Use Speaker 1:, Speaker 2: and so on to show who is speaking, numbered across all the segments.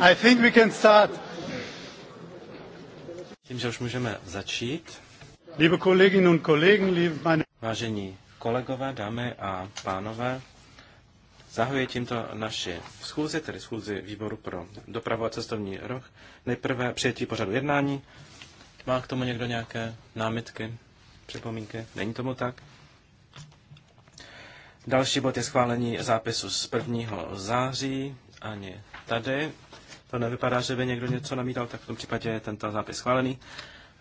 Speaker 1: I think we can start.
Speaker 2: Tím, že už můžeme začít.
Speaker 1: Liebe Kolleginnen und Kollegen, liebe meine...
Speaker 2: Vážení kolegové, dámy a pánové, zahajuji tímto naši schůzi, tedy schůzi výboru pro dopravu a cestovní roh. Nejprve přijetí pořadu jednání. Má k tomu někdo nějaké námitky, připomínky? Není tomu tak? Další bod je schválení zápisu z 1. září ani tady. To nevypadá, že by někdo něco namítal, tak v tom případě je tento zápis schválený.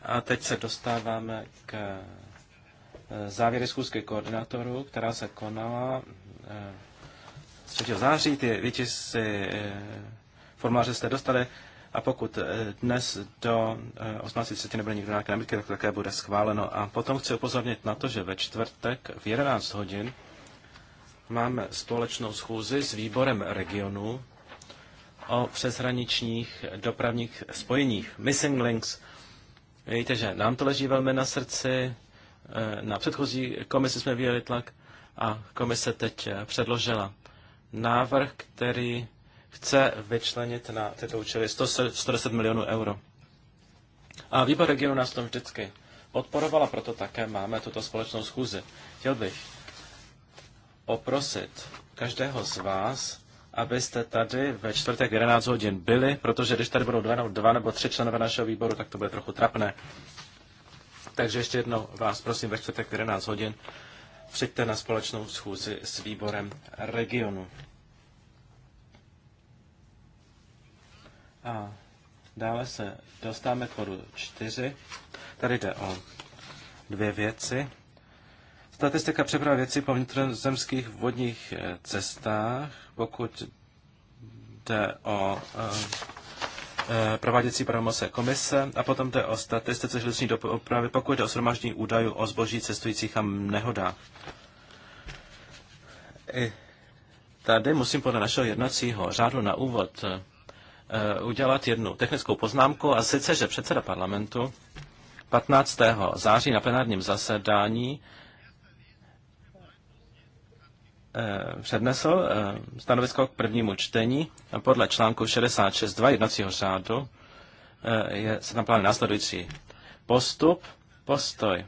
Speaker 2: A teď se dostáváme k eh, závěry zkusky koordinátorů, která se konala 3. Eh, září. Ty si eh, formuláře jste dostali a pokud dnes do 18.30 nebude nikdo nějaké nabídky, tak také bude schváleno. A potom chci upozornit na to, že ve čtvrtek v 11 hodin máme společnou schůzi s výborem regionu o přeshraničních dopravních spojeních, missing links. Víte, že nám to leží velmi na srdci, na předchozí komisi jsme vyjeli tlak a komise teď předložila návrh, který chce vyčlenit na tyto účely 110 milionů euro. A výbor regionu nás to vždycky podporovala, proto také máme tuto společnou schůzi. Chtěl bych oprosit každého z vás, abyste tady ve čtvrtek 11 hodin byli, protože když tady budou dva nebo dva nebo tři členové našeho výboru, tak to bude trochu trapné. Takže ještě jednou vás prosím ve čtvrtek 11 hodin přijďte na společnou schůzi s výborem regionu. A dále se dostáme k bodu 4. Tady jde o dvě věci. Statistika přepravy věcí po vnitrozemských vodních eh, cestách, pokud jde o eh, eh, prováděcí pravomoce komise a potom jde o statistice železniční dopravy, pokud jde o shromáždění údajů o zboží cestujících a nehodách. I tady musím podle našeho jednacího řádu na úvod udělat jednu technickou poznámku a sice, že předseda parlamentu 15. září na plenárním zasedání Eh, přednesl eh, stanovisko k prvnímu čtení a podle článku 66.2 jednacího řádu eh, je, se tam plán následující postup, postoj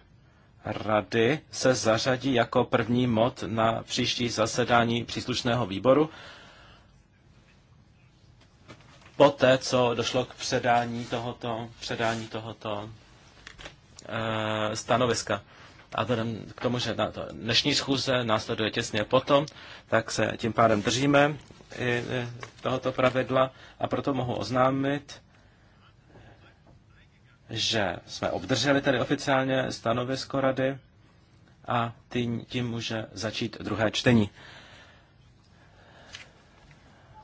Speaker 2: rady se zařadí jako první mod na příští zasedání příslušného výboru poté, co došlo k předání tohoto, předání tohoto stanoviska a vzhledem k tomu, že na to dnešní schůze následuje těsně potom, tak se tím pádem držíme i tohoto pravidla a proto mohu oznámit, že jsme obdrželi tedy oficiálně stanovisko rady a tím, tím může začít druhé čtení.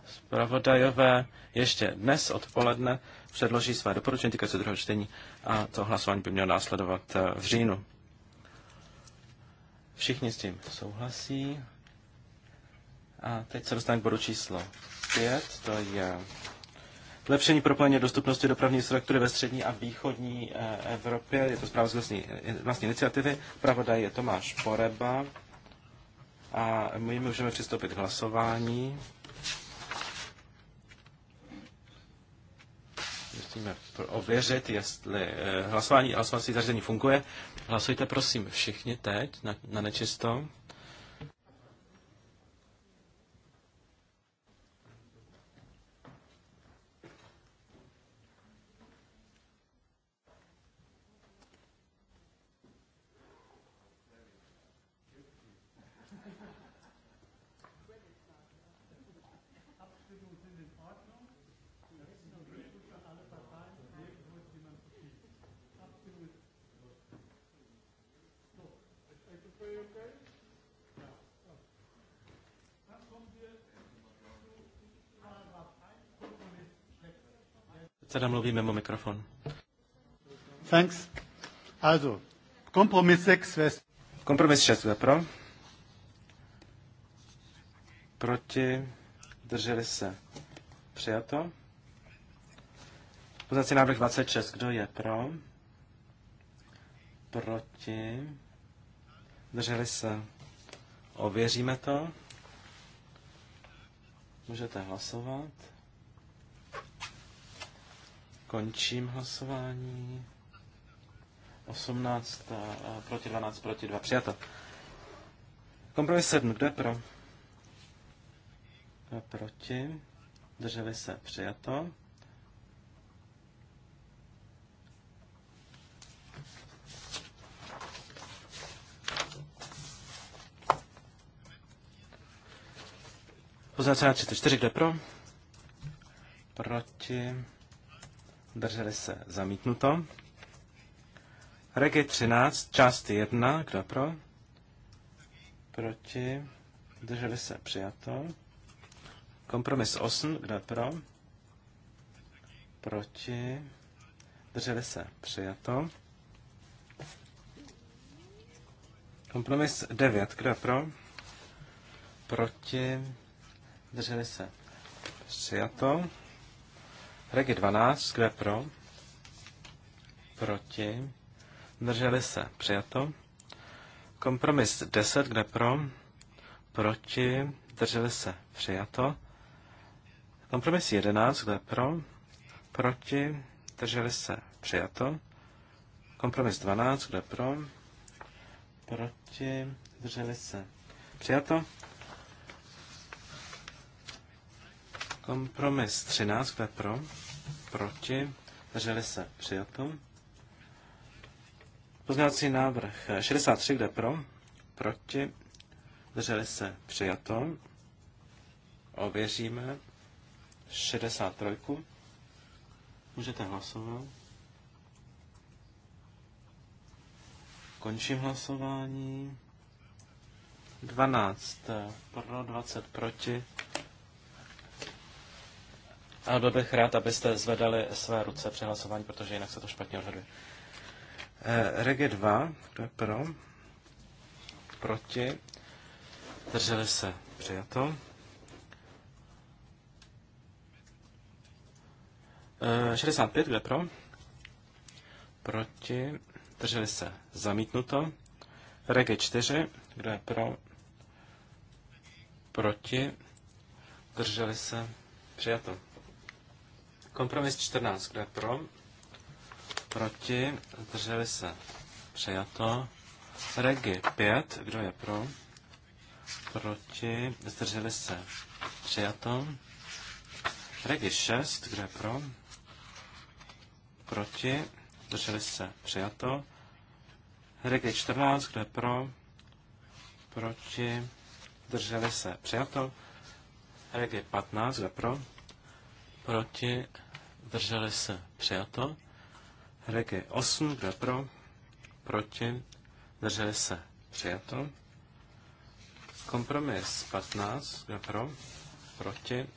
Speaker 2: Spravodajové ještě dnes odpoledne předloží své doporučení týkající druhého čtení a to hlasování by mělo následovat eh, v říjnu. Všichni s tím souhlasí. A teď se dostaneme k bodu číslo 5, to je Lepšení propojení dostupnosti dopravní struktury ve střední a východní eh, Evropě. Je to zpráva z vlastní, eh, vlastní iniciativy. Pravodaj je Tomáš Poreba. A my můžeme přistoupit k hlasování. musíme ověřit, jestli eh, hlasování a hlasovací zařízení funguje. Hlasujte prosím všichni teď na, na nečisto.
Speaker 1: Teda mluví mimo mikrofon. Thanks. Also, kompromis 6 ve... Kompromis 6 je pro.
Speaker 2: Proti. Drželi se. Přijato. Poznací návrh 26. Kdo je pro? Proti. Drželi se. Ověříme to. Můžete hlasovat. Končím hlasování. 18 eh, proti 12 proti 2. Přijato. Kompromis 7. Kdo je pro? Kdo je proti? Drželi se. Přijato. Poznacená 34, kdo je pro? Proti. Drželi se zamítnuto. Regi 13, část 1, kdo pro? Proti. Drželi se přijato. Kompromis 8, kdo pro? Proti. Drželi se přijato. Kompromis 9, kdo pro? Proti. Drželi se přijato. Regi 12, kdo je pro? Proti. Drželi se. Přijato. Kompromis 10, kde pro? Proti. Drželi se. Přijato. Kompromis 11, kde pro? Proti. Drželi se. Přijato. Kompromis 12, kde pro? Proti. Drželi se. Přijato. Kompromis 13, kde pro? proti, drželi se přijato. Pozměňovací návrh 63, kde pro, proti, drželi se přijato. Ověříme 63. Můžete hlasovat. Končím hlasování. 12 pro, 20 proti. A byl bych rád, abyste zvedali své ruce při hlasování, protože jinak se to špatně odhaduje. Eh, Regi 2, kdo je pro? Proti? Drželi se. Přijato. E, 65, kde pro? Proti? Drželi se. Zamítnuto. Regi 4, kdo je pro? Proti? Drželi se. Přijato. Kompromis 14, kdo je pro? Proti, drželi se. Přijato. Regi 5, kdo je pro? Proti, zdrželi se. Přijato. Regi 6, kdo je pro? Proti, zdrželi se. Přijato. Regi 14, kdo je pro? Proti, zdrželi se. Přijato. Regi 15, kdo je pro? Proti, zdrželi se, přijato. Regi 8, kdo pro, proti, zdrželi se, přijato. Kompromis 15, kdo pro, proti,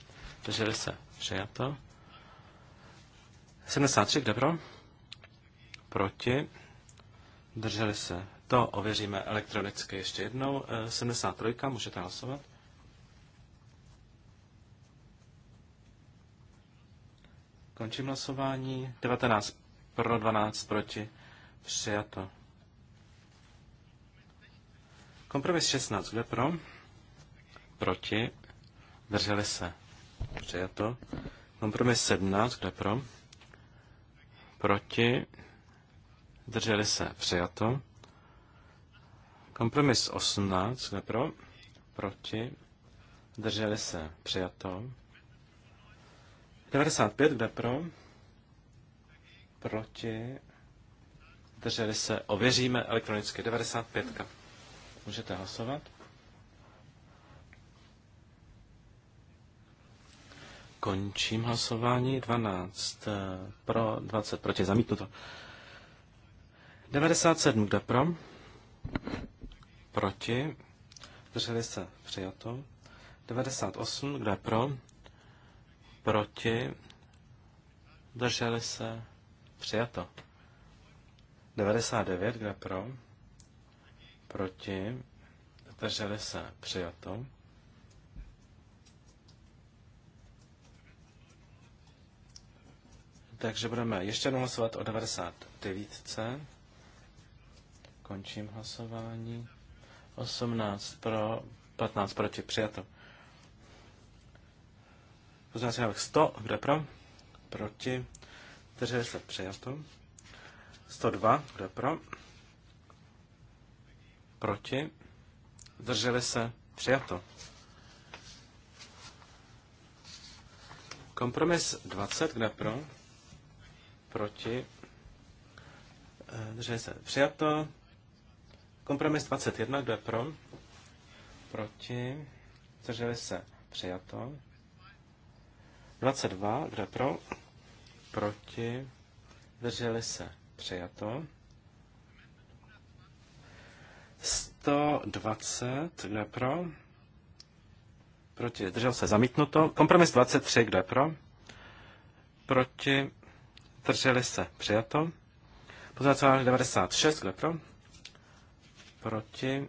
Speaker 2: zdrželi se, přijato. 73, kdo pro, proti, drželi se. To ověříme elektronicky ještě jednou. 73, eh, můžete hlasovat. Končím hlasování. 19 pro, 12 proti. Přijato. Kompromis 16. Kdo pro? Proti. Drželi se. Přijato. Kompromis 17. Kdo pro? Proti. Drželi se. Přijato. Kompromis 18. Kdo pro? Proti. Drželi se. Přijato. 95, kde pro? Proti. Drželi se. Ověříme elektronicky. 95. Můžete hlasovat. Končím hlasování. 12 eh, pro, 20 proti. Zamítnuto. 97, kde pro? Proti. Drželi se. Přijato. 98, kde pro? Proti? Drželi se? Přijato. 99, kde pro? Proti? Drželi se? Přijato. Takže budeme ještě jednou hlasovat o 99. Končím hlasování. 18 pro, 15 proti, přijato. Poznávací návrh 100, kdo je pro? Proti. Zdrželi se přijato. 102, kdo je pro? Proti. drželi se přijato. Kompromis 20, kde pro? Proti. Eh, drželi se přijato. Kompromis 21, kde pro? Proti. drželi se přijato. 22, kde pro, proti, drželi se, přijato. 120, kde pro, proti, držel se, zamítnuto. Kompromis 23, kde pro, proti, drželi se, přijato. Pozvací 96, kde pro, proti,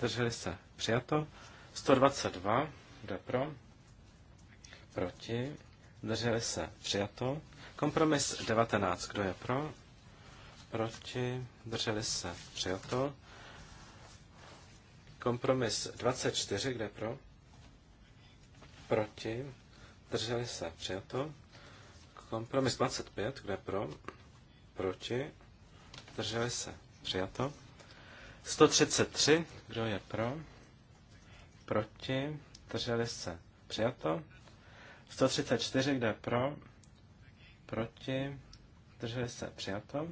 Speaker 2: drželi se, přijato. 122, kde pro, Proti? Zdrželi se. Přijato. Kompromis 19. Kdo je pro? Proti? Zdrželi se. Přijato. Kompromis 24. Kde pro? Proti? Zdrželi se. Přijato. Kompromis 25. Kde pro? Proti? Zdrželi se. Přijato. 133. Kdo je pro? Proti? Zdrželi se. Přijato. 134, kde pro, proti, drželi se přijato.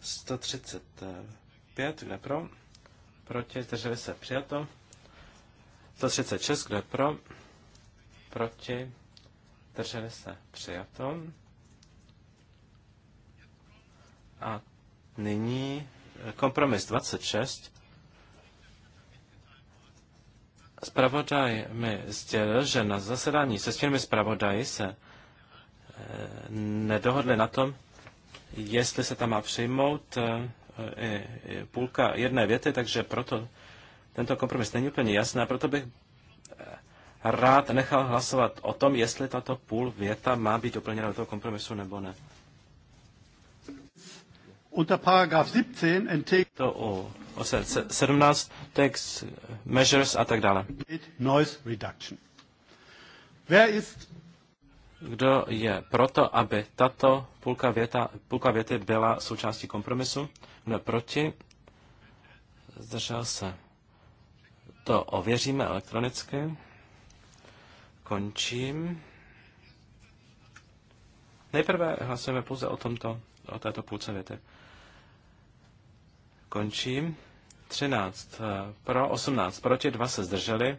Speaker 2: 135, kde pro, proti, drželi se přijato. 136, kde pro, proti, drželi se přijato. A nyní kompromis 26, Spravodaj mi sdělil, že na zasedání se svými zpravodaji se eh, nedohodli na tom, jestli se tam má přijmout eh, půlka jedné věty, takže proto tento kompromis není úplně jasný a proto bych eh, rád nechal hlasovat o tom, jestli tato půl věta má být doplněna do toho kompromisu nebo ne.
Speaker 1: 17
Speaker 2: to o, o 17 text measures a tak dále.
Speaker 1: Noise reduction.
Speaker 2: kdo je proto, aby tato půlka, věta, půlka věty byla součástí kompromisu? Kdo je proti? Zdržel se. To ověříme elektronicky. Končím. Nejprve hlasujeme pouze o tomto, o této půlce věty. Končím. 13 eh, pro, 18 proti, 2 se zdrželi.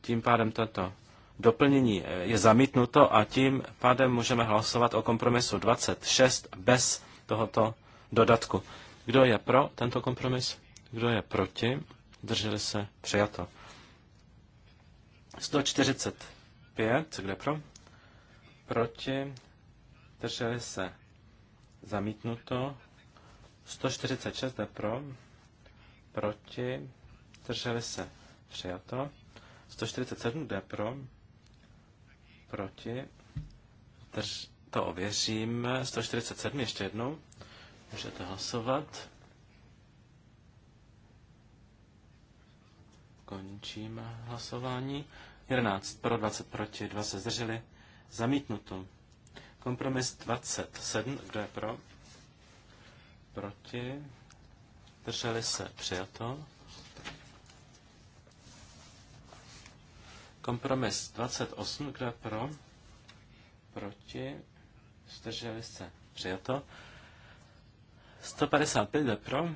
Speaker 2: Tím pádem toto doplnění eh, je zamítnuto a tím pádem můžeme hlasovat o kompromisu 26 bez tohoto dodatku. Kdo je pro tento kompromis? Kdo je proti? Drželi se přijato. 145, kde pro? Proti, drželi se zamítnuto. 146 jde pro, proti, drželi se, přijato. 147 jde pro, proti, drž, to ověřím. 147 ještě jednou, můžete hlasovat. Končím hlasování. 11 pro, 20 proti, 2 se zdrželi. Zamítnuto. Kompromis 27, kdo je pro? proti, drželi se přijato. Kompromis 28, kdo je pro, proti, zdrželi se přijato. 155 je pro,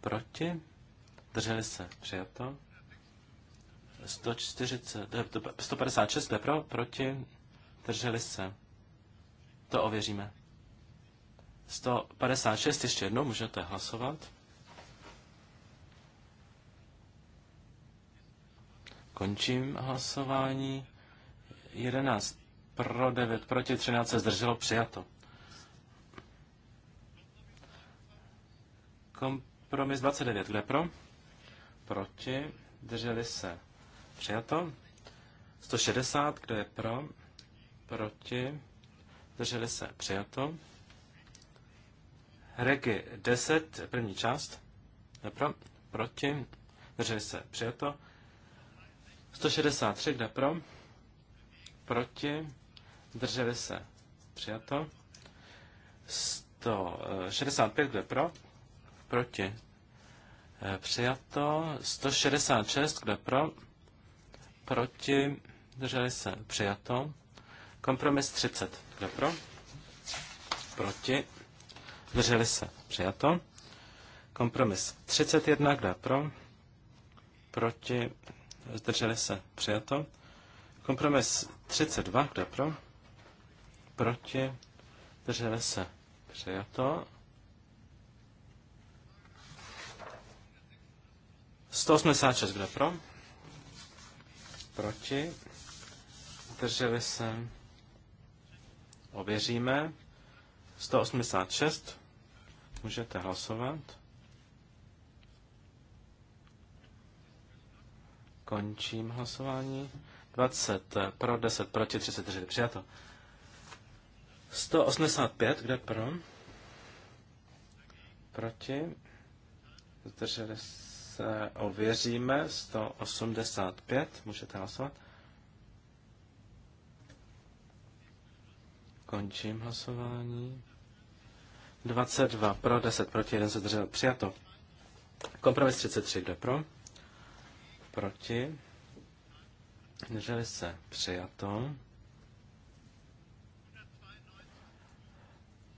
Speaker 2: proti, drželi se přijato. 140, 156 eh, je pro, proti, drželi se. To ověříme. 156 ještě jednou můžete hlasovat. Končím hlasování. 11 pro 9, proti 13 se zdrželo přijato. Kompromis 29, kde pro? Proti, drželi se přijato. 160, kde je pro? Proti, drželi se přijato. Regi 10, první část. Kde pro? Proti. Drželi se. Přijato. 163, kde pro? Proti. Drželi se. Přijato. 165, kde pro? Proti. Eh, přijato. 166, kde pro? Proti. Drželi se. Přijato. Kompromis 30, kde pro? Proti zdrželi se, přijato. Kompromis 31, kdo je pro, proti, zdrželi se, přijato. Kompromis 32, kdo je pro, proti, zdrželi se, přijato. 186, kdo je pro, proti, zdrželi se, ověříme. 186. Můžete hlasovat. Končím hlasování. 20 eh, pro, 10 proti, 33 přijato. 185, kde pro? Proti. Zdrželi se, ověříme. 185, můžete hlasovat. Končím hlasování. 22 pro, 10 proti, 1 se držel Přijato. Kompromis 33, kdo pro? Proti. drželi se. Přijato.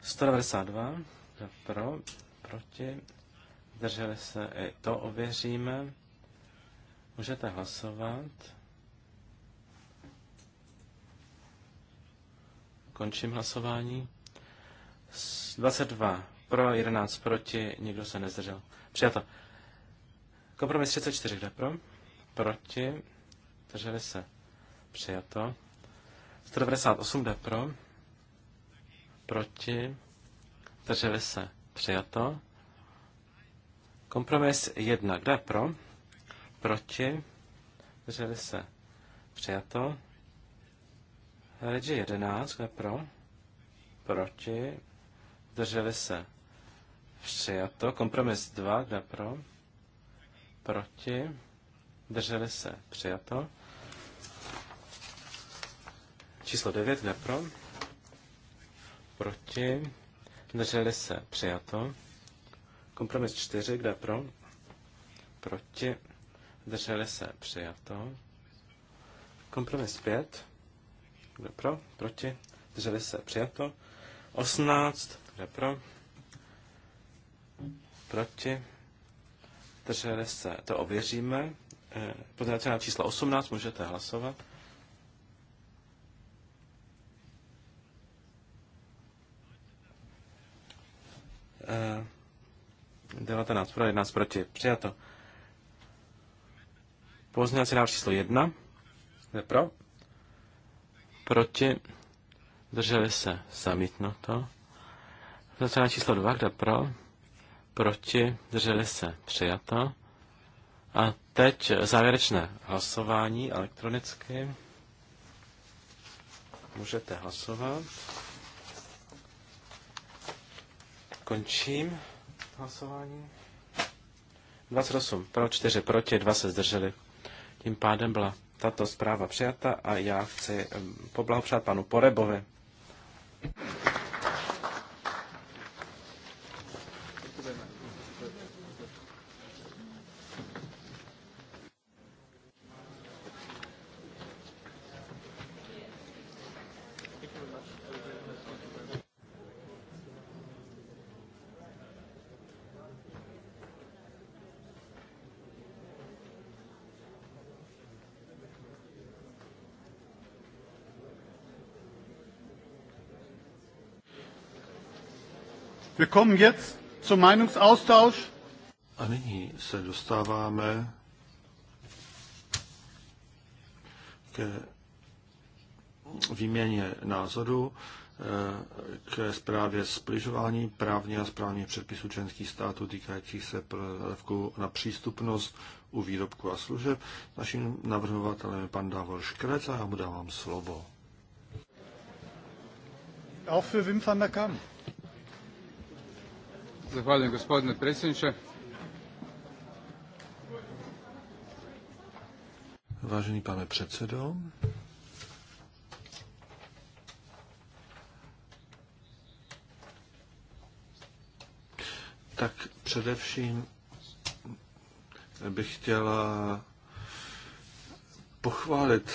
Speaker 2: 192 kdo pro, proti. drželi se. I to ověříme. Můžete hlasovat. Končím hlasování. 22 pro, 11 proti, nikdo se nezdržel. Přijato. Kompromis 34, kde pro? Proti, drželi se. Přijato. 198 jde pro, proti, drželi se. Přijato. Kompromis 1, kde pro? Proti, drželi se. Přijato. Regi 11, kde pro? Proti, Zdrželi se. Přijato. Kompromis 2. Kdo pro? Proti. Drželi se. Přijato. Číslo 9. Kdo pro? Proti. Drželi se. Přijato. Kompromis 4. Kde pro? Proti. Drželi se. Přijato. Kompromis 5. Kde pro? Proti. Drželi se. Přijato. 18 kdo pro? Proti? Drželi se. To ověříme. Eh, Poznáte na číslo 18, můžete hlasovat. E, eh, 19 pro, 11 proti. Přijato. Pozměňovací návrh číslo 1. Kde pro? Proti. Drželi se. Zamítnuto. Zatřená číslo 2, kde pro, proti, drželi se, přijato. A teď závěrečné hlasování elektronicky. Můžete hlasovat. Končím hlasování. 28 pro, 4 proti, 2 se zdrželi. Tím pádem byla tato zpráva přijata a já chci poblahopřát panu Porebovi.
Speaker 1: Wir kommen jetzt zum Meinungsaustausch.
Speaker 3: A nyní se dostáváme ke výměně názoru eh, k zprávě spližování právně a správně předpisů členských států týkajících se prvku na přístupnost u výrobku a služeb. Naším navrhovatelem je pan Davor Škrec a já mu dávám slovo.
Speaker 1: Auch für Wim van der Kamp. Zahvaljujem gospodine predsjedniče.
Speaker 3: Vážený pane předsedo, tak především bych chtěla pochválit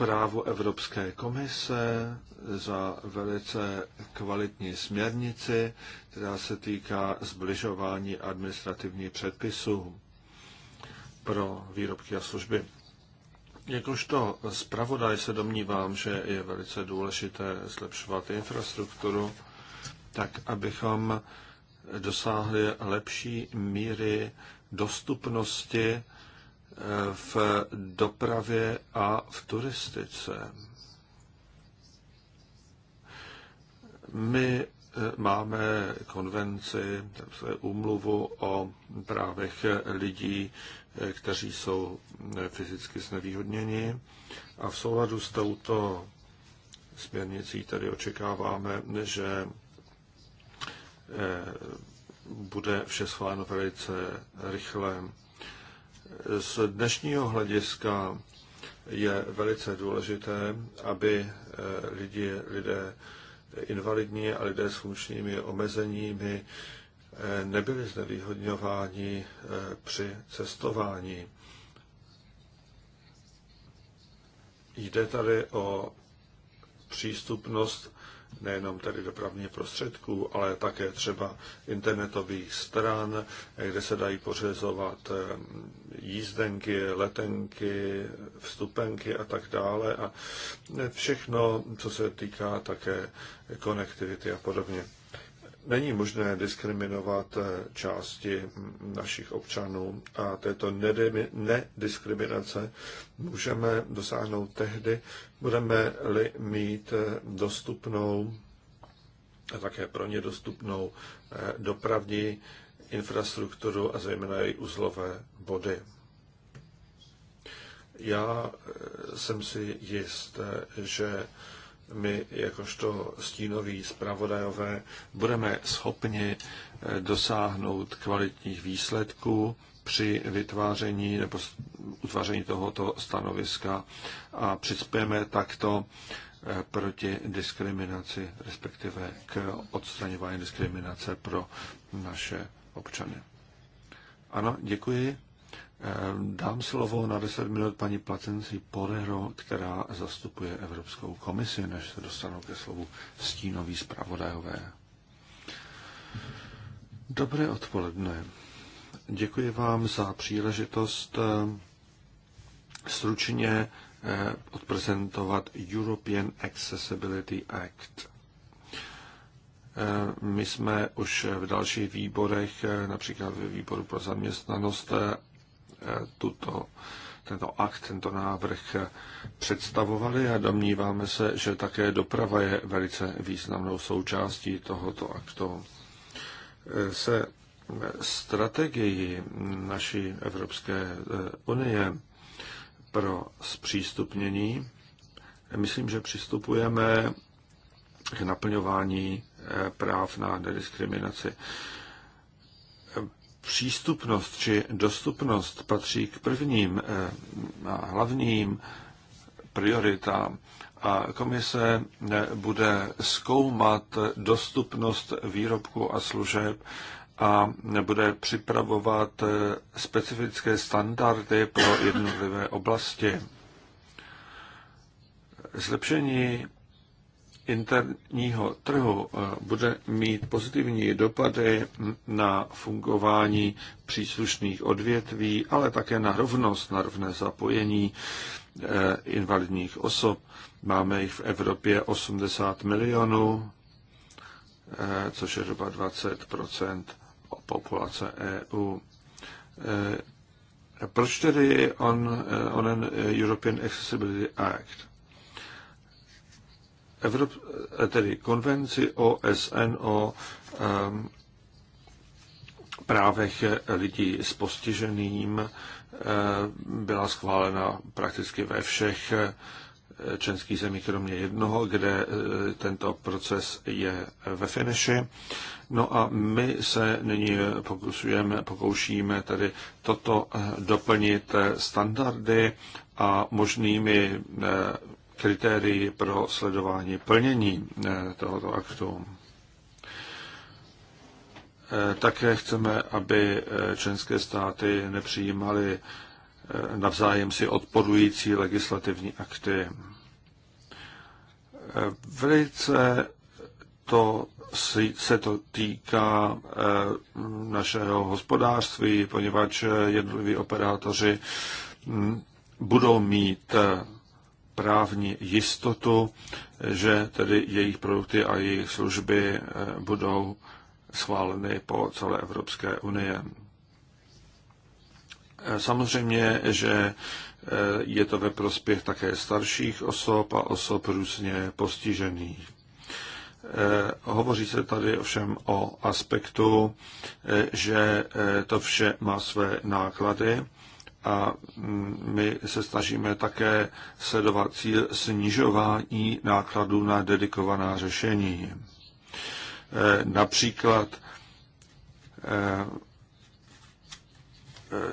Speaker 3: zprávu Evropské komise za velice kvalitní směrnici, která se týká zbližování administrativních předpisů pro výrobky a služby. Jakožto zpravodaj se domnívám, že je velice důležité zlepšovat infrastrukturu, tak abychom dosáhli lepší míry dostupnosti v dopravě a v turistice. My eh, máme konvenci, úmluvu o právech lidí, eh, kteří jsou eh, fyzicky znevýhodněni. A v souladu s touto směrnicí tady očekáváme, že bude vše schváleno velice rychle. Z dnešního hlediska je velice důležité, aby eh, lidi, lidé invalidní a lidé s funkčními omezeními eh, nebyli znevýhodňováni eh, při cestování. Jde tady o přístupnost nejenom tedy dopravní prostředků, ale také třeba internetových stran, kde se dají pořizovat eh, jízdenky, letenky, vstupenky a tak dále a všechno, co se týká také konektivity a podobně. Není možné diskriminovat eh, části našich občanů a této nediskriminace můžeme dosáhnout tehdy, budeme-li mít eh, dostupnou a také pro ně dostupnou eh, dopravní infrastrukturu a zejména její uzlové body. Já jsem si jist, že my jakožto stínoví zpravodajové budeme schopni eh, dosáhnout kvalitních výsledků při vytváření nebo utváření tohoto stanoviska a přispějeme takto eh, proti diskriminaci, respektive k odstraňování diskriminace pro naše občany. Ano, děkuji. Ehm, dám slovo na 10 minut paní Platenci Porero, která zastupuje Evropskou komisi, než se dostanou ke slovu stínoví zpravodajové. Dobré odpoledne. Děkuji vám za příležitost ehm, stručně ehm, odprezentovat European Accessibility Act. My jsme už v dalších výborech, například ve výboru pro zaměstnanost tuto, tento akt, tento návrh představovali a domníváme se, že také doprava je velice významnou součástí tohoto aktu. Se strategii naší Evropské eh, unie pro zpřístupnění, myslím, že přistupujeme k naplňování eh, práv na nediskriminaci přístupnost či dostupnost patří k prvním eh, a hlavním prioritám a komise eh, bude zkoumat dostupnost výrobků a služeb a bude připravovat eh, specifické standardy pro jednotlivé oblasti. Zlepšení interního trhu eh, bude mít pozitivní dopady na fungování příslušných odvětví, ale také na rovnost, na rovné zapojení eh, invalidních osob. Máme jich v Evropě 80 milionů, eh, což je zhruba 20 populace EU. Proč tedy on, onen European Accessibility Act? Evrop, eh, tedy konvenci OSN o um, právech lidí s postiženým eh, byla schválena prakticky ve všech eh, členských zemích, kromě jednoho, kde tento proces je ve finiši. No a my se nyní pokusujeme, pokoušíme tedy toto doplnit standardy a možnými kritérií pro sledování plnění eh, tohoto aktu. Eh, také chceme, aby eh, členské státy nepřijímaly navzájem si odporující legislativní akty. Velice to se to týká našeho hospodářství, poněvadž jednotliví operátoři hm, budou mít právní jistotu, že tedy jejich produkty a jejich služby eh, budou schváleny po celé Evropské unie. Eh, samozřejmě, že eh, je to ve prospěch také starších osob a osob různě postižených. Hovoří se tady ovšem o aspektu, že to vše má své náklady a my se snažíme také sledovat cíl snižování nákladů na dedikovaná řešení. E, například, e, e,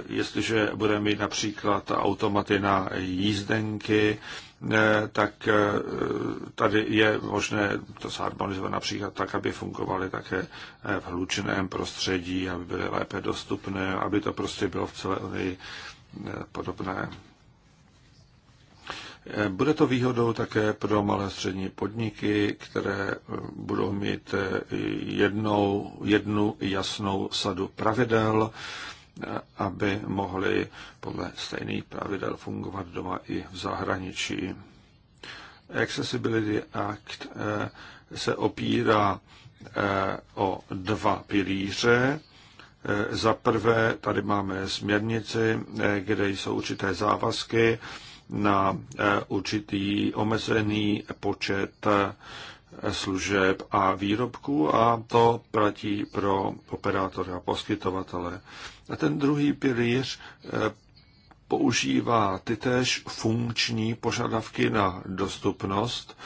Speaker 3: jestliže budeme mít například automaty na jízdenky, tak tady je možné to zharmonizovat například tak, aby fungovaly také v hlučném prostředí, aby byly lépe dostupné, aby to prostě bylo v celé Unii podobné. Bude to výhodou také pro malé střední podniky, které budou mít jednou, jednu jasnou sadu pravidel, aby mohly podle stejných pravidel fungovat doma i v zahraničí. Accessibility Act eh, se opírá eh, o dva pilíře. Eh, za prvé, tady máme směrnici, eh, kde jsou určité závazky na eh, určitý omezený počet služeb a výrobků a to platí pro operátory a poskytovatele. A ten druhý pilíř používá tytéž funkční požadavky na dostupnost,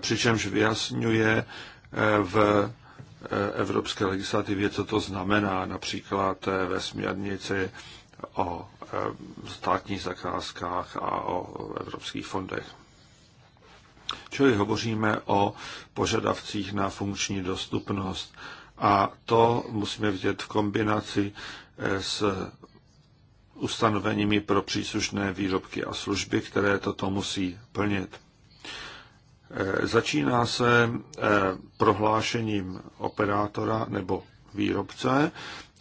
Speaker 3: přičemž vyjasňuje v evropské legislativě, co to znamená například eh, ve směrnici o eh, státních zakázkách a o evropských fondech. Čili hovoříme o požadavcích na funkční dostupnost a to musíme vidět v kombinaci eh, s ustanoveními pro příslušné výrobky a služby, které toto musí plnit. Eh, začíná se eh, prohlášením operátora nebo výrobce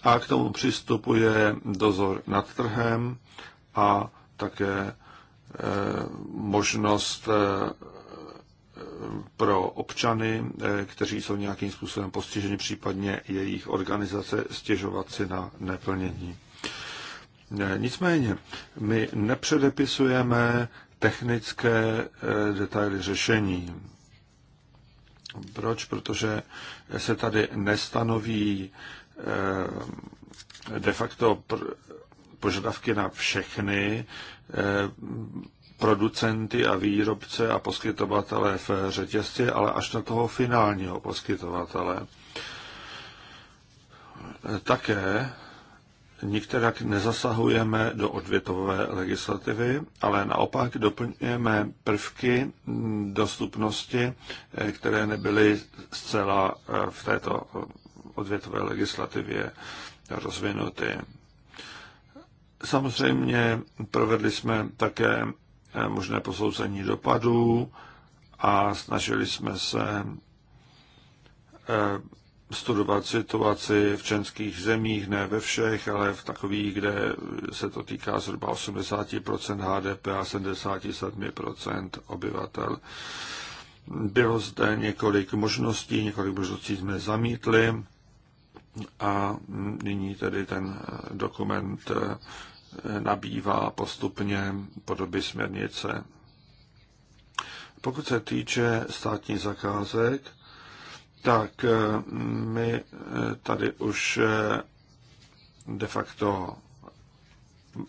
Speaker 3: a k tomu přistupuje dozor nad trhem a také eh, možnost pro občany, kteří jsou nějakým způsobem postiženi, případně jejich organizace, stěžovat si na neplnění. Nicméně, my nepředepisujeme technické eh, detaily řešení. Proč? Protože se tady nestanoví eh, de facto požadavky na všechny eh, producenty a výrobce a poskytovatele v řetězci, ale až na toho finálního poskytovatele. Také nikterak nezasahujeme do odvětové legislativy, ale naopak doplňujeme prvky dostupnosti, eh, které nebyly zcela eh, v této eh, odvětové legislativě rozvinuty. Samozřejmě provedli jsme také možné posouzení dopadů a snažili jsme se studovat situaci v českých zemích, ne ve všech, ale v takových, kde se to týká zhruba 80% HDP a 77% obyvatel. Bylo zde několik možností, několik možností jsme zamítli a nyní tedy ten dokument eh, nabývá postupně podoby směrnice. Pokud se týče státních zakázek, tak eh, my eh, tady už eh, de facto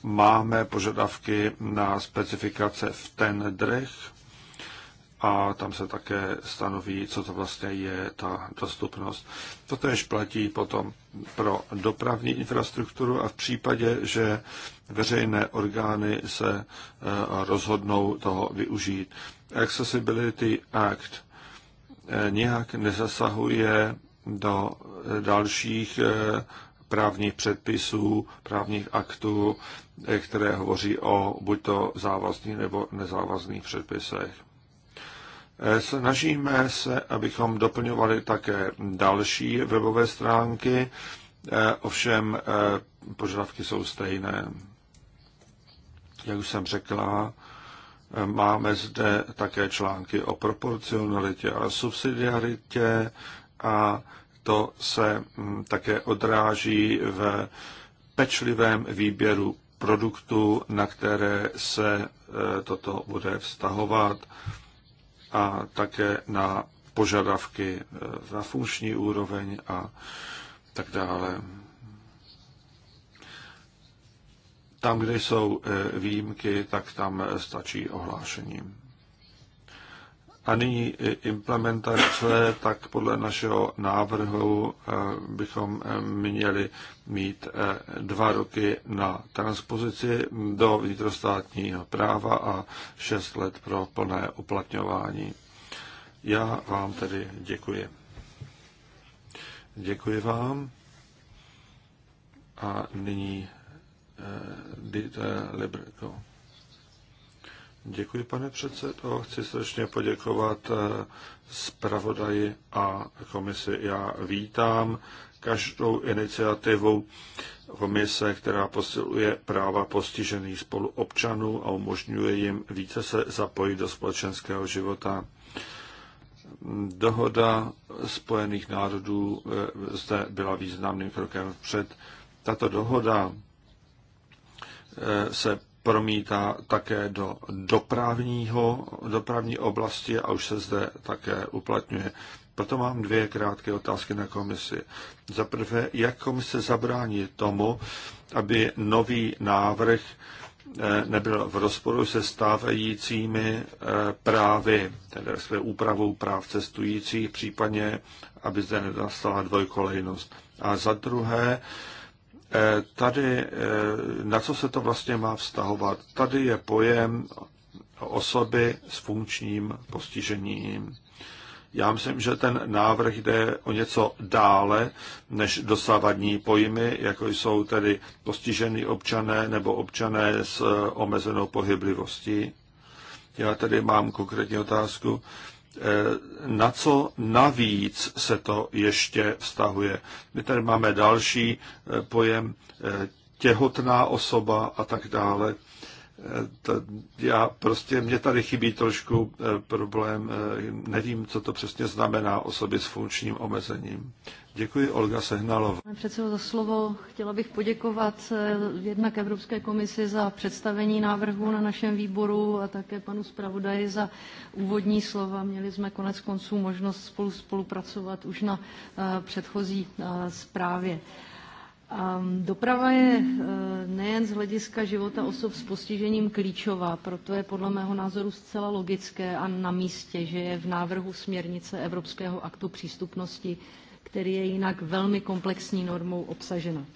Speaker 3: máme požadavky na specifikace v tendrech a tam se také stanoví, co to vlastně je ta dostupnost. To tež platí potom pro dopravní infrastrukturu a v případě, že veřejné orgány se rozhodnou toho využít. Accessibility Act nějak nezasahuje do dalších eh, právních předpisů, právních aktů, eh, které hovoří o buď to závazných nebo nezávazných předpisech. Eh, snažíme se, abychom doplňovali také další webové stránky, ovšem požadavky jsou stejné. Jak už jsem řekla, Máme zde také články o proporcionalitě a subsidiaritě a to se mm, také odráží v pečlivém výběru produktů, na které se e, toto bude vztahovat a také na požadavky e, na funkční úroveň a tak dále. Tam, kde jsou e, výjimky, tak tam e, stačí ohlášení. A nyní e, implementace, tak podle našeho návrhu bychom měli mít dva roky na transpozici do vnitrostátního práva a šest let pro plné uplatňování. Já vám tedy děkuji. Děkuji vám. A nyní Eh, Dieter Lebrko. Děkuji, pane předsedo. Chci srdečně poděkovat eh, zpravodaji a komisi. Já vítám každou iniciativu komise, která posiluje práva postižených spoluobčanů a umožňuje jim více se zapojit do společenského života. Dohoda Spojených národů eh, zde byla významným krokem vpřed. Tato dohoda Eh, se promítá také do dopravního, dopravní oblasti a už se zde také uplatňuje. Proto mám dvě krátké otázky na komisi. Za prvé, jak komise zabrání tomu, aby nový návrh eh, nebyl v rozporu se stávajícími eh, právy, tedy své úpravou práv cestujících, případně aby zde nedostala dvojkolejnost. A za druhé, Eh, tady, eh, na co se to vlastně má vztahovat? Tady je pojem osoby s funkčním postižením. Já myslím, že ten návrh jde o něco dále než dosávadní pojmy, jako jsou tedy postižený občané nebo občané s omezenou pohyblivostí. Já tedy mám konkrétní otázku. Eh, na co navíc se to ještě vztahuje. My tady máme další eh, pojem eh, těhotná osoba a tak dále. já prostě, mě tady chybí trošku problém, nevím, co to přesně znamená osoby s funkčním omezením. Děkuji, Olga Sehnalová.
Speaker 4: Pane předsedo, za slovo. Chtěla bych poděkovat eh, jednak Evropské komisi za představení návrhu na našem výboru a také panu zpravodaji za úvodní slova. Měli jsme konec konců možnost spolu spolupracovat už na eh, předchozí eh, zprávě. Ehm, doprava je nejen z hlediska života osob s postižením klíčová, proto je podle mého názoru zcela logické a na místě, že je v návrhu směrnice Evropského aktu přístupnosti který je jinak velmi komplexní normou obsažena.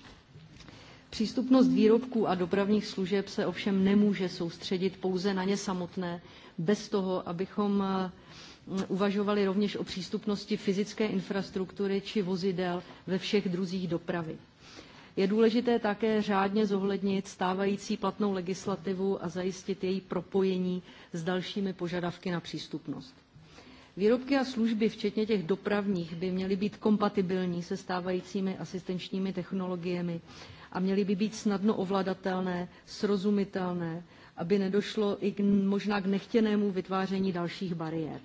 Speaker 4: Přístupnost výrobků a dopravních služeb se ovšem nemůže soustředit pouze na ně samotné, bez toho, abychom eh, uvažovali rovněž o přístupnosti fyzické infrastruktury či vozidel ve všech druzích dopravy. Je důležité také řádně zohlednit stávající platnou legislativu a zajistit její propojení s dalšími požadavky na přístupnost. Výrobky a služby, včetně těch dopravních, by měly být kompatibilní se stávajícími asistenčními technologiemi a měly by být snadno ovladatelné, srozumitelné, aby nedošlo i k, možná k nechtěnému vytváření dalších bariér.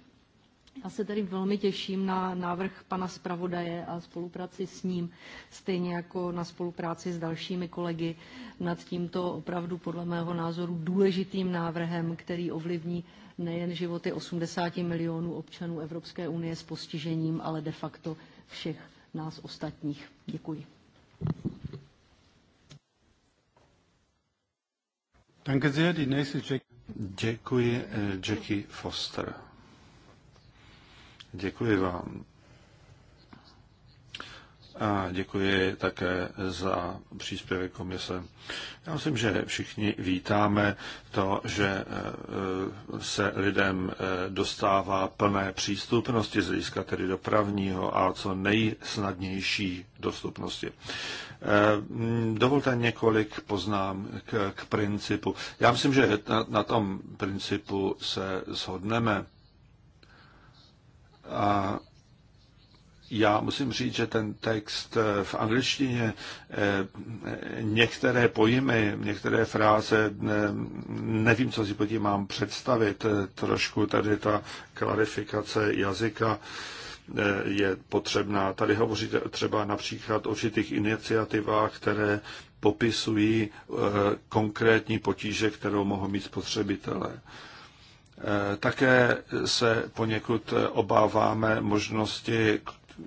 Speaker 4: Já se tedy velmi těším na návrh pana zpravodaje a spolupráci s ním, stejně jako na spolupráci s dalšími kolegy nad tímto opravdu podle mého názoru důležitým návrhem, který ovlivní nejen životy 80 milionů občanů Evropské unie s postižením, ale de facto všech nás ostatních. Děkuji.
Speaker 3: Děkuji, eh, Jackie Foster. Děkuji vám a děkuji také za příspěvek komise. Já myslím, že všichni vítáme to, že e, se lidem e, dostává plné přístupnosti z hlediska tedy dopravního a co nejsnadnější dostupnosti. E, dovolte několik poznám k, k principu. Já myslím, že na, na tom principu se shodneme. A já musím říct, že ten text eh, v angličtině eh, některé pojmy, některé fráze, eh, nevím, co si pod tím mám představit. Trošku tady ta klarifikace jazyka je potřebná. Tady hovoříte třeba například o určitých iniciativách, které popisují konkrétní potíže, kterou mohou mít spotřebitelé. Také se poněkud obáváme možnosti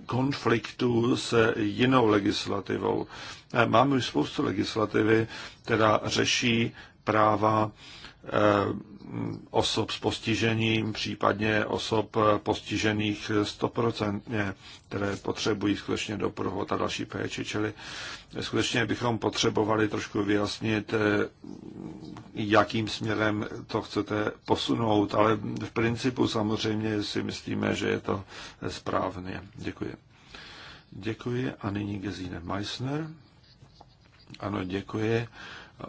Speaker 3: konfliktu s jinou legislativou. Eh, máme už spoustu legislativy, která řeší práva eh, osob s postižením, případně osob postižených stoprocentně, které potřebují skutečně doprovod a další péči. Čili skutečně bychom potřebovali trošku vyjasnit, eh, jakým směrem to chcete posunout, ale v principu samozřejmě si myslíme, že je to správně. Děkuji. Děkuji a nyní Gesine Meissner. Ano, děkuji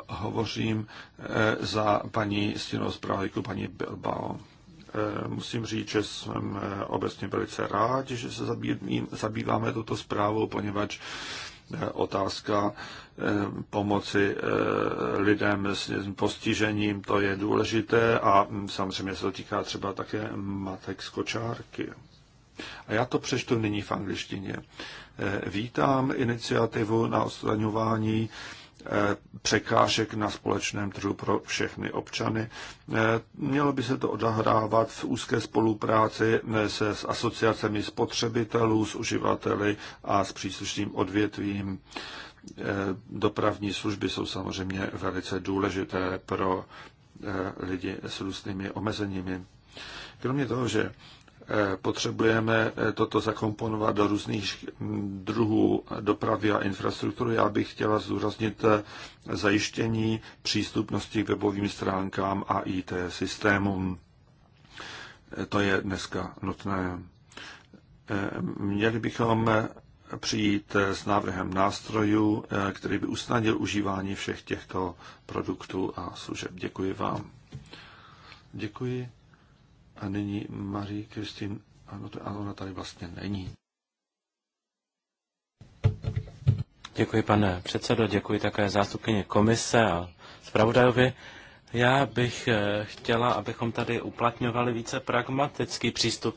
Speaker 3: hovořím eh, za paní stěnou zpravodajku, paní Bilbao. Eh, musím říct, že jsem eh, obecně velice rád, že se zabýváme tuto zprávou, poněvadž otázka pomoci lidem s postižením, to je důležité a hm, samozřejmě se to týká třeba také matek z kočárky. A já to přečtu nyní v angličtině. Vítám iniciativu na odstraňování Eh, překážek na společném trhu pro všechny občany. Eh, mělo by se to odahrávat v úzké spolupráci eh, se s asociacemi spotřebitelů, s uživateli a s příslušným odvětvím. Dopravní služby jsou samozřejmě velice důležité pro lidi s různými omezeními. Kromě toho, že Eh, potřebujeme eh, toto zakomponovat do různých hm, druhů dopravy a infrastruktury. Já bych chtěla zdůraznit eh, zajištění přístupnosti k webovým stránkám a IT systémům. To je dneska nutné. Měli bychom přijít s návrhem nástrojů, který by usnadnil užívání všech těchto produktů a služeb. Děkuji vám. Děkuji. A nyní Marie Kristin, ano, ale ona tady vlastně
Speaker 2: není. Děkuji, pane předsedo, děkuji také zástupkyně komise a zpravodajovi. Já bych eh, chtěla, abychom tady uplatňovali více pragmatický přístup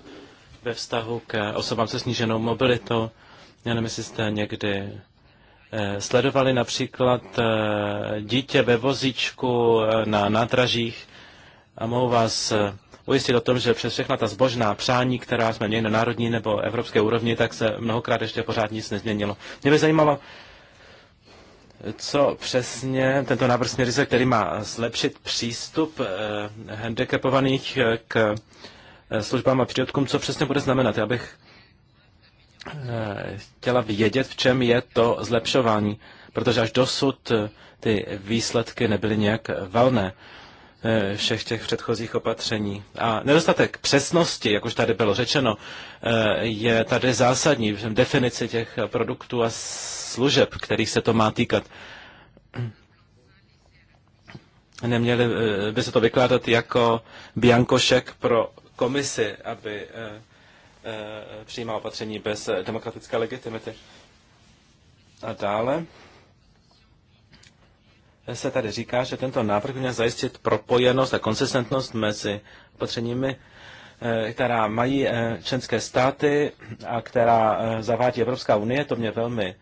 Speaker 2: ve vztahu k osobám se sníženou mobilitou. Já nevím, jestli jste někdy eh, sledovali například eh, dítě ve vozíčku na nádražích a mohu vás ujistit o tom, že přes všechna ta zbožná přání, která jsme měli na národní nebo evropské úrovni, tak se mnohokrát ještě pořád nic nezměnilo. Mě by zajímalo, co přesně tento návrh směrnice, který má zlepšit přístup eh, handicapovaných eh, k eh, službám a přírodkům, co přesně bude znamenat. Já bych eh, chtěla vědět, v čem je to zlepšování, protože až dosud eh, ty výsledky nebyly nějak valné. Eh, Eh, všech těch předchozích opatření. A nedostatek přesnosti, jak už tady bylo řečeno, eh, je tady zásadní v definici těch produktů a služeb, kterých se to má týkat. Neměli eh, by se to vykládat jako biankošek pro komisi, aby přijímal opatření bez demokratické legitimity. A dále se tady říká, že tento návrh měl zajistit propojenost a konsistentnost mezi opatřeními, eh, která mají eh, členské státy a která eh, zavádí Evropská unie. To mě velmi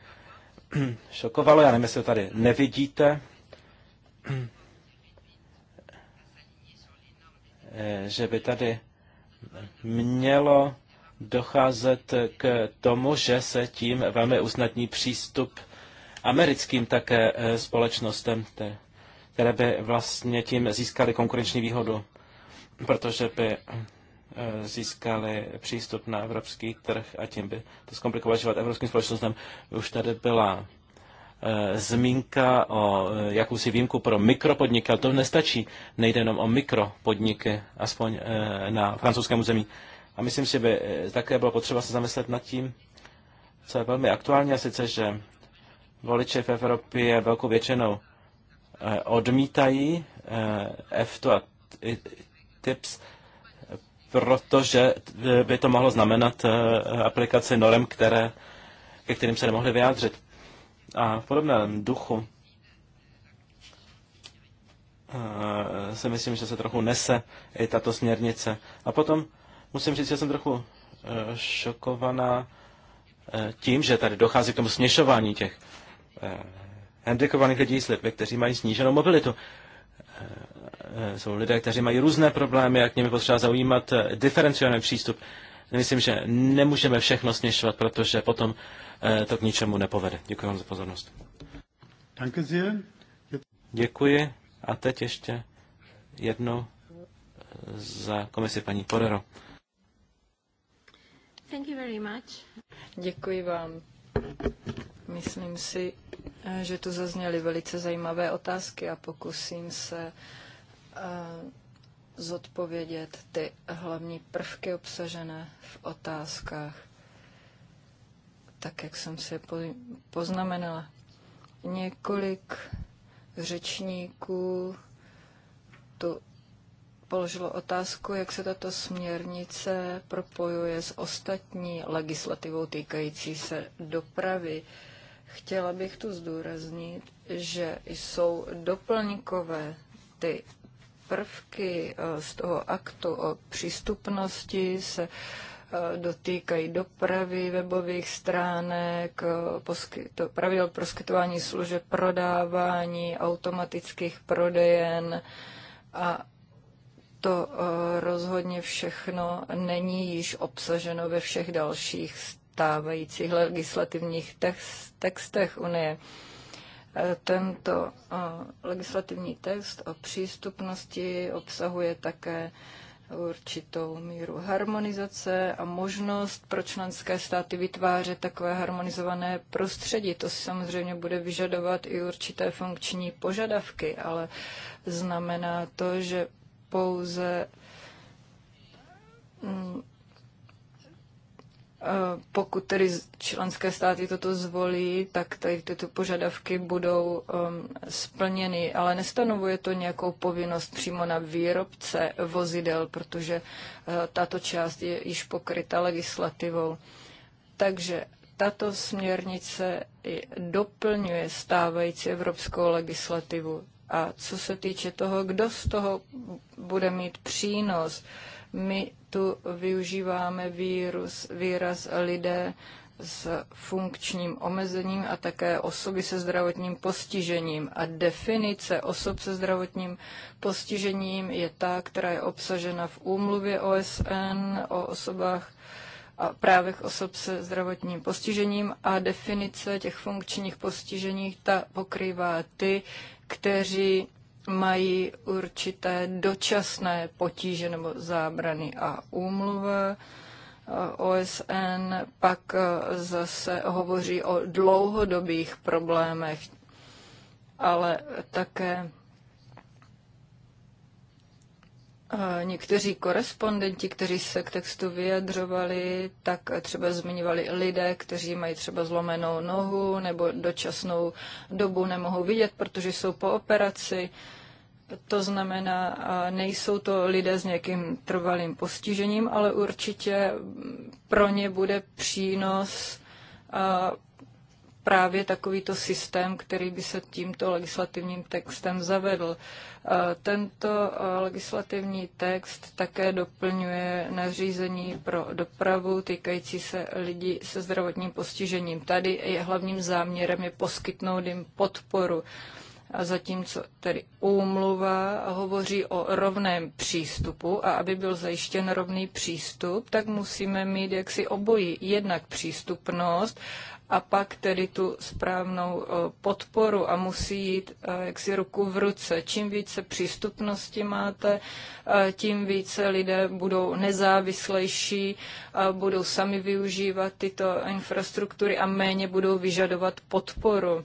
Speaker 2: hm, šokovalo. Já nevím, jestli to tady nevidíte že by tady mělo docházet k tomu, že se tím velmi usnadní přístup americkým také eh, společnostem, které by vlastně tím získaly konkurenční výhodu, protože by eh, získali přístup na evropský trh a tím by to zkomplikovalo život evropským společnostem. Už tady byla eh, zmínka o jakousi výjimku pro mikropodniky, ale to nestačí. Nejde jenom o mikropodniky, aspoň na francouzském území. A myslím si, by také bylo potřeba se zamyslet nad tím, co je velmi aktuální, a sice, že voliči v Evropě velkou většinou eh, odmítají EFTU eh, a TIPS, protože by to mohlo znamenat eh, aplikaci norm, které, ke kterým se nemohli vyjádřit. A v podobném duchu si myslím, že se trochu nese i tato směrnice. A potom musím říct, že jsem trochu šokovaná tím, že tady dochází k tomu směšování těch handicapovaných eh, lidí s lidmi, kteří mají sníženou mobilitu. Eh, eh, jsou lidé, kteří mají různé problémy, jak k nimi potřeba zaujímat diferenciovaný přístup. Myslím, že nemůžeme všechno směšovat, protože potom to k ničemu nepovede. Děkuji vám za pozornost. Děkuji. A teď ještě jednou za komisi paní Porero.
Speaker 5: Děkuji vám, Myslím si, eh, že tu zazněly velice zajímavé otázky a pokusím se eh, zodpovědět ty hlavní prvky obsažené v otázkách, tak jak jsem si je poznamenala. Několik řečníků tu položilo otázku, jak se tato směrnice propojuje s ostatní legislativou týkající se dopravy. Uh, Chtěla bych tu zdůraznit, že jsou doplňkové ty prvky e, z toho aktu o přístupnosti se e, dotýkají dopravy, webových stránek, e, poskyto, pravidel poskytování služeb, prodávání, automatických prodejen a to rozhodně všechno není již obsaženo ve všech dalších stávajících legislativních text, textech Unie. E, tento e, legislativní text o přístupnosti obsahuje také určitou míru harmonizace a možnost pro členské státy vytvářet takové harmonizované prostředí. To si samozřejmě bude vyžadovat i určité funkční požadavky, ale znamená to, že pouze mm, pokud tedy členské státy toto zvolí, tak tady tyto požadavky budou um, splněny, ale nestanovuje to nějakou povinnost přímo na výrobce vozidel, protože uh, tato část je již pokryta legislativou. Takže tato směrnice doplňuje stávající evropskou legislativu. A co se týče toho, kdo z toho bude mít přínos, my tu využíváme vírus, výraz lidé s funkčním omezením a také osoby se zdravotním postižením. A definice osob se zdravotním postižením je ta, která je obsažena v úmluvě OSN o osobách a právech osob se zdravotním postižením a definice těch funkčních postižení ta pokrývá ty, kteří mají určité dočasné potíže nebo zábrany a úmluva. Eh, OSN pak eh, zase hovoří o dlouhodobých problémech, ale také Někteří korespondenti, kteří se k textu vyjadřovali, tak třeba zmiňovali lidé, kteří mají třeba zlomenou nohu nebo dočasnou dobu nemohou vidět, protože jsou po operaci. To znamená, nejsou to lidé s nějakým trvalým postižením, ale určitě pro ně bude přínos právě takovýto systém, který by se tímto legislativním textem zavedl. E, tento e, legislativní text také doplňuje nařízení pro dopravu týkající se lidí se zdravotním postižením. Tady je hlavním záměrem je poskytnout jim podporu. A zatímco tedy úmluva hovoří o rovném přístupu a aby byl zajištěn rovný přístup, tak musíme mít jaksi obojí. Jednak přístupnost a pak tedy tu správnou eh, podporu a musí jít eh, jaksi ruku v ruce. Čím více přístupnosti máte, eh, tím více lidé budou nezávislejší, budou sami využívat tyto infrastruktury a méně budou vyžadovat podporu.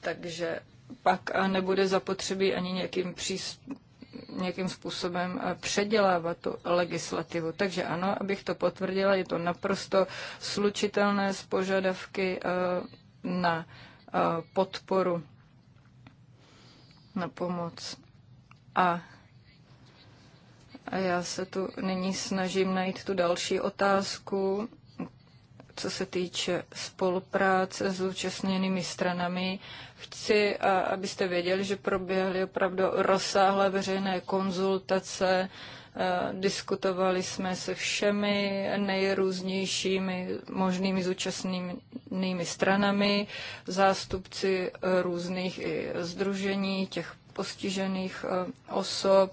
Speaker 5: Takže pak nebude zapotřebí ani nějakým nějakým způsobem eh, předělávat tu legislativu. Takže ano, abych to potvrdila, je to naprosto slučitelné s požadavky eh, na eh, podporu, na pomoc. A já se tu nyní snažím najít tu další otázku co se týče spolupráce s účastněnými stranami. Chci, abyste věděli, že proběhly opravdu rozsáhlé veřejné konzultace, diskutovali jsme se všemi nejrůznějšími možnými zúčastněnými stranami, zástupci různých i združení těch postižených osob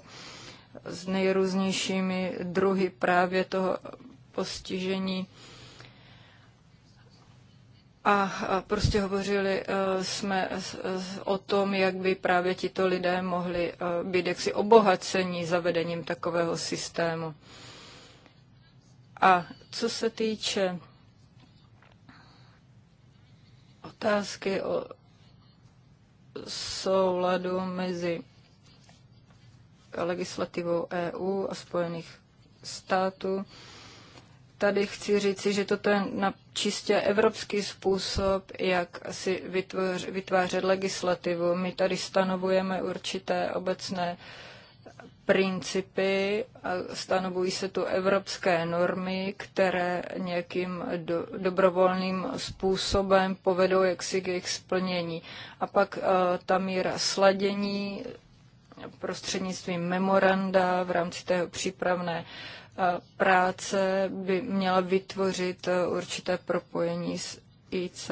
Speaker 5: s nejrůznějšími druhy právě toho postižení a prostě hovořili e, jsme o tom, jak by právě tito lidé mohli e, být jaksi obohacení zavedením takového systému. A co se týče otázky o souladu mezi legislativou EU a Spojených států, tady chci říci, že toto je na čistě evropský způsob, jak si vytvoř, vytvářet legislativu. My tady stanovujeme určité obecné principy a stanovují se tu evropské normy, které nějakým do, dobrovolným způsobem povedou jaksi k jejich splnění. A pak uh, ta míra sladění prostřednictvím memoranda v rámci tého přípravné uh, práce by měla vytvořit eh, určité propojení s ICT.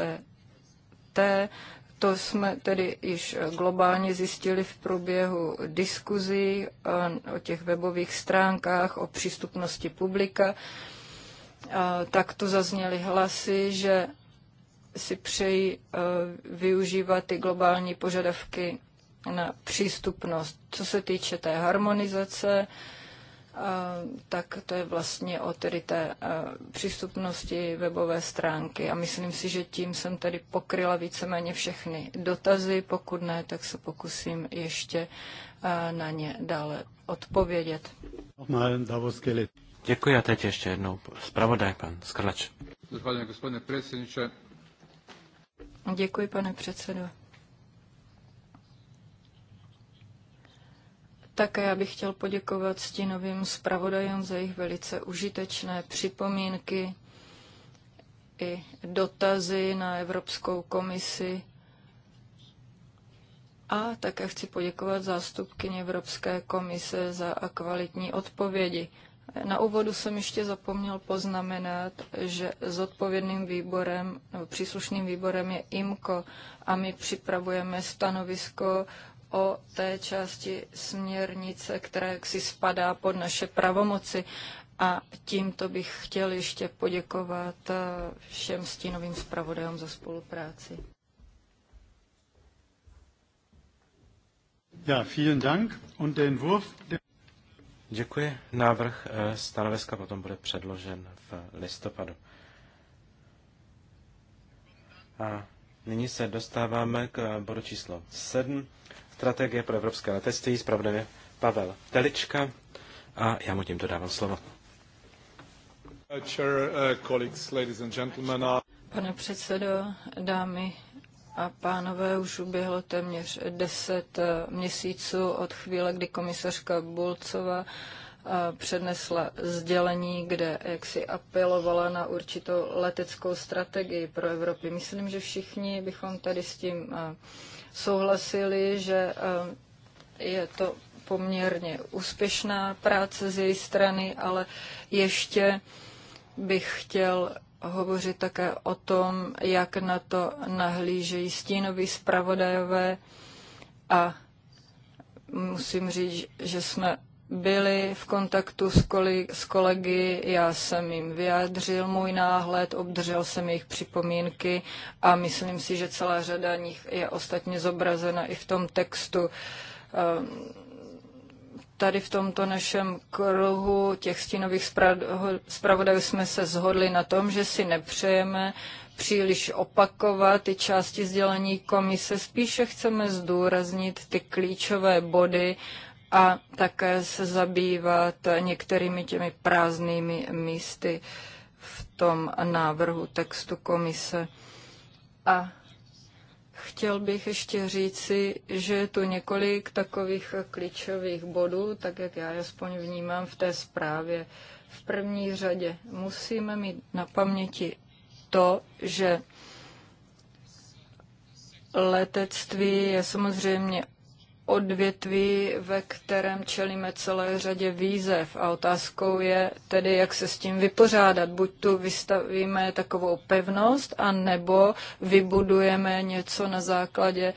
Speaker 5: To jsme tedy již eh, globálně zjistili v průběhu diskuzí eh, o těch webových stránkách, o přístupnosti publika. Tak to zazněly hlasy, že si přejí využívat ty globální požadavky na přístupnost. Co se týče té harmonizace, tak to je vlastně o tedy té přístupnosti webové stránky. A myslím si, že tím jsem tedy pokryla víceméně všechny dotazy. Pokud ne, tak se pokusím ještě na ně dále odpovědět.
Speaker 2: Děkuji a teď ještě jednou zpravodaj, pan Skrlač.
Speaker 5: Děkuji, pane předsedo. Také já bych chtěl poděkovat stínovým zpravodajům za jejich velice užitečné připomínky i dotazy na Evropskou komisi. A také chci poděkovat zástupkyni Evropské komise za kvalitní odpovědi. Na úvodu jsem ještě zapomněl poznamenat, že odpovědným výborem, nebo příslušným výborem je IMCO a my připravujeme stanovisko o té části směrnice, která jaksi spadá pod naše pravomoci. A tímto bych chtěl ještě poděkovat eh, všem stínovým zpravodajům za spolupráci.
Speaker 1: Ja, vielen Dank. Und den Wurf, den...
Speaker 2: Děkuji. Návrh eh, stanoviska potom bude předložen v listopadu. A nyní se dostáváme k bodu číslo 7 strategie pro evropské letectví. Zpravdem Pavel Telička a já mu tímto dávám slovo.
Speaker 1: Uh, uh,
Speaker 5: Pane předsedo, dámy a pánové, už uběhlo téměř 10 uh, měsíců od chvíle, kdy komisařka Bulcová přednesla sdělení, kde jaksi apelovala na určitou leteckou strategii pro Evropu. Myslím, že všichni bychom tady s tím souhlasili, že eh, je to poměrně úspěšná práce z její strany, ale ještě bych chtěl hovořit také o tom, jak na to nahlížejí stínoví zpravodajové a musím říct, že jsme byli v kontaktu s, koli, s kolegy, já jsem jim vyjádřil můj náhled, obdržel jsem jejich připomínky a myslím si, že celá řada nich je ostatně zobrazena i v tom textu. Ehm, tady v tomto našem kruhu těch stínových zpravodajů jsme se zhodli na tom, že si nepřejeme příliš opakovat ty části sdělení komise, spíše chceme zdůraznit ty klíčové body, a také se zabývat některými těmi prázdnými místy v tom návrhu textu komise. A chtěl bych ještě říci, že je tu několik takových klíčových bodů, tak jak já aspoň vnímám v té zprávě. V první řadě musíme mít na paměti to, že letectví je samozřejmě odvětví, ve kterém čelíme celé řadě výzev a otázkou je tedy, jak se s tím vypořádat. Buď tu vystavíme takovou pevnost, a nebo vybudujeme něco na základě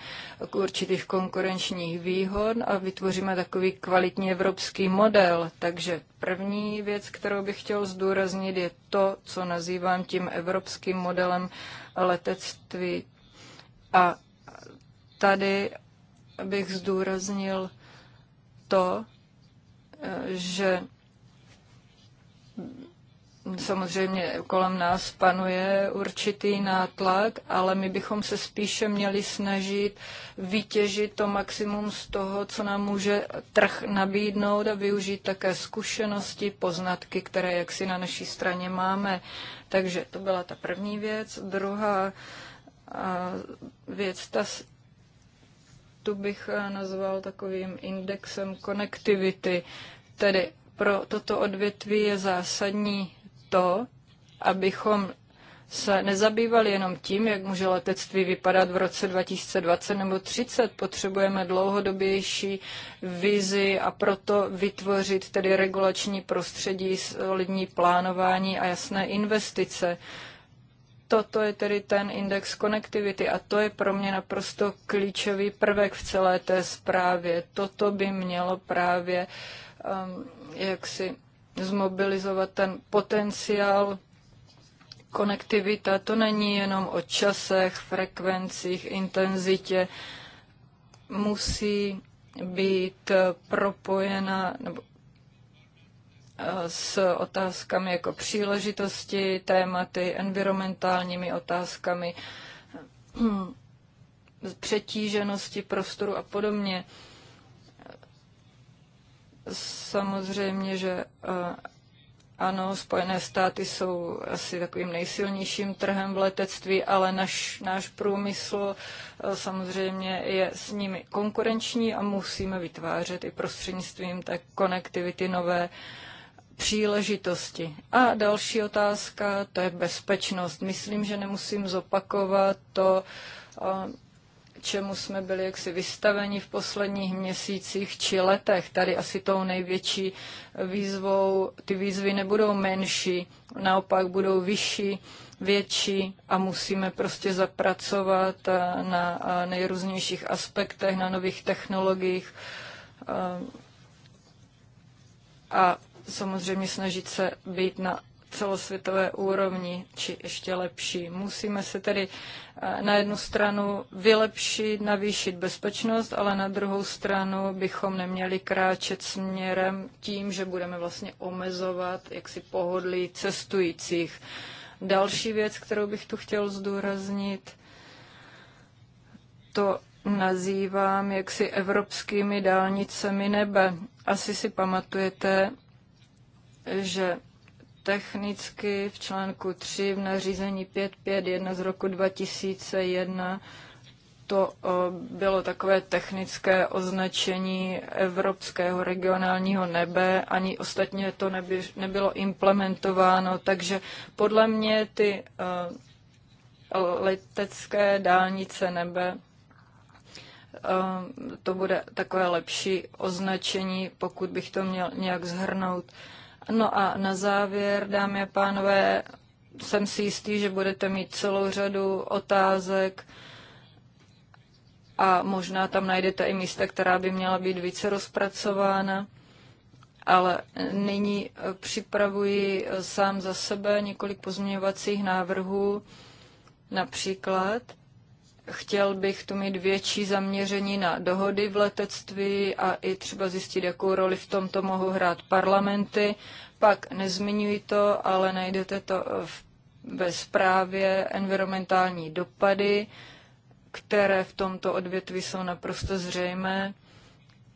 Speaker 5: určitých konkurenčních výhod a vytvoříme takový kvalitní evropský model. Takže první věc, kterou bych chtěl zdůraznit, je to, co nazývám tím evropským modelem letectví. A tady bych zdůraznil to, eh, že samozřejmě kolem nás panuje určitý nátlak, ale my bychom se spíše měli snažit vytěžit to maximum z toho, co nám může trh nabídnout a využít také zkušenosti, poznatky, které jaksi na naší straně máme. Takže to byla ta první věc. Druhá eh, věc, ta tu bych eh, nazval takovým indexem konektivity. Tedy pro toto odvětví je zásadní to, abychom se nezabývali jenom tím, jak může letectví vypadat v roce 2020 nebo 30. Potřebujeme dlouhodobější vizi a proto vytvořit tedy regulační prostředí, solidní plánování a jasné investice. Toto je tedy ten index konektivity a to je pro mě naprosto klíčový prvek v celé té zprávě. Toto by mělo právě um, jaksi zmobilizovat ten potenciál konektivita. To není jenom o časech, frekvencích, intenzitě. Musí být propojena nebo s otázkami jako příležitosti, tématy, environmentálními otázkami, přetíženosti prostoru a podobně. Samozřejmě, že eh, ano, Spojené státy jsou asi takovým nejsilnějším trhem v letectví, ale naš, náš průmysl eh, samozřejmě je s nimi konkurenční a musíme vytvářet i prostřednictvím té konektivity nové uh, příležitosti. A další otázka, to je bezpečnost. Myslím, že nemusím zopakovat to, čemu jsme byli jaksi vystaveni v posledních měsících či letech. Tady asi tou největší výzvou, ty výzvy nebudou menší, naopak budou vyšší, větší a musíme prostě zapracovat na nejrůznějších aspektech, na nových technologiích a samozřejmě snažit se být na celosvětové úrovni, či ještě lepší. Musíme se tedy eh, na jednu stranu vylepšit, navýšit bezpečnost, ale na druhou stranu bychom neměli kráčet směrem tím, že budeme vlastně omezovat jaksi pohodlí cestujících. Další věc, kterou bych tu chtěl zdůraznit, to nazývám jaksi evropskými dálnicemi nebe. Asi si pamatujete, že technicky v článku 3 v nařízení 551 z roku 2001 to eh, bylo takové technické označení evropského regionálního nebe, ani ostatně to neby, nebylo implementováno, takže podle mě ty eh, letecké dálnice nebe eh, to bude takové lepší označení, pokud bych to měl nějak zhrnout. No a na závěr, dámy a pánové, jsem si jistý, že budete mít celou řadu otázek a možná tam najdete i místa, která by měla být více rozpracována. Ale nyní eh, připravuji eh, sám za sebe několik pozměňovacích návrhů, například Chtěl bych tu mít větší zaměření na dohody v letectví a i třeba zjistit, jakou roli v tomto mohou hrát parlamenty. Pak nezmiňuji to, ale najdete to eh, v, ve zprávě environmentální dopady, které v tomto odvětví jsou naprosto zřejmé.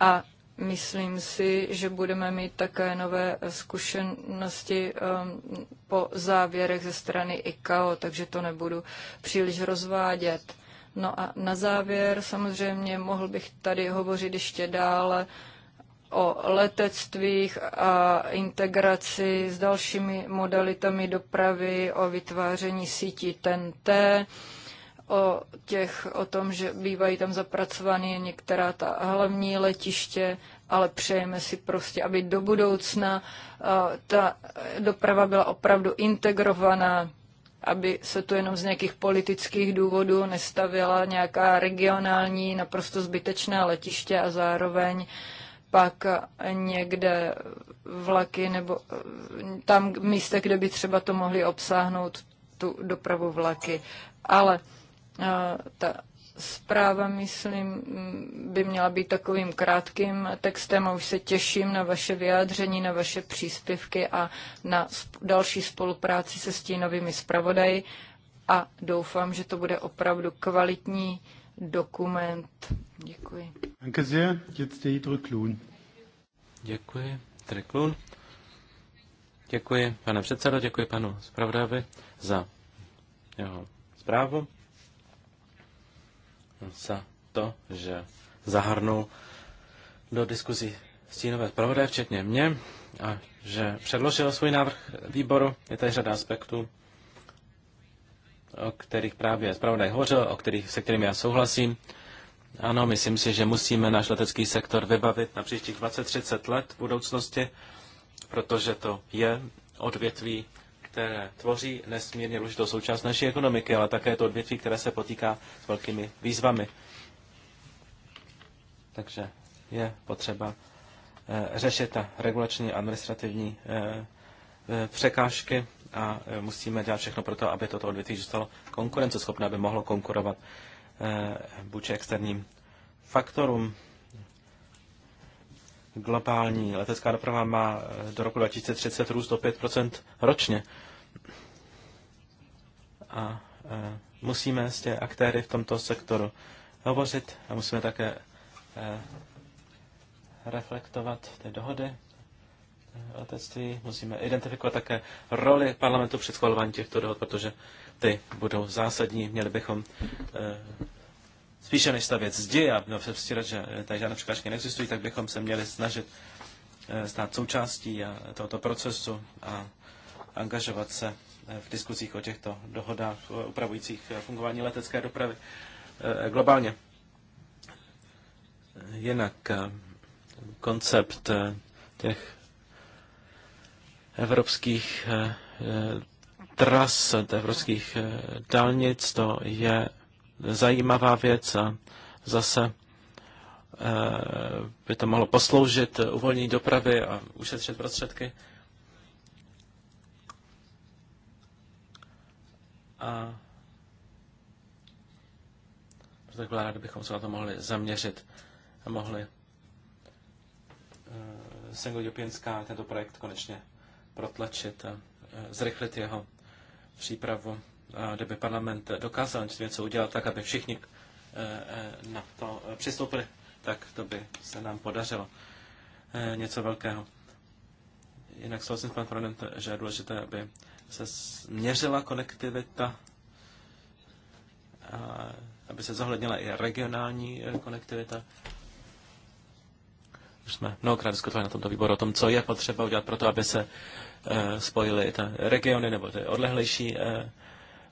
Speaker 5: A myslím si, že budeme mít také nové zkušenosti ehm, po závěrech ze strany ICAO, takže to nebudu příliš rozvádět. No a na závěr samozřejmě mohl bych tady hovořit ještě dále o letectvích a integraci s dalšími modalitami dopravy, o vytváření sítí TNT, o, těch, o tom, že bývají tam zapracovány některá ta hlavní letiště, ale přejeme si prostě, aby do budoucna ta doprava byla opravdu integrovaná aby se tu jenom z nějakých politických důvodů nestavila nějaká regionální naprosto zbytečná letiště a zároveň pak někde vlaky nebo eh, tam místa, kde by třeba to mohli obsáhnout tu dopravu vlaky. Ale eh, ta zpráva, myslím, by měla být takovým krátkým textem a už se těším na vaše vyjádření, na vaše příspěvky a na další spolupráci se stínovými zpravodaji a doufám, že to bude opravdu kvalitní dokument. Děkuji.
Speaker 1: Danke sehr. Jetzt Děkuji.
Speaker 2: Děkuji, pane předsedo, děkuji panu zpravodajovi za jeho zprávu za to, že zahrnul do diskuzí stínové zpravodaje, včetně mě, a že předložil svůj návrh výboru. Je tady řada aspektů, o kterých právě zpravodaj hovořil, o kterých, se kterými já souhlasím. Ano, myslím si, že musíme náš letecký sektor vybavit na příštích 20-30 let v budoucnosti, protože to je odvětví, které tvoří nesmírně důležitou součást naší ekonomiky, ale také to odvětví, které se potýká s velkými výzvami. Takže je potřeba eh, řešit ta regulační administrativní eh, eh, překážky a musíme dělat všechno pro to, aby toto odvětví zůstalo konkurenceschopné, aby mohlo konkurovat buď externím faktorům globální letecká doprava má eh, do roku 2030 růst o 5 ročně. A eh, musíme s těmi aktéry v tomto sektoru hovořit a musíme také eh, reflektovat ty dohody letectví. Musíme identifikovat také roli parlamentu při schvalování těchto dohod, protože ty budou zásadní. Měli bychom spíše než stavět zdi a no, se vstírat, že eh, tady žádné překážky neexistují, tak bychom se měli snažit eh, stát součástí eh, tohoto procesu a angažovat se v diskuzích o těchto dohodách upravujících fungování letecké dopravy globálně. Jinak koncept těch evropských tras, evropských dálnic, to je zajímavá věc a zase eh, by to mohlo posloužit uvolnění dopravy a ušetřit prostředky. A proto bych byla ráda, bychom se na to mohli zaměřit a mohli eh, Single tento projekt konečně protlačit a eh, zrychlit jeho přípravu kdyby parlament dokázal něco udělat tak, aby všichni eh, eh, na to eh, přistoupili, tak to by se nám podařilo něco velkého. Jinak souhlasím s panem Pronem, že je důležité, aby se změřila konektivita, a aby se zohlednila i regionální konektivita. Už jsme mnohokrát diskutovali na tomto výboru o tom, co je potřeba udělat pro to, aby se spojily ty regiony nebo ty odlehlejší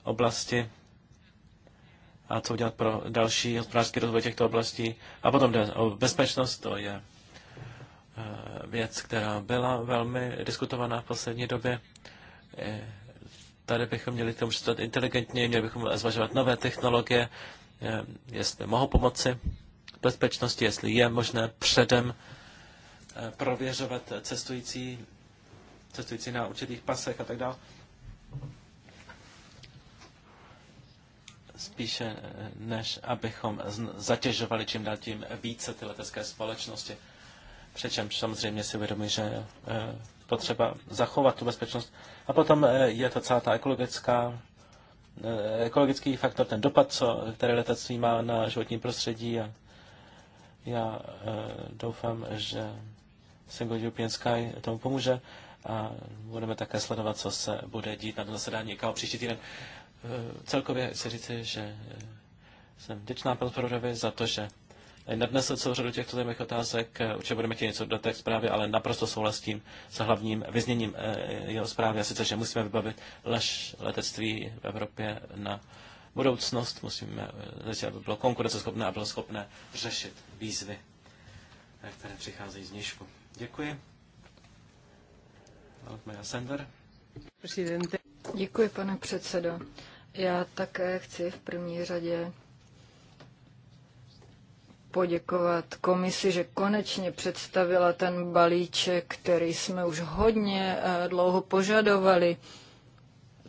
Speaker 2: oblasti a co udělat pro další hospodářský rozvoj těchto oblastí. A potom jde o bezpečnost, to je eh, věc, která byla velmi diskutovaná v poslední době. Eh, tady bychom měli k tomu přistupovat inteligentně, měli bychom zvažovat nové technologie, eh, jestli mohou pomoci bezpečnosti, jestli je možné předem prověřovat cestující, cestující na určitých pasech a tak dále spíše eh, než abychom zatěžovali čím dál tím více ty letecké společnosti. Přičemž samozřejmě si uvědomí, že eh, potřeba zachovat tu bezpečnost. A potom eh, je to celá ta ekologická, ekologický faktor, ten dopad, co, který letectví má na životní prostředí. A já doufám, že Single European Sky tomu pomůže a budeme také sledovat, co se bude dít na zasedání ICAO příští týden. Eh, celkově chci říci, že eh, jsem vděčná panu Porodovi za to, že nadnesl celou řadu těchto zajímavých otázek. Eh, určitě budeme chtít něco do té zprávy, ale naprosto souhlasím s hlavním vyzněním jeho zprávy, a sice, že musíme vybavit lež letectví v Evropě na budoucnost, musíme zjistit, aby bylo konkurenceschopné a bylo schopné řešit výzvy, které přicházejí z nížku. Děkuji.
Speaker 5: Děkuji, pane předsedo. Já také chci v první řadě poděkovat komisi, že konečně představila ten balíček, který jsme už hodně eh, dlouho požadovali.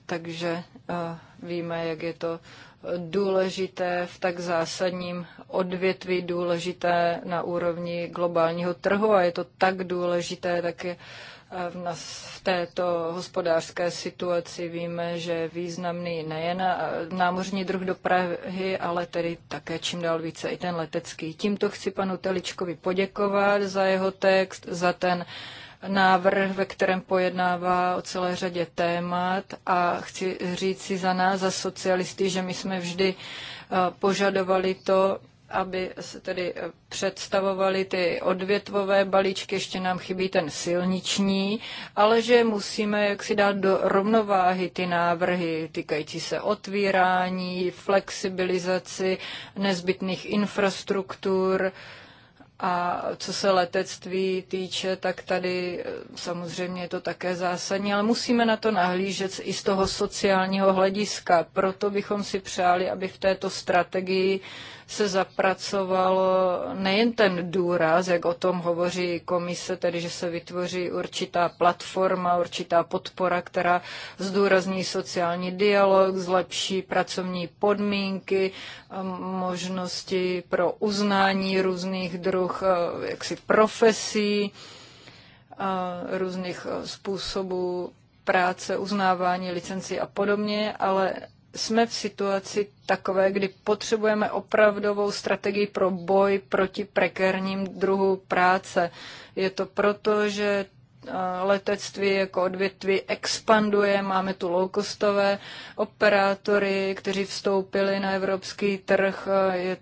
Speaker 5: Takže eh, víme, jak je to důležité v tak zásadním odvětví, důležité na úrovni globálního trhu a je to tak důležité také v, této hospodářské situaci víme, že je významný nejen eh, námořní druh dopravy, ale tedy také čím dál více i ten letecký. Tímto chci panu Teličkovi poděkovat za jeho text, za ten návrh, ve kterém pojednává o celé řadě témat a chci říct si za nás, za socialisty, že my jsme vždy eh, požadovali to, aby se tedy eh, představovaly ty odvětvové balíčky, ještě nám chybí ten silniční, ale že musíme jaksi dát do rovnováhy ty návrhy týkající se otvírání, flexibilizaci nezbytných infrastruktur, a co se letectví týče, tak tady eh, samozřejmě je to také zásadní, ale musíme na to nahlížet i z toho sociálního hlediska. Proto bychom si přáli, aby v této strategii se zapracoval nejen ten důraz, jak o tom hovoří komise, tedy že se vytvoří určitá platforma, určitá podpora, která zdůrazní sociální dialog, zlepší pracovní podmínky, možnosti pro uznání různých druh eh, jaksi profesí, různých eh, způsobů práce, uznávání licenci a podobně, ale jsme v situaci takové, kdy potřebujeme opravdovou strategii pro boj proti prekérním druhu práce. Je to proto, že eh, letectví jako odvětví expanduje, máme tu low-costové operátory, kteří vstoupili na evropský trh, eh, je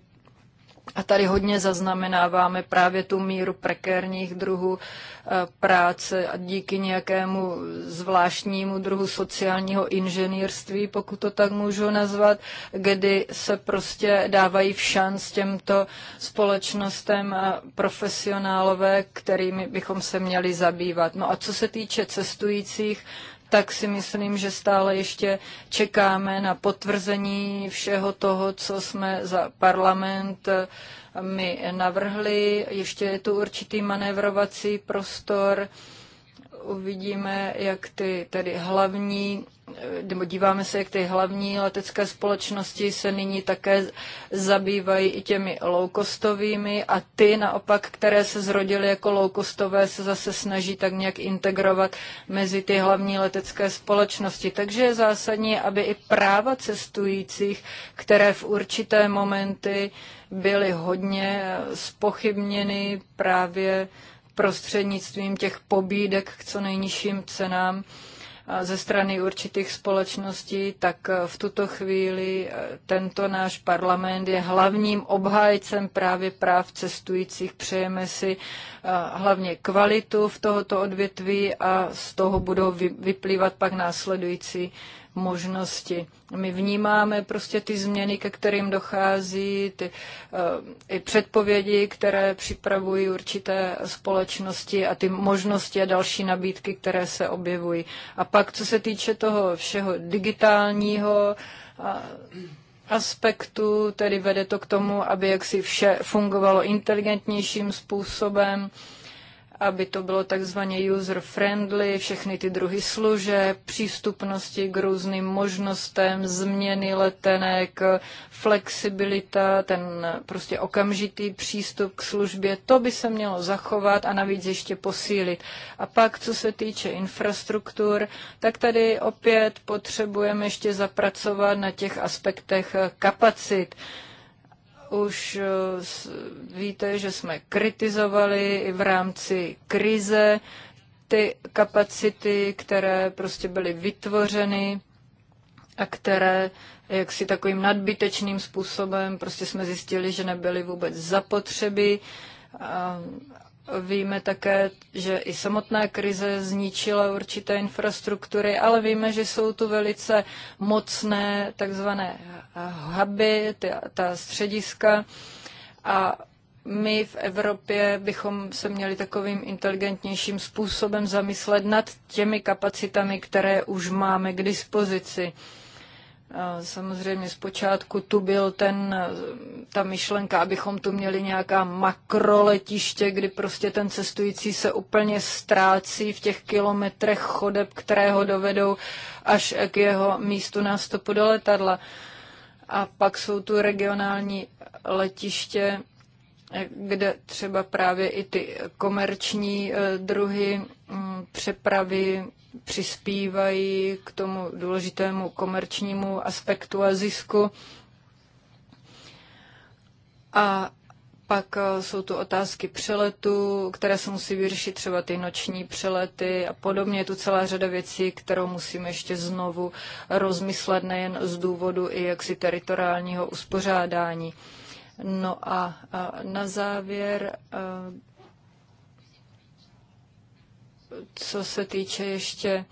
Speaker 5: a tady hodně zaznamenáváme právě tu míru prekérních druhů eh, práce a díky nějakému zvláštnímu druhu sociálního inženýrství, pokud to tak můžu nazvat, kdy se prostě dávají v šanc těmto společnostem profesionálové, kterými bychom se měli zabývat. No a co se týče cestujících, tak si myslím, že stále ještě čekáme na potvrzení všeho toho, co jsme za parlament eh, my navrhli. Ještě je tu určitý manévrovací prostor. Uvidíme, jak ty tedy hlavní nebo díváme se, jak ty hlavní letecké společnosti se nyní také zabývají i těmi loukostovými a ty naopak, které se zrodily jako loukostové, se zase snaží tak nějak integrovat mezi ty hlavní letecké společnosti. Takže je zásadní, aby i práva cestujících, které v určité momenty byly hodně spochybněny právě prostřednictvím těch pobídek k co nejnižším cenám, ze strany určitých společností, tak eh, v tuto chvíli eh, tento náš parlament je hlavním obhájcem právě práv cestujících. Přejeme si eh, hlavně kvalitu v tohoto odvětví a z toho budou vyplývat pak následující možnosti. My vnímáme prostě ty změny, ke kterým dochází, ty uh, i předpovědi, které připravují určité společnosti a ty možnosti a další nabídky, které se objevují. A pak, co se týče toho všeho digitálního, uh, aspektu, tedy vede to k tomu, aby jaksi vše fungovalo inteligentnějším způsobem. Uh, aby to bylo takzvaně user-friendly, všechny ty druhy služeb, přístupnosti k různým možnostem, změny letenek, flexibilita, ten prostě okamžitý přístup k službě, to by se mělo zachovat a navíc ještě posílit. A pak, co se týče infrastruktur, tak tady opět potřebujeme ještě zapracovat na těch aspektech kapacit už eh, víte, že jsme kritizovali i v rámci krize ty kapacity, které prostě byly vytvořeny a které jak si takovým nadbytečným způsobem prostě jsme zjistili, že nebyly vůbec zapotřeby. Víme také, že i samotná krize zničila určité infrastruktury, ale víme, že jsou tu velice mocné takzvané huby, ta, ta střediska. A my v Evropě bychom se měli takovým inteligentnějším způsobem zamyslet nad těmi kapacitami, které už máme k dispozici. Samozřejmě zpočátku tu byl ten, ta myšlenka, abychom tu měli nějaká makroletiště, kdy prostě ten cestující se úplně ztrácí v těch kilometrech chodeb, které ho dovedou až k jeho místu nástupu do letadla. A pak jsou tu regionální letiště, kde třeba právě i ty komerční eh, druhy mm, přepravy přispívají k tomu důležitému komerčnímu aspektu a zisku. A pak eh, jsou tu otázky přeletů, které se musí vyřešit, třeba ty noční přelety a podobně. Je tu celá řada věcí, kterou musíme ještě znovu rozmyslet, nejen z důvodu i jaksi teritoriálního uspořádání. No a na závěr eh, co se týče ještě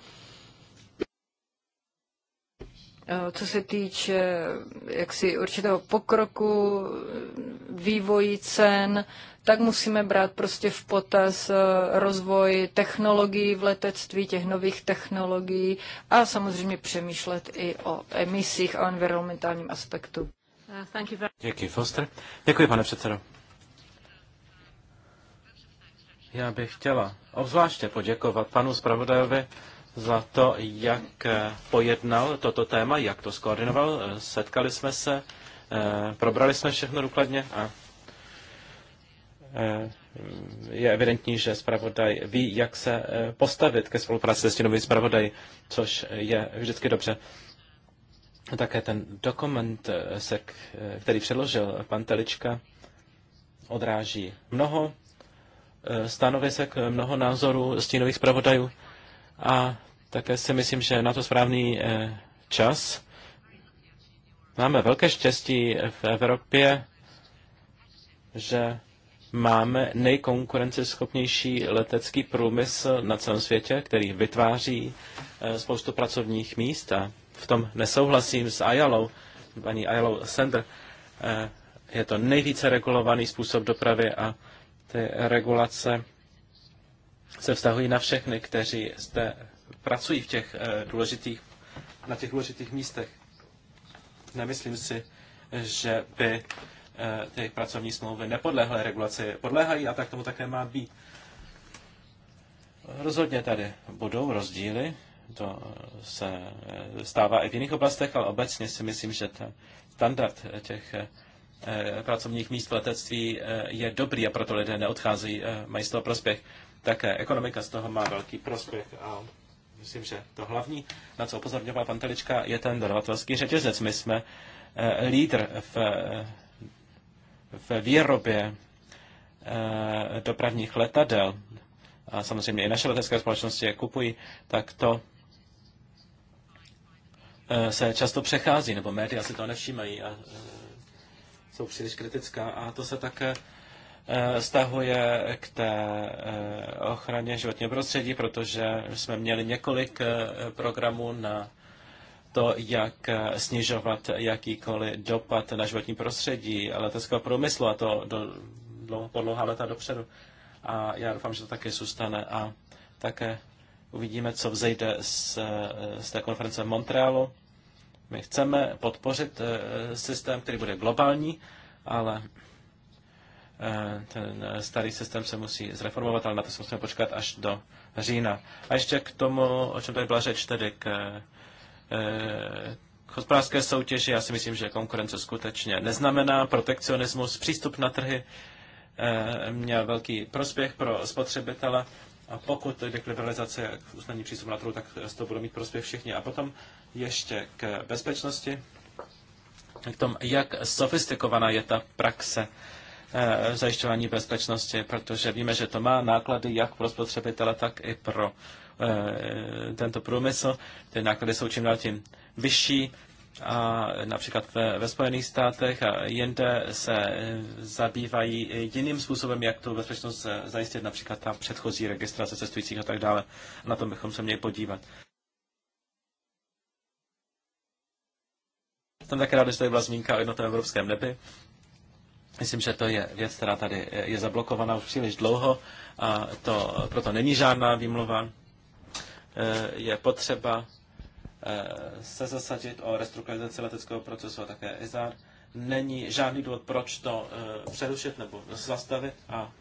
Speaker 5: eh, co se týče eh, jaksi určitého pokroku, eh, vývoji cen, tak musíme brát prostě v potaz rozvoj technologií v letectví, těch nových technologií a samozřejmě přemýšlet i o emisích a environmentálním aspektu. Uh,
Speaker 2: Děkuji, Foster. Děkuji, pane předsedo. Já bych chtěla obzvláště poděkovat panu zpravodajovi za to, jak eh, pojednal toto téma, jak to skoordinoval. Eh, setkali jsme se, eh, probrali jsme všechno důkladně a je evidentní, že zpravodaj ví, jak se postavit ke spolupráci s stínovým zpravodají, což je vždycky dobře. Také ten dokument, se, který předložil pan Telička, odráží mnoho Eh, stanovisek, eh, mnoho názorů stínových zpravodajů a také si myslím, že na to správný eh, čas. Máme velké štěstí v Evropě, že máme nejkonkurenceschopnější letecký průmysl na celém světě, který vytváří spoustu pracovních míst a v tom nesouhlasím s Ajalou, paní Ajalou Sender. Je to nejvíce regulovaný způsob dopravy a ty regulace se vztahují na všechny, kteří zde pracují v těch eh, důležitých, na těch důležitých místech. Nemyslím si, že by eh, ty pracovní smlouvy nepodlehly regulaci. Podléhají a tak tomu také má být. Rozhodně tady budou rozdíly, to eh, se stává i v jiných oblastech, ale obecně si myslím, že ten standard těch Eh, pracovních míst v letectví eh, je dobrý a proto lidé neodcházejí, eh, mají z toho prospěch. Také ekonomika z toho má velký prospěch a myslím, že to hlavní, na co upozorňoval pan Telička, je ten dodavatelský řetězec. My jsme lídr v, v výrobě dopravních letadel a samozřejmě i naše letecké společnosti je kupují, tak to se často přechází, nebo média si to nevšímají a jsou příliš kritická a to se také stahuje eh, k té eh, ochraně životního prostředí, protože jsme měli několik eh, programů na to, jak snižovat jakýkoliv dopad na životní prostředí leteckého průmyslu a to do, dlouho, po dlouhá leta dopředu. A já doufám, že to také zůstane a také uvidíme, co vzejde z, z té konference v Montrealu. My chceme podpořit eh, systém, který bude globální, ale eh, ten starý systém se musí zreformovat, ale na to se musíme počkat až do října. A ještě k tomu, o čem tady byla řeč, tedy k, eh, k hospodářské soutěži. Já si myslím, že konkurence skutečně neznamená protekcionismus, přístup na trhy měl velký prospěch pro spotřebitele a pokud dojde k liberalizaci a k uznání přístupu na trhu, tak z toho budou mít prospěch všichni. A potom ještě k bezpečnosti, k tomu, jak sofistikovaná je ta praxe e, zajišťování bezpečnosti, protože víme, že to má náklady jak pro spotřebitele, tak i pro eh, tento průmysl. Ty náklady jsou čím dál tím vyšší a například ve, ve Spojených státech a jinde se zabývají jiným způsobem, jak tu bezpečnost zajistit, například ta předchozí registrace cestujících a tak dále. Na tom bychom se měli podívat. Jsem také rád, že tady byla zmínka o jednotném evropském nebi. Myslím, že to je věc, která tady je zablokovaná už příliš dlouho a to proto není žádná výmluva. E, je potřeba Eh, se zasadit o restrukturalizaci leteckého procesu a také IZAR. Není žádný důvod, proč to eh, přerušit nebo zastavit a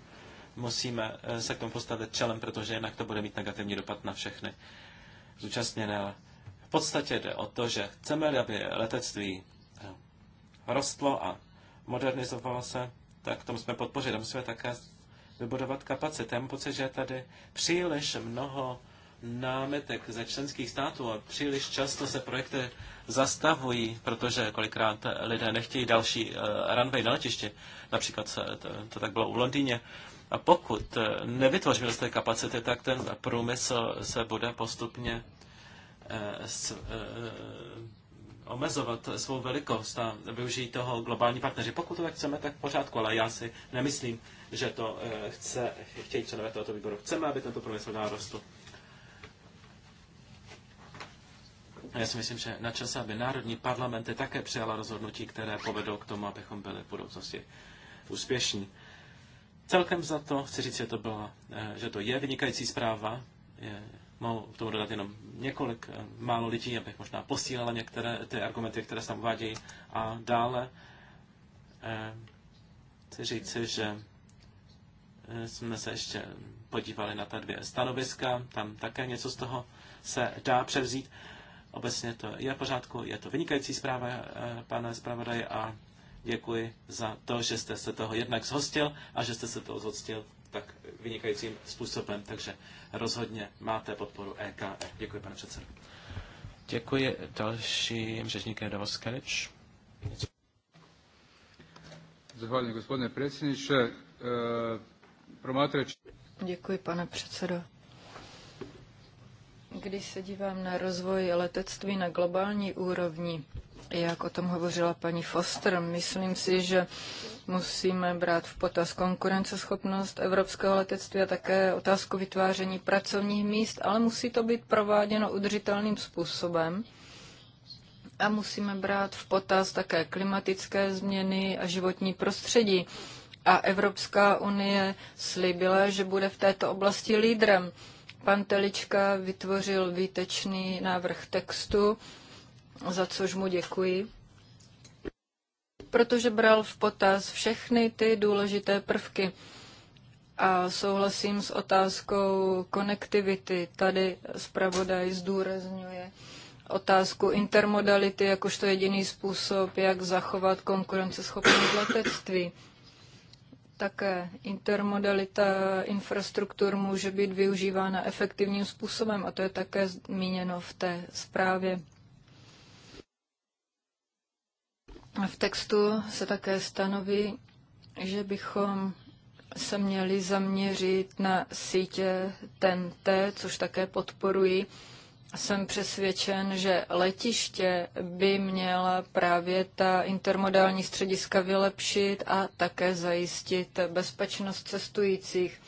Speaker 2: musíme eh, se k tomu postavit čelem, protože jinak to bude mít negativní dopad na všechny zúčastněné. V podstatě jde o to, že chceme, aby letectví rostlo a modernizovalo se, tak tomu jsme podpořili. Musíme také vybudovat kapacity. Já mám pocit, že je tady příliš mnoho námetek ze členských států a příliš často se projekty zastavují, protože kolikrát lidé nechtějí další eh, runway na letiště. Například se, to, to tak bylo u Londýně. A pokud eh, nevytvoříme z té kapacity, tak ten průmysl se bude postupně eh, s, omezovat svou velikost a využijí toho globální partneři. Pokud to tak chceme, tak v pořádku, ale já si nemyslím, že to chce, chtějí členové tohoto výboru. Chceme, aby tento průmysl rostl. A já si myslím, že na čase, aby národní parlamenty také přijala rozhodnutí, které povedou k tomu, abychom byli v budoucnosti úspěšní. Celkem za to chci říct, že to, byla, eh, že to je vynikající zpráva. Je, mohu k tomu dodat jenom několik eh, málo lidí, abych možná posílala některé ty argumenty, které se tam uvádějí. A dále eh, chci říct, že jsme se ještě podívali na ta dvě stanoviska, tam také něco z toho se dá převzít. Obecně to je v pořádku, je to vynikající zpráva, eh, pane zpravodaje, a děkuji za to, že jste se toho jednak zhostil a že jste se toho zhostil tak vynikajícím způsobem, takže rozhodně máte podporu EKR. E. Děkuji, pane předsedo. Děkuji. Dalším řečníkem Davos Kalič.
Speaker 1: Zahvaljujem, gospodine predsjedniče. Eh, Promatrač...
Speaker 5: Děkuji, pane předsedo. Když se dívám na rozvoj letectví na globální úrovni, jak o tom hovořila paní Foster, myslím si, že musíme brát v potaz konkurenceschopnost evropského letectví a také otázku vytváření pracovních míst, ale musí to být prováděno udržitelným způsobem. A musíme brát v potaz také klimatické změny a životní prostředí. A Evropská unie slíbila, že bude v této oblasti lídrem. Pan Telička vytvořil výtečný návrh textu, za což mu děkuji, protože bral v potaz všechny ty důležité prvky. A souhlasím s otázkou konektivity. Tady zpravodaj zdůrazňuje otázku intermodality jakožto jediný způsob, jak zachovat konkurenceschopnost letectví. Také intermodalita infrastruktur může být využívána efektivním způsobem a to je také zmíněno v té zprávě. V textu se také stanoví, že bychom se měli zaměřit na sítě TNT, což také podporuji, jsem přesvědčen, že letiště by měla právě ta intermodální střediska vylepšit a také zajistit bezpečnost cestujících.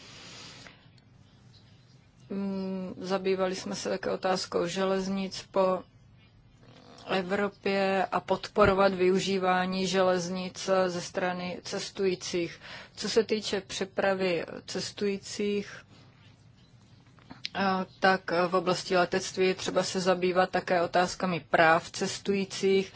Speaker 5: Mm, zabývali jsme se také otázkou železnic po Evropě a podporovat využívání železnic ze strany cestujících. Co se týče přepravy cestujících, tak v oblasti letectví třeba se zabývat také otázkami práv cestujících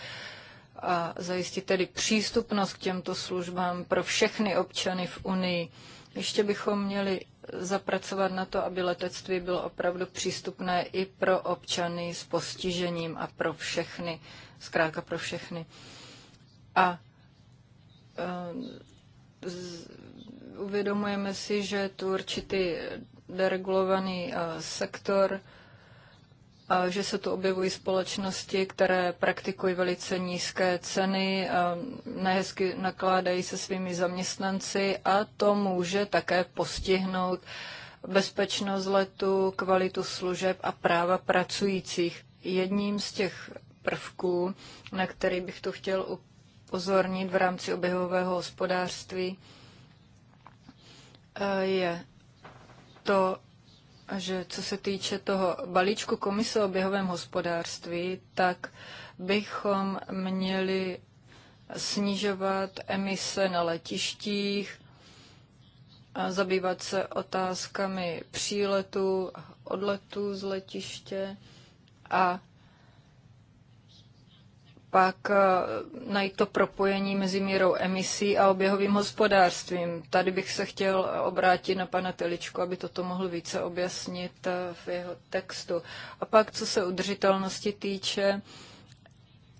Speaker 5: a zajistit tedy přístupnost k těmto službám pro všechny občany v Unii. Ještě bychom měli zapracovat na to, aby letectví bylo opravdu přístupné i pro občany s postižením a pro všechny, zkrátka pro všechny. A e, uvědomujeme si, že tu určitý deregulovaný eh, sektor, že se tu objevují společnosti, které praktikují velice nízké ceny, eh, nehezky nakládají se svými zaměstnanci a to může také postihnout bezpečnost letu, kvalitu služeb a práva pracujících. Jedním z těch prvků, na který bych tu chtěl upozornit v rámci oběhového hospodářství, eh, je to, že co se týče toho balíčku Komise o běhovém hospodářství, tak bychom měli snižovat emise na letištích, a zabývat se otázkami příletu, odletu z letiště a pak eh, najít to propojení mezi mírou emisí a oběhovým hospodářstvím. Tady bych se chtěl obrátit na pana Teličku, aby toto mohl více objasnit eh, v jeho textu. A pak, co se udržitelnosti týče,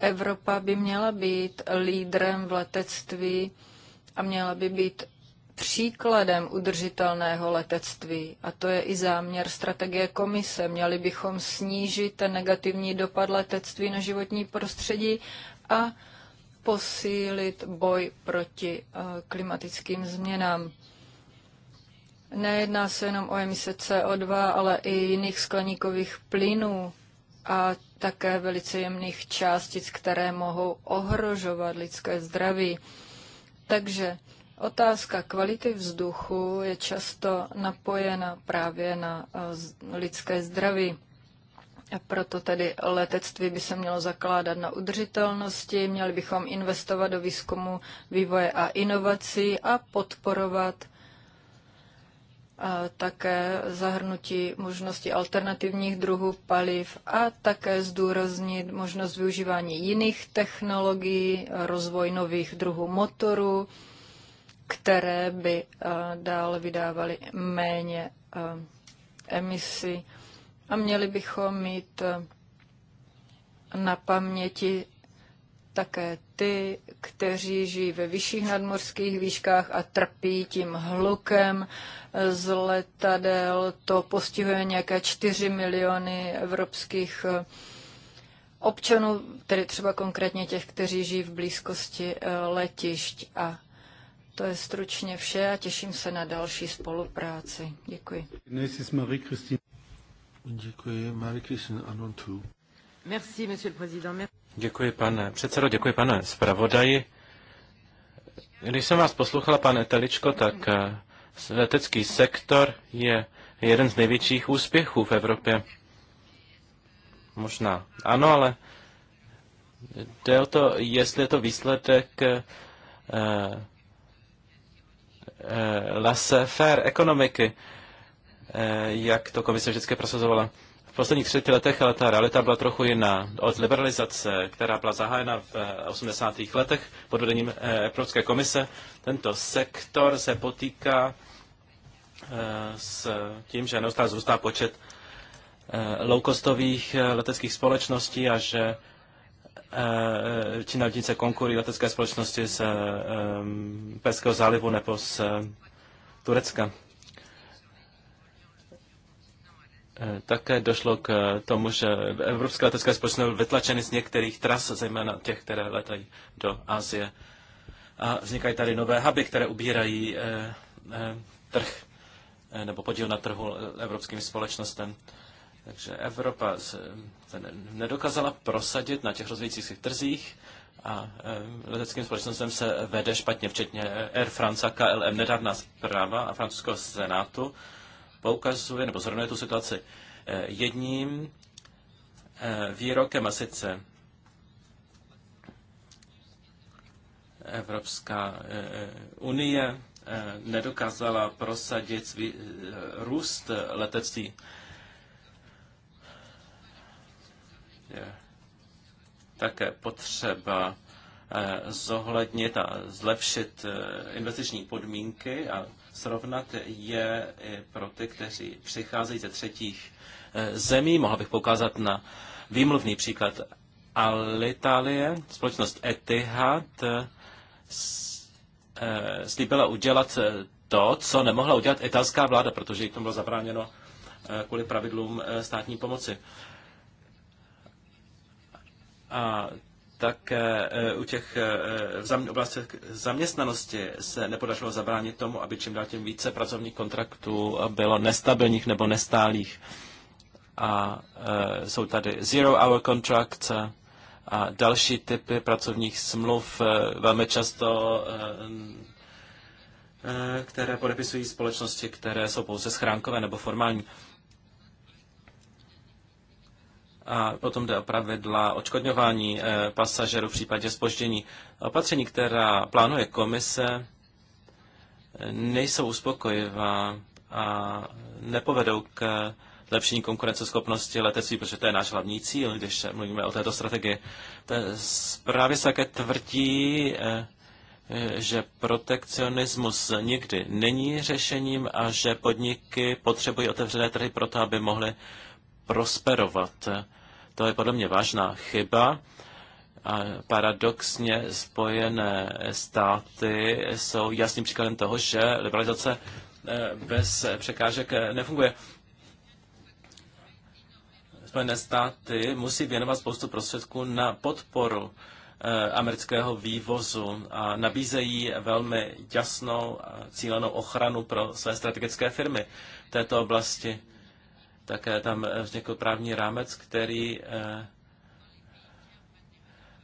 Speaker 5: Evropa by měla být lídrem v letectví a měla by být příkladem udržitelného letectví a to je i záměr strategie komise. Měli bychom snížit ten negativní dopad letectví na životní prostředí a posílit boj proti eh, klimatickým změnám. Nejedná se jenom o emise CO2, ale i jiných skleníkových plynů a také velice jemných částic, které mohou ohrožovat lidské zdraví. Takže Otázka kvality vzduchu je často napojena právě na eh, lidské zdraví. A proto tedy letectví by se mělo zakládat na udržitelnosti, měli bychom investovat do výzkumu, vývoje a inovací a podporovat a eh, také zahrnutí možnosti alternativních druhů paliv a také zdůraznit možnost využívání jiných technologií, rozvoj nových druhů motorů, které by eh, dále vydávaly méně eh, emisí. A měli bychom mít eh, na paměti také ty, kteří žijí ve vyšších nadmořských výškách a trpí tím hlukem z letadel. To postihuje nějaké 4 miliony evropských občanů, tedy třeba konkrétně těch, kteří žijí v blízkosti letišť. A to je stručně vše a těším se na další spolupráci. Děkuji.
Speaker 1: Děkuji, Marie-Christine Anontu.
Speaker 4: Merci, monsieur le président.
Speaker 2: Děkuji, pane předsedo, děkuji, pane zpravodaji. Když jsem vás poslouchala, pane Teličko, tak eh, letecký sektor je jeden z největších úspěchů v Evropě. Možná ano, ale jde o to, jestli je to výsledek eh, Eh, laissez-faire ekonomiky, eh, jak to komise vždycky prosazovala. V posledních třetí letech ale ta realita byla trochu jiná. Od liberalizace, která byla zahájena v 80. Eh, letech pod vedením Evropské komise, tento sektor se potýká s tím, že neustále zůstá počet low-costových leteckých společností a že čím dál tím konkurují letecké společnosti z eh, Perského zálivu nebo z eh, Turecka. Eh, také došlo k tomu, že evropské letecké společnosti byly vytlačeny z některých tras, zejména těch, které letají do Asie. A vznikají tady nové huby, které ubírají trh nebo podíl na trhu evropským společnostem. Takže Evropa se, nedokázala prosadit na těch rozvíjících trzích a e, leteckým společnostem se vede špatně, včetně Air France a KLM. Nedávná zpráva a francouzského senátu poukazuje nebo zhrnuje tu situaci e, jedním e, výrokem a sice Evropská unie nedokázala prosadit růst letectví je také potřeba eh, zohlednit a zlepšit eh, investiční podmínky a srovnat je i pro ty, kteří přicházejí ze třetích eh, zemí. Mohl bych poukázat na výmluvný příklad Alitalie, společnost Etihad, slíbila udělat to, co nemohla udělat italská vláda, protože jí to bylo zabráněno kvůli pravidlům státní pomoci. A také e, u těch e, v oblasti zaměstnanosti se nepodařilo zabránit tomu, aby čím dál tím více pracovních kontraktů bylo nestabilních nebo nestálých. A e, jsou tady zero hour contracts a další typy pracovních smluv, velmi často které podepisují společnosti, které jsou pouze schránkové nebo formální a potom jde o pravidla odškodňování eh, pasažerů v případě spoždění. Opatření, která plánuje komise, nejsou uspokojivá a nepovedou k zlepšení konkurenceschopnosti letectví, protože to je náš hlavní cíl, když mluvíme o této strategii. Právě se také tvrdí, eh, že protekcionismus nikdy není řešením a že podniky potřebují otevřené trhy proto, aby mohly prosperovat. To je podle mě vážná chyba. A paradoxně Spojené státy jsou jasným příkladem toho, že liberalizace eh, bez překážek eh, nefunguje. Spojené státy musí věnovat spoustu prostředků na podporu eh, amerického vývozu a nabízejí velmi jasnou cílenou ochranu pro své strategické firmy v této oblasti. Také tam eh, vznikl právní rámec, který eh,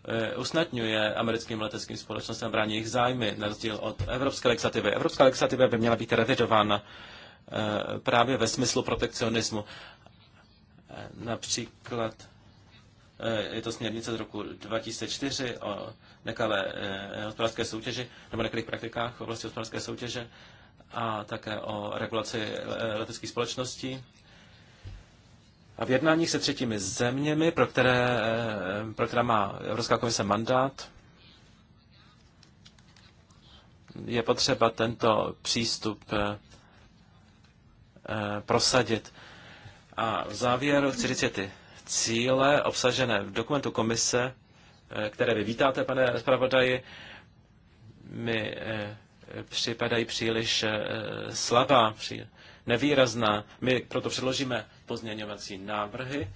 Speaker 2: eh, usnadňuje americkým leteckým společnostem brání jejich zájmy, na rozdíl od evropské legislativy. Evropská legislativa by měla být revidována právě ve smyslu protekcionismu. Například je to směrnice z roku 2004 o nekalé hospodářské soutěži nebo nekalých praktikách v oblasti hospodářské soutěže a také o regulaci leteckých společností. A v jednáních se třetími zeměmi, pro které, eh, pro které má Evropská komise mandát, je potřeba tento přístup eh, eh, prosadit. A v závěru chci říct ty cíle obsažené v dokumentu komise, které vy vítáte, pane zpravodaji, mi připadají příliš slabá, nevýrazná. My proto předložíme pozměňovací návrhy.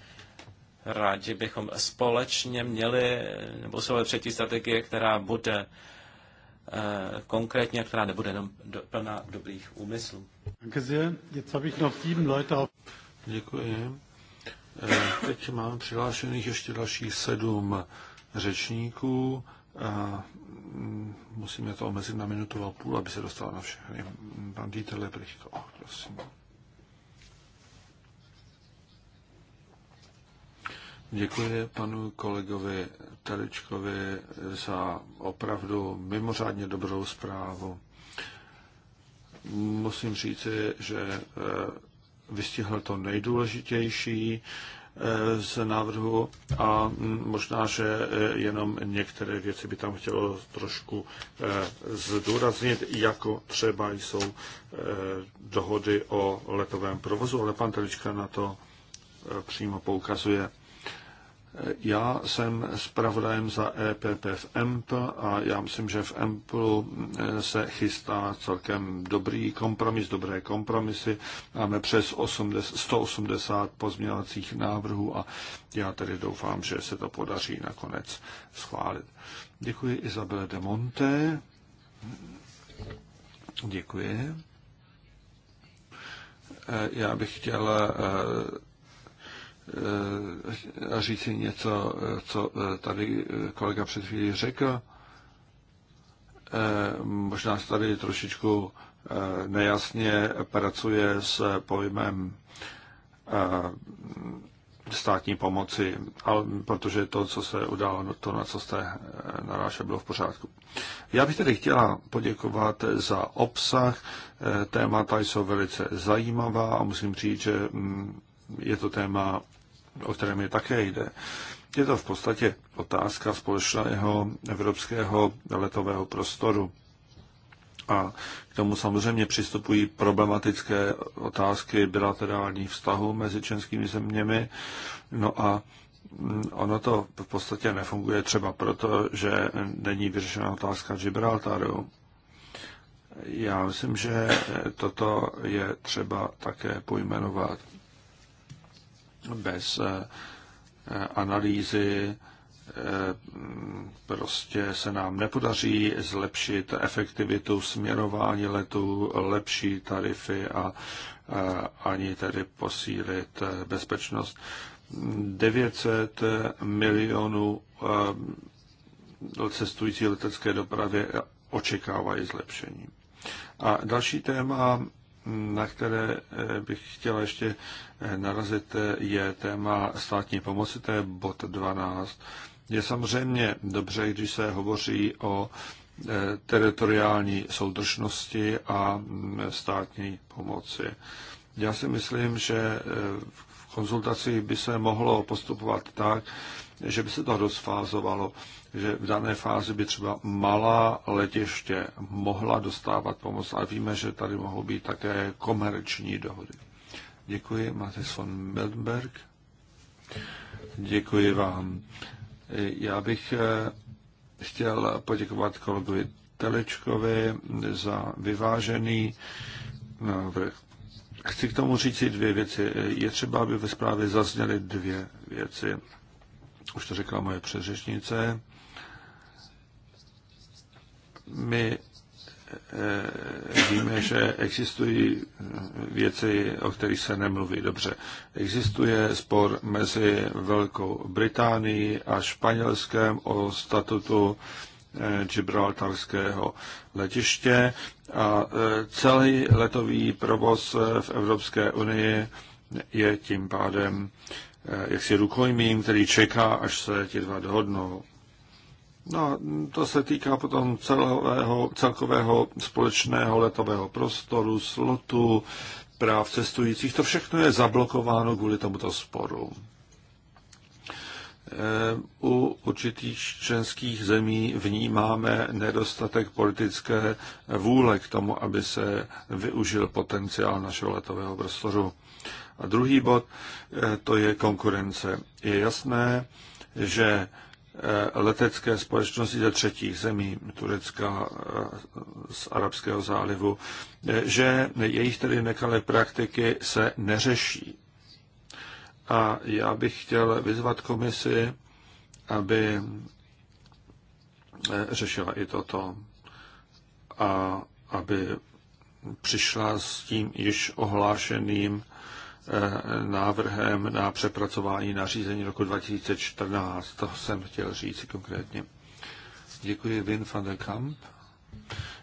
Speaker 2: Rádi bychom společně měli nebo svoje třetí strategie, která bude eh, konkrétně, která nebude jenom plná dobrých úmyslů.
Speaker 1: Děkuji. Eh,
Speaker 3: teď mám přihlášených ještě dalších sedm řečníků. Eh, Mm, musíme to omezit na minutu a půl, aby se dostala na všechny. Pan Dieter Lebrichto, oh, prosím. Děkuji panu kolegovi Teličkovi za opravdu mimořádně dobrou zprávu. Musím říci, že eh, vystihl to nejdůležitější, Eh, z návrhu a mm, možná, že eh, jenom některé věci by tam chtělo trošku eh, zdůraznit, jako třeba jsou dohody o letovém provozu, ale pan Telička na to přímo poukazuje. Já jsem zpravodajem za EPP v EMP a já myslím, že v EMP eh, se chystá celkem dobrý kompromis, dobré kompromisy. Máme přes 80, 180 pozměňovacích návrhů a já tedy doufám, že se to podaří nakonec schválit. Děkuji Izabele de Monte. Děkuji. Eh, já bych chtěl eh, Eh, a říci něco, eh, co eh, tady kolega před chvílí řekl. Možná se tady trošičku nejasně pracuje s pojmem státní pomoci, ale protože to, co se událo, no, to, na co jste narážel, bylo v pořádku. Já bych tedy chtěla poděkovat za obsah. Témata jsou velice zajímavá a musím říct, že mm, je to téma, o které mi také jde. Je to v podstatě otázka společného evropského letového prostoru. A k tomu samozřejmě přistupují problematické otázky bilaterálních vztahů mezi českými zeměmi. No a ono to v podstatě nefunguje třeba proto, že není vyřešena otázka Gibraltaru. Já myslím, že toto je třeba také pojmenovat bez eh, analýzy eh, prostě se nám nepodaří zlepšit efektivitu směrování letů, lepší tarify a eh, ani tedy posílit bezpečnost. 900 milionů cestující letecké dopravě očekávají zlepšení. A další téma na které eh, bych chtěl ještě eh, narazit, eh, je téma státní pomoci, to je bod 12. Je samozřejmě dobře, když se hovoří o teritoriální soudržnosti a mm, státní pomoci. Já si myslím, že v konzultaci by se mohlo postupovat tak, že by se to rozfázovalo že v dané fázi by třeba malá letiště mohla dostávat pomoc, ale víme, že tady mohou být také komerční dohody. Děkuji, Matis von Mildenberg. Děkuji vám. Já bych eh, chtěl poděkovat kolegovi Telečkovi za vyvážený návrh. Chci k tomu říci dvě věci. Je třeba, aby ve zprávě zazněly dvě věci. Už to řekla moje předřečnice. My eh, víme, že existují věci, o kterých se nemluví dobře. Existuje spor mezi Velkou Británií a Španělskem o statutu eh, Gibraltarského letiště a eh, celý letový provoz v Evropské unii je tím pádem jaksi rukojmím, který čeká, až se ti dva dohodnou. No, to se týká potom celého, celkového společného letového prostoru, slotu, práv cestujících. To všechno je zablokováno kvůli tomuto sporu. E, u určitých členských zemí vnímáme nedostatek politické vůle k tomu, aby se využil potenciál našeho letového prostoru. A druhý bod, e, to je konkurence. Je jasné, že Eh, letecké společnosti ze třetích zemí, Turecka eh, z Arabského zálivu, eh, že jejich tedy nekalé praktiky se neřeší. A já bych chtěl vyzvat komisi, aby řešila i toto a aby přišla s tím již ohlášeným návrhem na přepracování nařízení roku 2014. To jsem chtěl říct konkrétně. Děkuji, Vin van der Kamp.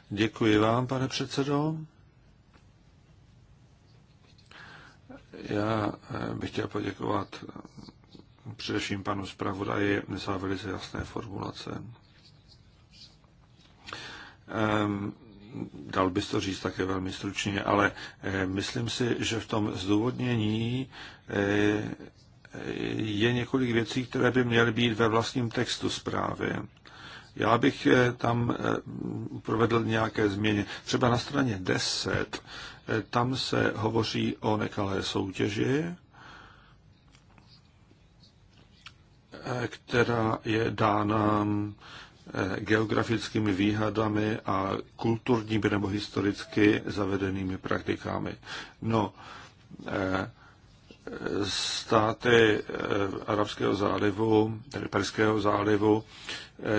Speaker 3: Děkuji vám, pane předsedo. Já eh, bych chtěl poděkovat především panu zpravodaji za velice jasné formulace. Ehm, dal bys to říct také velmi stručně, ale eh, myslím si, že v tom zdůvodnění eh, je několik věcí, které by měly být ve vlastním textu zprávy. Já bych eh, tam provedl nějaké změny. Třeba na straně 10, tam se hovoří o nekalé soutěži, která je dána Eh, geografickými výhadami a kulturními nebo historicky zavedenými praktikami. No, eh, státy eh, Arabského zálivu, tedy Perského zálivu,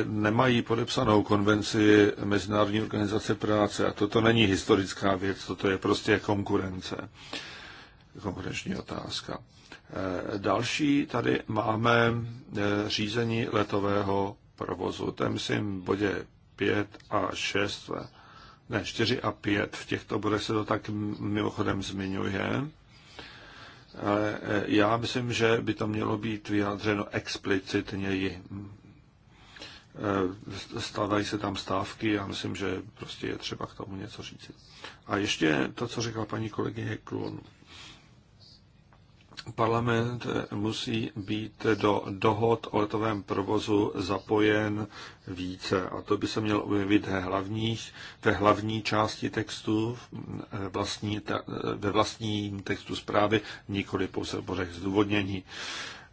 Speaker 3: nemají podepsanou konvenci Mezinárodní organizace práce a toto není historická věc, toto je prostě konkurence, konkurenční otázka. Další tady máme řízení letového provozu. To je, myslím, v bodě 5 a 6, ne, 4 a 5. V těchto bodech se to tak mimochodem zmiňuje. E, já myslím, že by to mělo být vyjádřeno explicitněji. E, stávají se tam stávky, já myslím, že prostě je třeba k tomu něco říct. A ještě to, co řekla paní kolegyně Klun. Parlament musí být do dohod o letovém provozu zapojen více a to by se mělo objevit ve, hlavních, ve hlavní části textu, vlastní, ve vlastním textu zprávy, nikoli pouze v bodech zdůvodnění.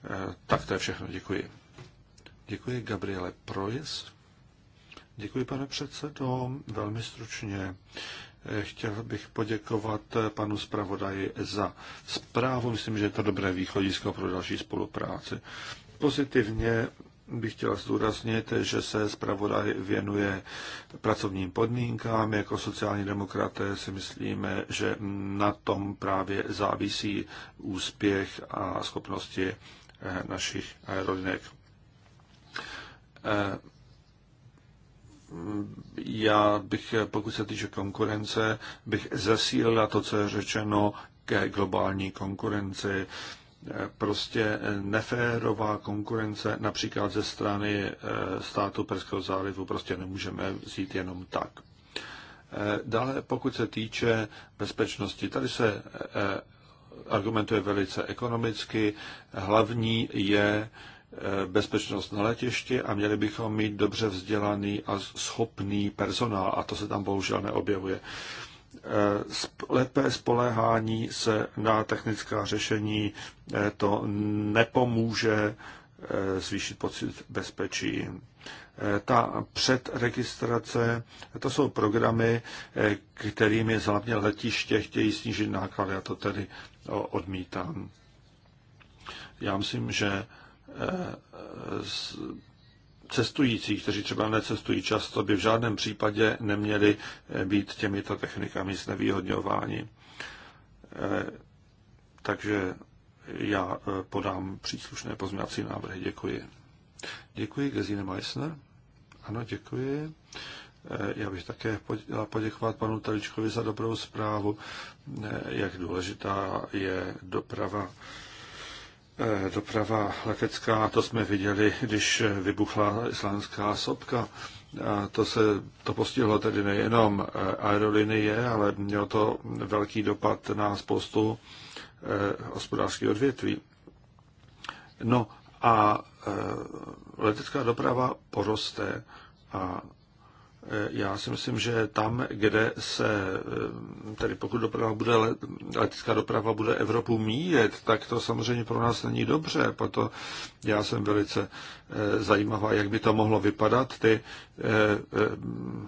Speaker 3: Eh, tak to je všechno, děkuji. Děkuji Gabriele Projes. Děkuji, pane předsedo, velmi stručně. Chtěl bych poděkovat panu zpravodaji za zprávu. Myslím, že je to dobré východisko pro další spolupráci. Pozitivně bych chtěl zdůraznit, že se zpravodaj věnuje pracovním podmínkám. Jako sociální demokraté si myslíme, že na tom právě závisí úspěch a schopnosti eh, našich aerolinek. Eh, eh, já bych, pokud se týče konkurence, bych zesílila to, co je řečeno ke globální konkurenci. Prostě neférová konkurence například ze strany eh, státu Perského zálivu prostě nemůžeme vzít jenom tak. Eh, dále, pokud se týče bezpečnosti, tady se eh, argumentuje velice ekonomicky. Hlavní je Eh, bezpečnost na letišti a měli bychom mít dobře vzdělaný a schopný personál a to se tam bohužel neobjevuje. Eh, Lepé spoléhání se na technická řešení eh, to nepomůže zvýšit pocit bezpečí. Ta předregistrace, to jsou programy, kterými hlavně letiště chtějí snížit náklady, a to tedy odmítám. Já myslím, že Eh, cestující, kteří třeba necestují často, by v žádném případě neměli eh, být těmito technikami znevýhodňováni. Eh, takže já podám příslušné pozměňovací návrhy. Děkuji. Děkuji, Gesine Meissner. Ano, děkuji. Já bych také chtěla poděkovat panu Taličkovi za dobrou zprávu, jak důležitá je doprava Eh, doprava letecká, to jsme viděli, když vybuchla islánská sopka. A to, se, to postihlo tedy nejenom eh, aerolinie, ale mělo to velký dopad na spoustu eh, hospodářských odvětví. No a letecká doprava poroste a Eh, já si myslím, že tam, kde se, eh, tedy pokud doprava bude, letická doprava bude Evropu míjet, tak to samozřejmě pro nás není dobře. Proto já jsem velice eh, zajímavá, jak by to mohlo vypadat, ty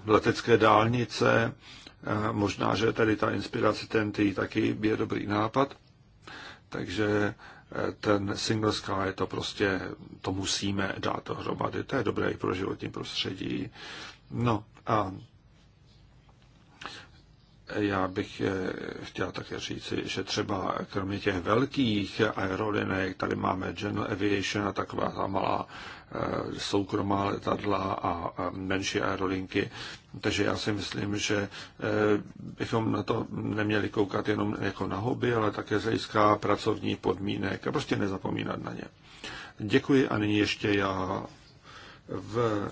Speaker 3: letecké dálnice, možná, že tady ta inspirace TNT taky je dobrý nápad. Takže ten single sky, to prostě, to musíme dát dohromady. To je dobré i pro životní prostředí. No a já bych eh, chtěl také říci, že třeba kromě těch velkých aerolinek, tady máme General Aviation a taková ta malá eh, soukromá letadla a menší aerolinky. Takže já si myslím, že eh, bychom na to neměli koukat jenom jako na hobby, ale také z hlediska pracovní podmínek a prostě nezapomínat na ně. Děkuji a nyní ještě já v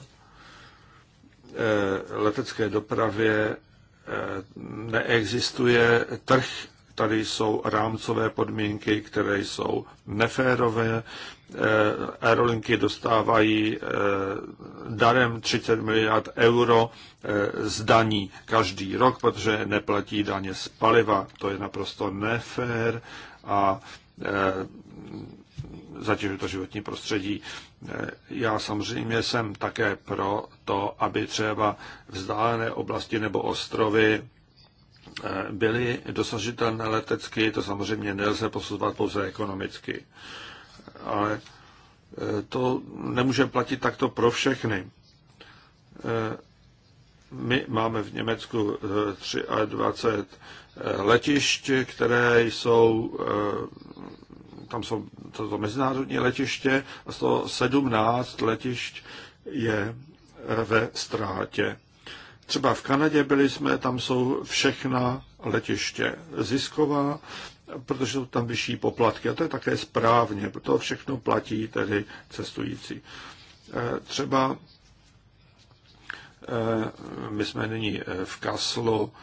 Speaker 3: Eh, letecké dopravě eh, neexistuje trh, tady jsou rámcové podmínky, které jsou neférové. Eh, aerolinky dostávají darem 30 miliard euro z daní každý rok, protože neplatí daně z paliva. To je naprosto nefér a zatěžuje to životní prostředí. Eh, já samozřejmě jsem také pro to, aby třeba vzdálené oblasti nebo ostrovy eh, byly dosažitelné letecky, to samozřejmě nelze posuzovat pouze ekonomicky. Ale eh, to nemůže platit takto pro všechny. My máme v Německu 23 letišť, které jsou tam jsou toto mezinárodní letiště a z toho 17 letišť je eh, ve ztrátě. Třeba v Kanadě byli jsme, tam jsou všechna letiště zisková, protože jsou tam vyšší poplatky a to je také správně, proto všechno platí tedy cestující. Eh, třeba eh, my jsme nyní v Kaslu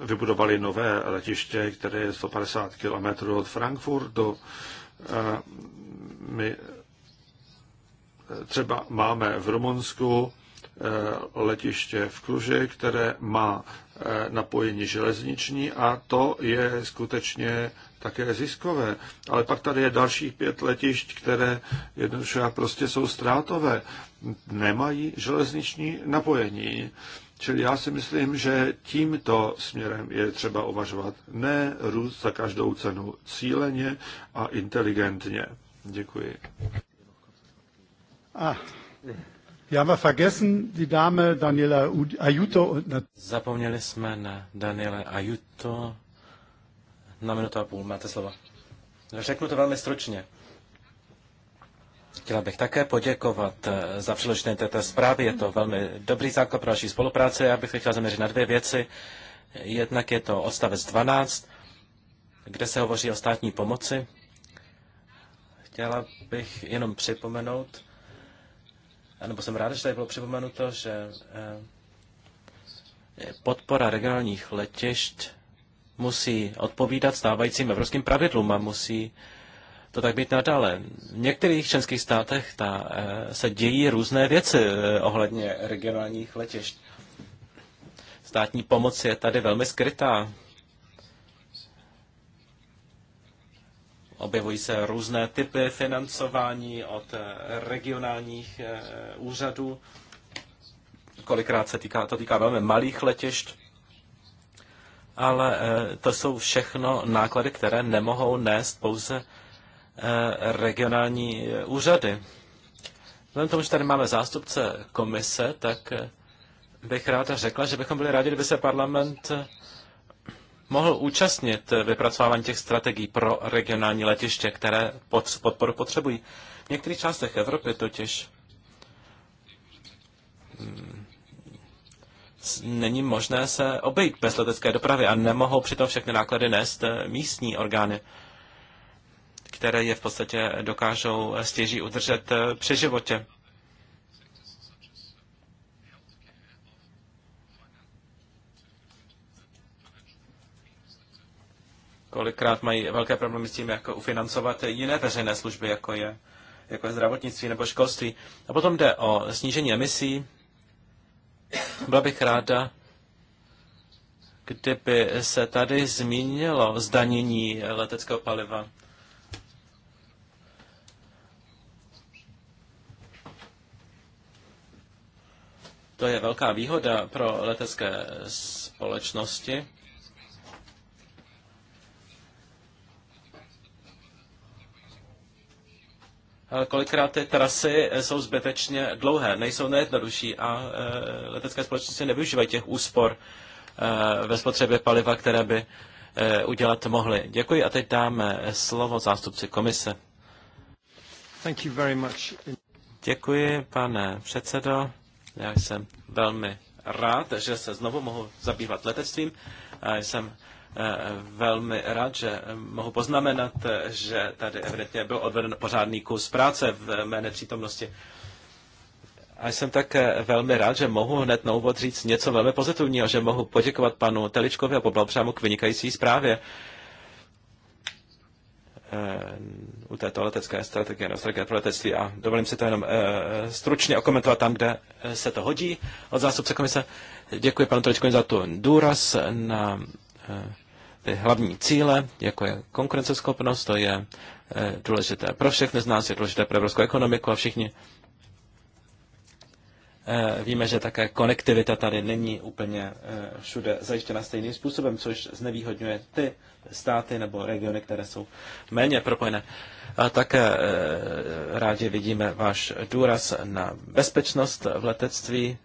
Speaker 3: vybudovali nové letiště, které je 150 km od Frankfurtu. My třeba máme v Rumunsku e, letiště v Kluži, které má e, napojení železniční a to je skutečně také ziskové. Ale pak tady je dalších pět letišť, které jednoduše prostě jsou ztrátové. Nemají železniční napojení. Čili já si myslím, že tímto směrem je třeba uvažovat. Ne růst za každou cenu, cíleně a inteligentně. Děkuji.
Speaker 1: Ah.
Speaker 2: Zapomněli jsme na Daniele Ajuto. Na minutu a půl máte slovo. Řeknu to velmi stručně. Chtěla bych také poděkovat eh, za přiložené této zprávy. Je to velmi dobrý základ pro naší spolupráci. Já bych se chtěl zaměřit na dvě věci. Jednak je to odstavec 12, kde se hovoří o státní pomoci. Chtěla bych jenom připomenout, nebo jsem rád, že tady bylo připomenuto, že eh, podpora regionálních letišť musí odpovídat stávajícím evropským pravidlům a musí to tak být nadále. V některých členských státech ta, eh, se dějí různé věci eh, ohledně regionálních letišť. Státní pomoc je tady velmi skrytá. Objevují se různé typy financování od eh, regionálních úřadů. Kolikrát se týká, to týká velmi malých letišť ale to jsou všechno náklady, které nemohou nést pouze Eh, regionální eh, úřady. Vzhledem tomu, že tady máme zástupce komise, tak eh, bych ráda řekla, že bychom byli rádi, kdyby se parlament mohl účastnit vypracování těch strategií pro regionální letiště, které podporu potřebují. V některých částech Evropy totiž mm, není možné se obejít bez letecké dopravy a nemohou přitom všechny náklady nést místní orgány které je v podstatě dokážou eh, stěží udržet eh, při životě. Kolikrát mají velké problémy s tím, jak ufinancovat jiné veřejné služby, jako je, jako je zdravotnictví nebo školství. A potom jde o snížení emisí. Byla bych ráda, kdyby se tady zmínilo zdanění leteckého paliva. To je velká výhoda pro letecké společnosti. kolikrát ty trasy jsou zbytečně dlouhé, nejsou nejjednodušší a e, letecké společnosti nevyužívají těch úspor e, ve spotřebě paliva, které by e, udělat mohly. Děkuji a teď dáme slovo zástupci komise. Děkuji, pane předsedo. Já jsem velmi rád, že se znovu mohu zabývat letectvím. jsem eh, velmi rád, že mohu poznamenat, že tady evidentně byl odveden pořádný kus práce v mé nepřítomnosti. A jsem také velmi rád, že mohu hned na úvod říct něco velmi pozitivního, že mohu poděkovat panu Teličkovi a poblahopřát mu k vynikající zprávě. Eh, u této letecké strategie, no, strategie pro letectví a dovolím si to jenom eh, stručně okomentovat tam, kde eh, se to hodí. Od zástupce komise děkuji panu Trečkovi za tu důraz na ty hlavní cíle, jako je konkurenceschopnost, to je důležité pro všechny z nás, je důležité pro evropskou ekonomiku a všichni Eh, víme, že také konektivita tady není úplně eh, všude zajištěna stejným způsobem, což znevýhodňuje ty státy nebo regiony, které jsou méně propojené. A také eh, rádi vidíme váš důraz na bezpečnost v letectví,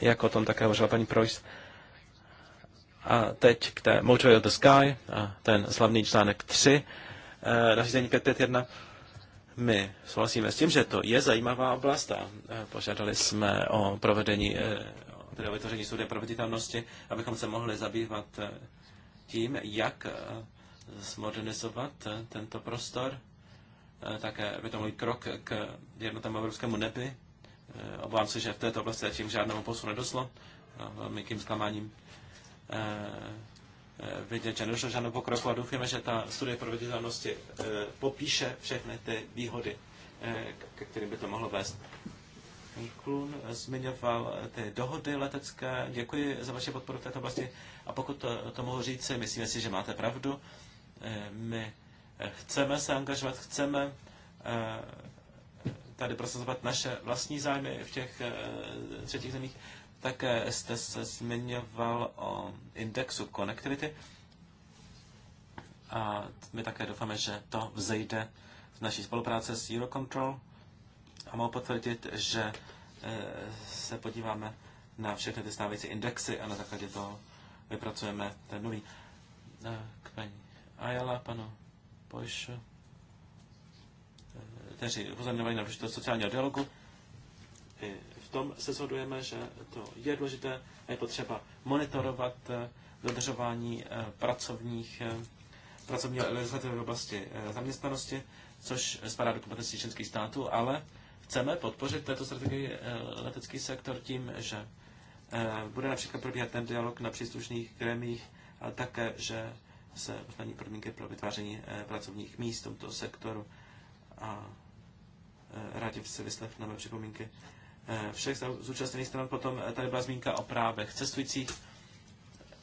Speaker 2: jak o tom také hovořila paní Projs. A teď k té Motorway of the Sky, ten slavný článek 3, nařízení 551 my souhlasíme s tím, že to je zajímavá oblast a eh, požádali jsme o provedení, eh, tedy o vytvoření studie proveditelnosti, abychom se mohli zabývat eh, tím, jak zmodernizovat tento prostor, také by to můj krok k jednotnému evropskému nebi. Obávám se, že v této oblasti tím žádnému posunu nedoslo, velmi kým zklamáním Eh, vidět, že nedošlo žádnou pokroku a doufujeme, že ta studie proveditelnosti eh, popíše všechny ty výhody, eh, ke kterým by to mohlo vést. Klun zmiňoval ty dohody letecké. Děkuji za vaši podporu v této oblasti. A pokud to, to mohu říct, myslíme si, že máte pravdu. My chceme se angažovat, chceme tady prosazovat naše vlastní zájmy v těch třetích zemích také jste se zmiňoval o indexu konektivity a my také doufáme, že to vzejde z naší spolupráce s Eurocontrol a mohu potvrdit, že e, se podíváme na všechny ty stávající indexy a na základě toho vypracujeme ten nový. E, k paní Ajala, panu Pojšu, e, kteří upozorňovali na to sociálního dialogu tom se shodujeme, že to je důležité a je potřeba monitorovat eh, dodržování eh, pracovních eh, pracovního legislativy v oblasti zaměstnanosti, což spadá do kompetencí členských států, ale chceme podpořit této strategii letecký sektor tím, že bude například probíhat ten dialog na příslušných gremích, ale také, že se usnadní podmínky pro vytváření pracovních míst v tomto sektoru a rádi se vyslechneme připomínky Eh, všech zúčastněných stran. Potom eh, tady byla zmínka o právech cestujících.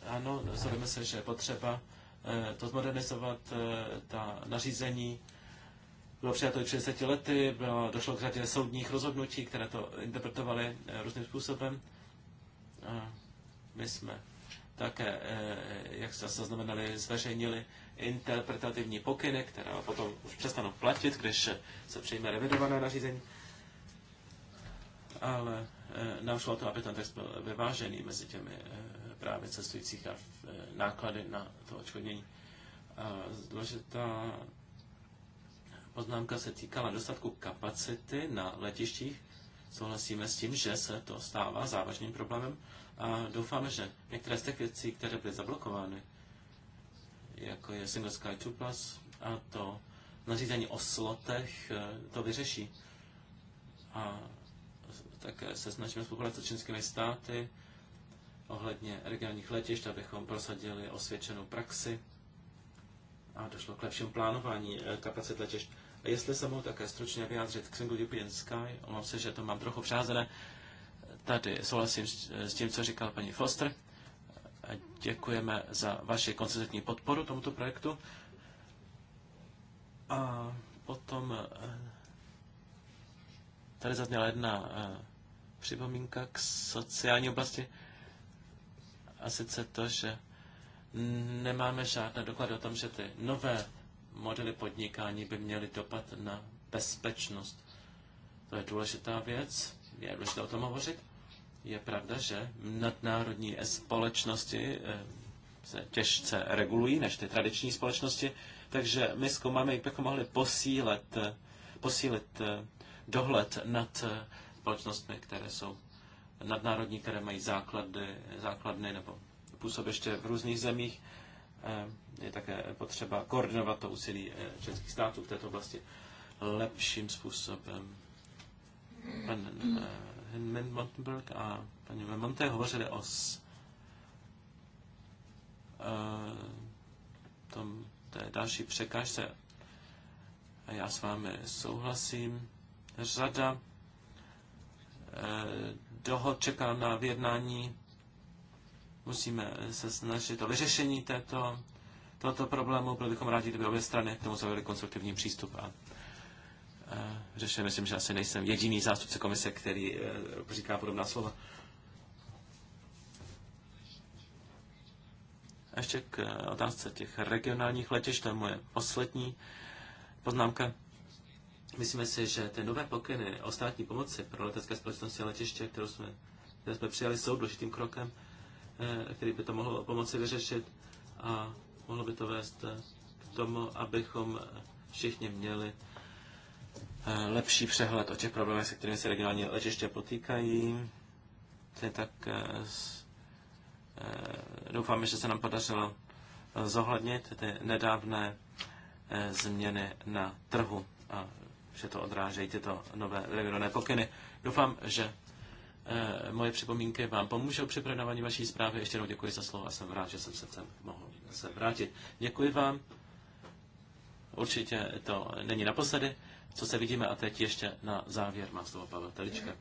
Speaker 2: Ano, shodujeme se, že je potřeba eh, to zmodernizovat, ta nařízení bylo přijato 30 lety, bylo, došlo k řadě soudních rozhodnutí, které to interpretovaly různým způsobem. A my jsme také, jak jste zaznamenali, zveřejnili interpretativní pokyny, které potom už přestanou platit, když se přijme revidované nařízení ale nám šlo o to, aby ten text byl vyvážený mezi těmi eh, právě cestujících a eh, náklady na to očkodnění. Důležitá poznámka se týkala dostatku kapacity na letištích. Souhlasíme s tím, že se to stává závažným problémem a doufáme, že některé z těch věcí, které byly zablokovány, jako je Single Sky 2 Plus a to nařízení o slotech, eh, to vyřeší. A také se snažíme spolupracovat s členskými státy ohledně regionálních letišť, abychom prosadili osvědčenou praxi a došlo k lepšímu plánování eh, kapacit letišť. A jestli se mohu také stručně vyjádřit k Single European Sky, omlouvám se, že to mám trochu přázené, tady souhlasím s tím, co říkal paní Foster. Děkujeme za vaši koncertní podporu tomuto projektu. A potom eh, tady zazněla jedna eh, připomínka k sociální oblasti. A sice to, že nemáme žádné doklady o tom, že ty nové modely podnikání by měly dopad na bezpečnost. To je důležitá věc, je důležité o tom hovořit. Je pravda, že nadnárodní společnosti eh, se těžce regulují než ty tradiční společnosti, takže my zkoumáme, jak bychom mohli posílet, eh, posílit eh, dohled nad společnostmi, které jsou nadnárodní, které mají základy, základny nebo působiště v různých zemích. Eh, je také potřeba koordinovat to úsilí eh, českých států v této oblasti lepším způsobem. Pan eh, Montenberg a paní Lemonte hovořili o s, tom, té další překážce a já s vámi souhlasím. Řada Eh, dohod čeká na vyjednání. Musíme se snažit o vyřešení této, tohoto problému. Byli bychom rádi, kdyby obě strany k tomu zaujeli konstruktivní přístup a eh, řešili. Myslím, že asi nejsem jediný zástupce komise, který eh, říká podobná slova. A ještě k otázce těch regionálních letišť, to je moje poslední poznámka. Myslíme si, že ty nové pokyny o státní pomoci pro letecké společnosti a letiště, kterou jsme, které jsme přijali, jsou důležitým krokem, eh, který by to mohlo pomoci vyřešit a mohlo by to vést eh, k tomu, abychom eh, všichni měli lepší přehled o těch problémech, se kterými se regionální letiště potýkají. Tedy tak doufáme, že se nám podařilo zohlednit ty nedávné změny na trhu a že to odrážejí tyto nové regionové pokyny. Doufám, že eh, moje připomínky vám pomůžou při projednávání vaší zprávy. Ještě jednou děkuji za slovo a jsem rád, že jsem se sem mohl se vrátit. Děkuji vám. Určitě to není naposledy, co se vidíme. A teď ještě na závěr má slovo Pavel Telička.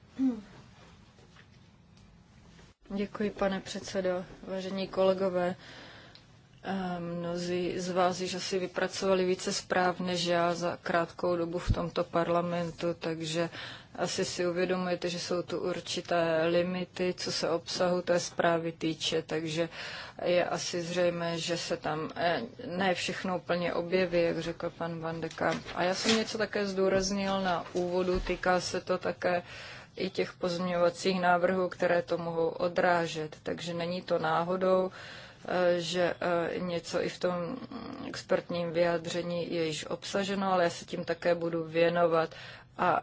Speaker 5: Děkuji, pane předsedo, vážení kolegové. Mnozí z vás již asi vypracovali více zpráv než já za krátkou dobu v tomto parlamentu, takže asi si uvědomujete, že jsou tu určité limity, co se obsahu té zprávy týče, takže je asi zřejmé, že se tam e, ne všechno úplně objeví, jak řekl pan Vandeka. A já jsem něco také zdůraznil na úvodu, týká se to také i těch pozměňovacích návrhů, které to mohou odrážet, takže není to náhodou, Eh, že eh, něco i v tom expertním vyjádření je již obsaženo, ale já se tím také budu věnovat. A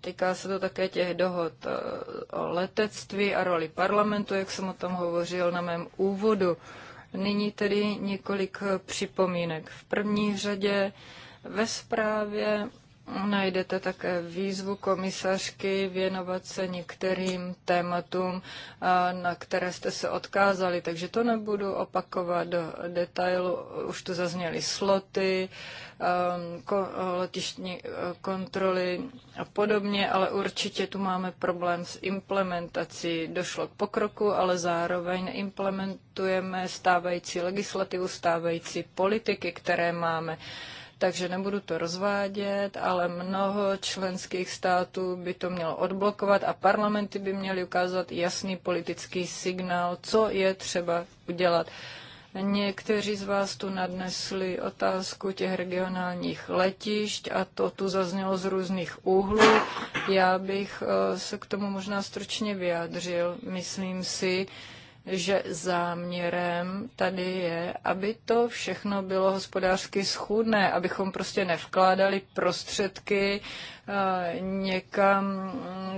Speaker 5: týká se to také těch dohod eh, o letectví a roli parlamentu, jak jsem o tom hovořil na mém úvodu. Nyní tedy několik připomínek. V první řadě ve zprávě Najdete také výzvu komisařky věnovat se některým tématům, na které jste se odkázali, takže to nebudu opakovat do detailu. Už tu zazněly sloty, um, letištní uh, kontroly a podobně, ale určitě tu máme problém s implementací. Došlo k pokroku, ale zároveň implementujeme stávající legislativu, stávající politiky, které máme takže nebudu to rozvádět, ale mnoho členských států by to mělo odblokovat a parlamenty by měly ukázat jasný politický signál, co je třeba udělat. Někteří z vás tu nadnesli otázku těch regionálních letišť a to tu zaznělo z různých úhlů. Já bych eh, se k tomu možná stručně vyjádřil. Myslím si, že záměrem tady je, aby to všechno bylo hospodářsky schůdné, abychom prostě nevkládali prostředky eh, někam,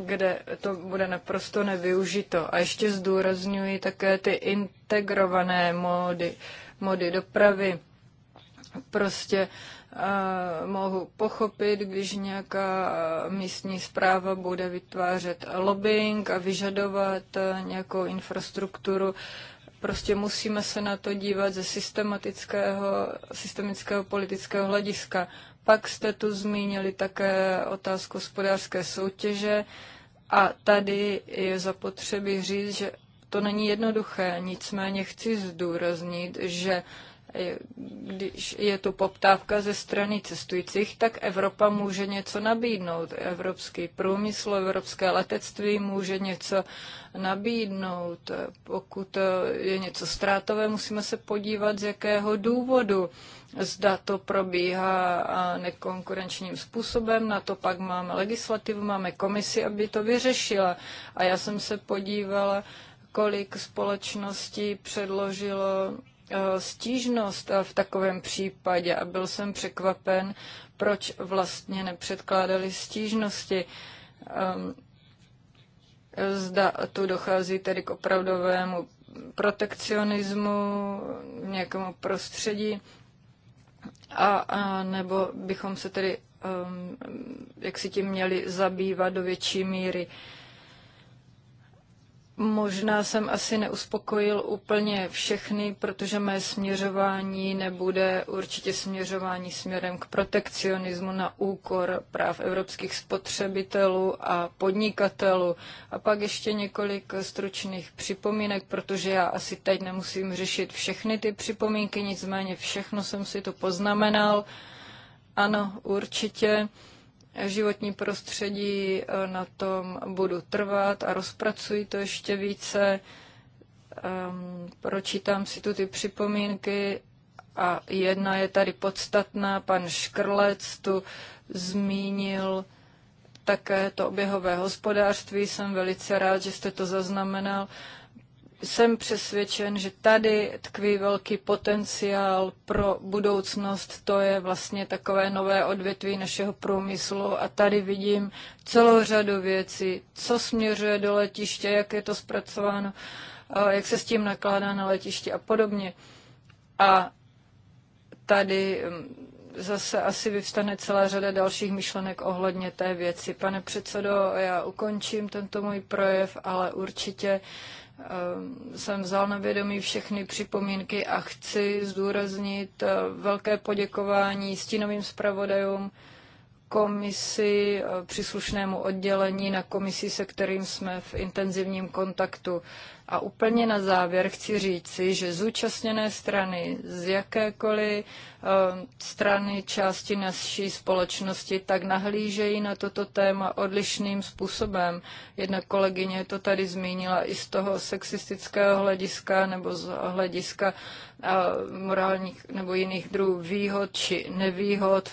Speaker 5: kde to bude naprosto nevyužito. A ještě zdůrazňuji také ty integrované mody, mody dopravy. Prostě uh, mohu pochopit, když nějaká místní zpráva bude vytvářet lobbying a vyžadovat nějakou infrastrukturu. Prostě musíme se na to dívat ze systematického, systemického politického hlediska. Pak jste tu zmínili také otázku hospodářské soutěže a tady je zapotřebí říct, že to není jednoduché, nicméně chci zdůraznit, že uh, když je tu poptávka ze strany cestujících, tak Evropa může něco nabídnout. Evropský průmysl, evropské letectví může něco nabídnout. Pokud je něco ztrátové, musíme se podívat, z jakého důvodu. Zda to probíhá nekonkurenčním způsobem, na to pak máme legislativu, máme komisi, aby to vyřešila. A já jsem se podívala, kolik společností předložilo Eh, stížnost eh, v takovém případě a byl jsem překvapen, proč vlastně nepředkládali stížnosti. Ehm, zda tu dochází tedy k opravdovému protekcionismu, nějakému prostředí, a, a nebo bychom se tedy um, jak si tím měli zabývat do větší míry. Uh, Možná jsem asi neuspokojil úplně všechny, protože mé směřování nebude určitě směřování směrem k protekcionismu na úkor práv evropských spotřebitelů a podnikatelů. A pak ještě několik stručných připomínek, protože já asi teď nemusím řešit všechny ty připomínky, nicméně všechno jsem si to poznamenal. Ano, určitě životní prostředí, e, na tom budu trvat a rozpracuji to ještě více. Um, pročítám si tu ty připomínky a jedna je tady podstatná. Pan Škrlec tu zmínil také to oběhové hospodářství. Jsem velice rád, že jste to zaznamenal. Uh, jsem přesvědčen, že tady tkví velký potenciál pro budoucnost. To je vlastně takové nové odvětví našeho průmyslu a tady vidím celou řadu věcí, co směřuje do letiště, jak je to zpracováno, jak se s tím nakládá na letišti a podobně. A tady mm, zase asi vyvstane celá řada dalších myšlenek ohledně té věci. Pane předsedo, já ukončím tento můj projev, ale určitě uh, Ehm, jsem vzal na vědomí všechny připomínky a chci zdůraznit eh, velké poděkování stínovým zpravodajům, komisi, eh, příslušnému oddělení na komisi, se kterým jsme v intenzivním kontaktu. A úplně na závěr chci říci, že zúčastněné strany z jakékoliv eh, strany části naší společnosti tak nahlížejí na toto téma odlišným způsobem. Jedna kolegyně to tady zmínila i z toho sexistického hlediska nebo z hlediska eh, morálních nebo jiných druhů výhod či nevýhod.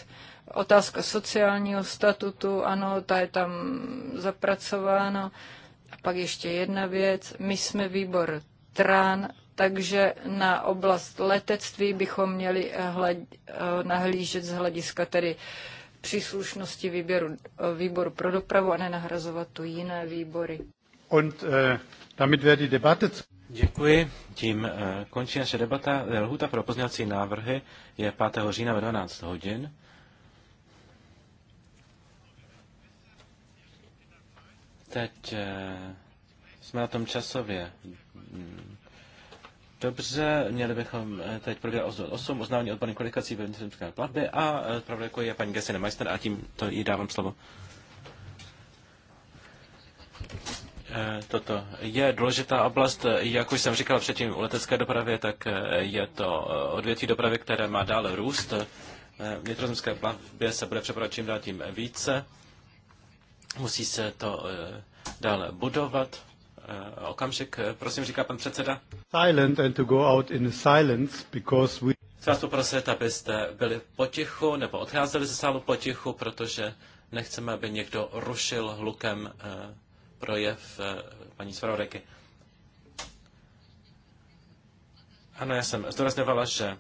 Speaker 5: Otázka sociálního statutu, ano, ta je tam zapracována. A pak ještě jedna věc. My jsme výbor TRAN, takže na oblast letectví bychom měli hled, eh, nahlížet z hlediska tedy příslušnosti výběru, eh, výboru pro dopravu a nenahrazovat tu jiné výbory.
Speaker 1: Und, uh, damit wäre die Debatte... Děkuji. Tím uh, končí naše debata.
Speaker 2: Lhuta pro pozněvací návrhy je 5. října ve 12 hodin. Teď eh, jsme na tom časově Dobře, měli bychom eh, teď probírat 8, uznávání odborných kvalifikací ve vnitrozemské platby a eh, pravděpodobně je paní Gesine Meister a tím to jí dávám slovo. Toto je důležitá oblast, jak už jsem říkal předtím u letecké dopravy, tak je to odvětví dopravy, které má dále růst. V vnitrozemské plavbě se bude přepravovat čím dál tím více Musí se to eh, dále budovat. Eh, okamžik, eh, prosím, říká pan předseda.
Speaker 1: Silent and to go out in silence because we... Chci vás
Speaker 2: poprosit, abyste byli potichu nebo odcházeli ze sálu potichu, protože nechceme, aby někdo rušil hlukem projev paní Svaroreky. Ano, já jsem zdůrazňovala, že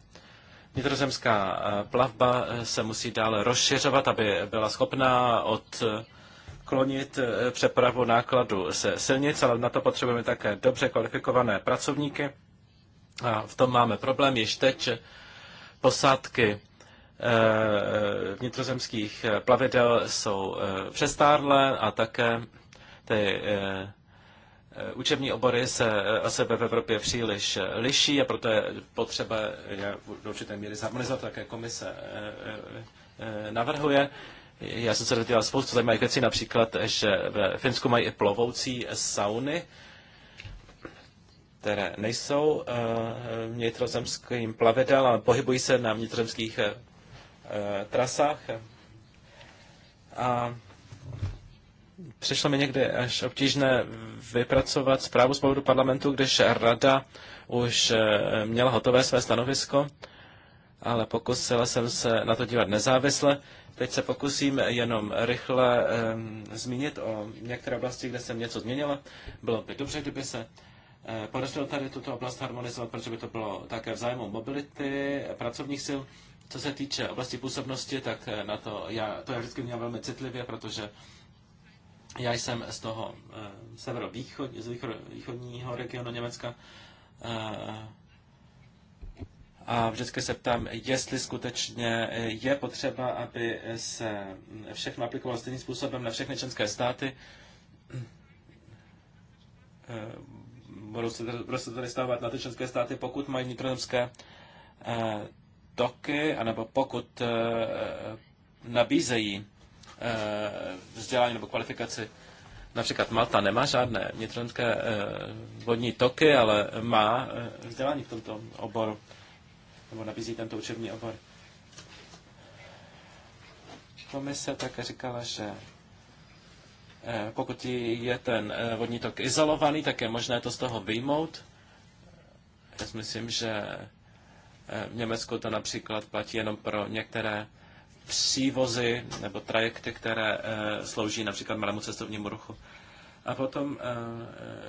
Speaker 2: vnitrozemská plavba se musí dále rozšiřovat, aby byla schopná od klonit eh, přepravu nákladu se silnic, ale na to potřebujeme také dobře kvalifikované pracovníky. A v tom máme problém již teď. Posádky eh, vnitrozemských eh, plavidel jsou přestárlé a také ty učební obory se o sebe v Evropě příliš liší a proto je potřeba je do určité míry zharmonizovat, také komise navrhuje. Já jsem se dozvěděla spoustu zajímavých věcí, například, že ve Finsku mají i plovoucí sauny, které nejsou eh, vnitrozemským plavidel, ale pohybují se na vnitrozemských eh, trasách. A přišlo mi někdy až obtížné vypracovat zprávu z parlamentu, když rada už eh, měla hotové své stanovisko ale pokusila jsem se na to dívat nezávisle. Teď se pokusím jenom rychle um, zmínit o některé oblasti, kde jsem něco změnila. Bylo by dobře, kdyby se uh, podařilo tady tuto oblast harmonizovat, protože by to bylo také v zájmu mobility pracovních sil. Co se týče oblasti působnosti, tak eh, na to já, to já vždycky měl velmi citlivě, protože já jsem z toho uh, eh, severovýchodního východ, východního regionu Německa. Uh, a vždycky se ptám, jestli skutečně je potřeba, aby se všechno aplikovalo stejným způsobem na všechny členské státy. Eh, budou se, budou se tady stávat na ty členské státy, pokud mají vnitrozemské eh, toky, anebo pokud eh, nabízejí vzdělání nebo kvalifikaci. Například Malta nemá žádné vnitrozemské vodní toky, ale má vzdělání v tomto oboru nebo nabízí tento učební obor. Komise také říkala, že eh, pokud je ten eh, vodní tok izolovaný, tak je možné to z toho vyjmout. Já si myslím, že eh, v Německu to například platí jenom pro některé přívozy nebo trajekty, které slouží například malému cestovnímu ruchu. A potom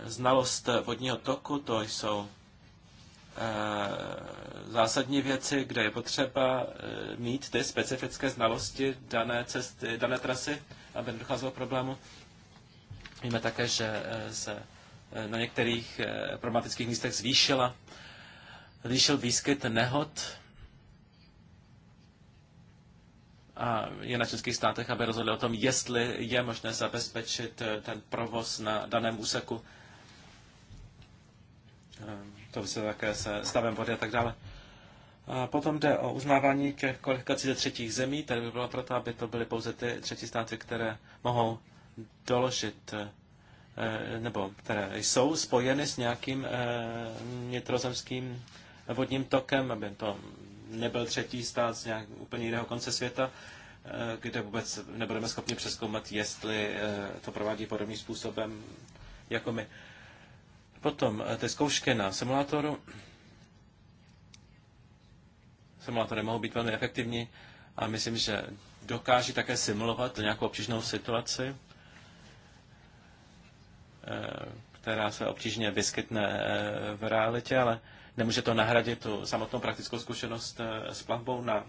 Speaker 2: znalost vodního toku, to jsou Eh, zásadní věci, kde je potřeba eh, mít ty specifické znalosti dané cesty, dané trasy, aby nedocházelo problému. Víme také, že eh, se na některých problematických místech zvýšila, zvýšil výskyt nehod a je na českých státech, aby rozhodli o tom, jestli je možné zabezpečit ten provoz na daném úseku. Ehm, se také se stavem vody a tak dále. A potom jde o uznávání ke kvalifikaci ze třetích zemí. Tady by bylo proto, aby to byly pouze ty třetí státy, které mohou doložit eh, nebo které jsou spojeny s nějakým eh, nitrozemským vodním tokem, aby to nebyl třetí stát z nějak úplně jiného konce světa, eh, kde vůbec nebudeme schopni přeskoumat, jestli to provádí podobným způsobem jako my. Potom eh, ty zkoušky na simulátoru. Simulátory mohou být velmi efektivní a myslím, že dokáží také simulovat nějakou obtížnou situaci, eh, která se obtížně vyskytne eh, v realitě, ale nemůže to nahradit tu samotnou praktickou zkušenost s plavbou na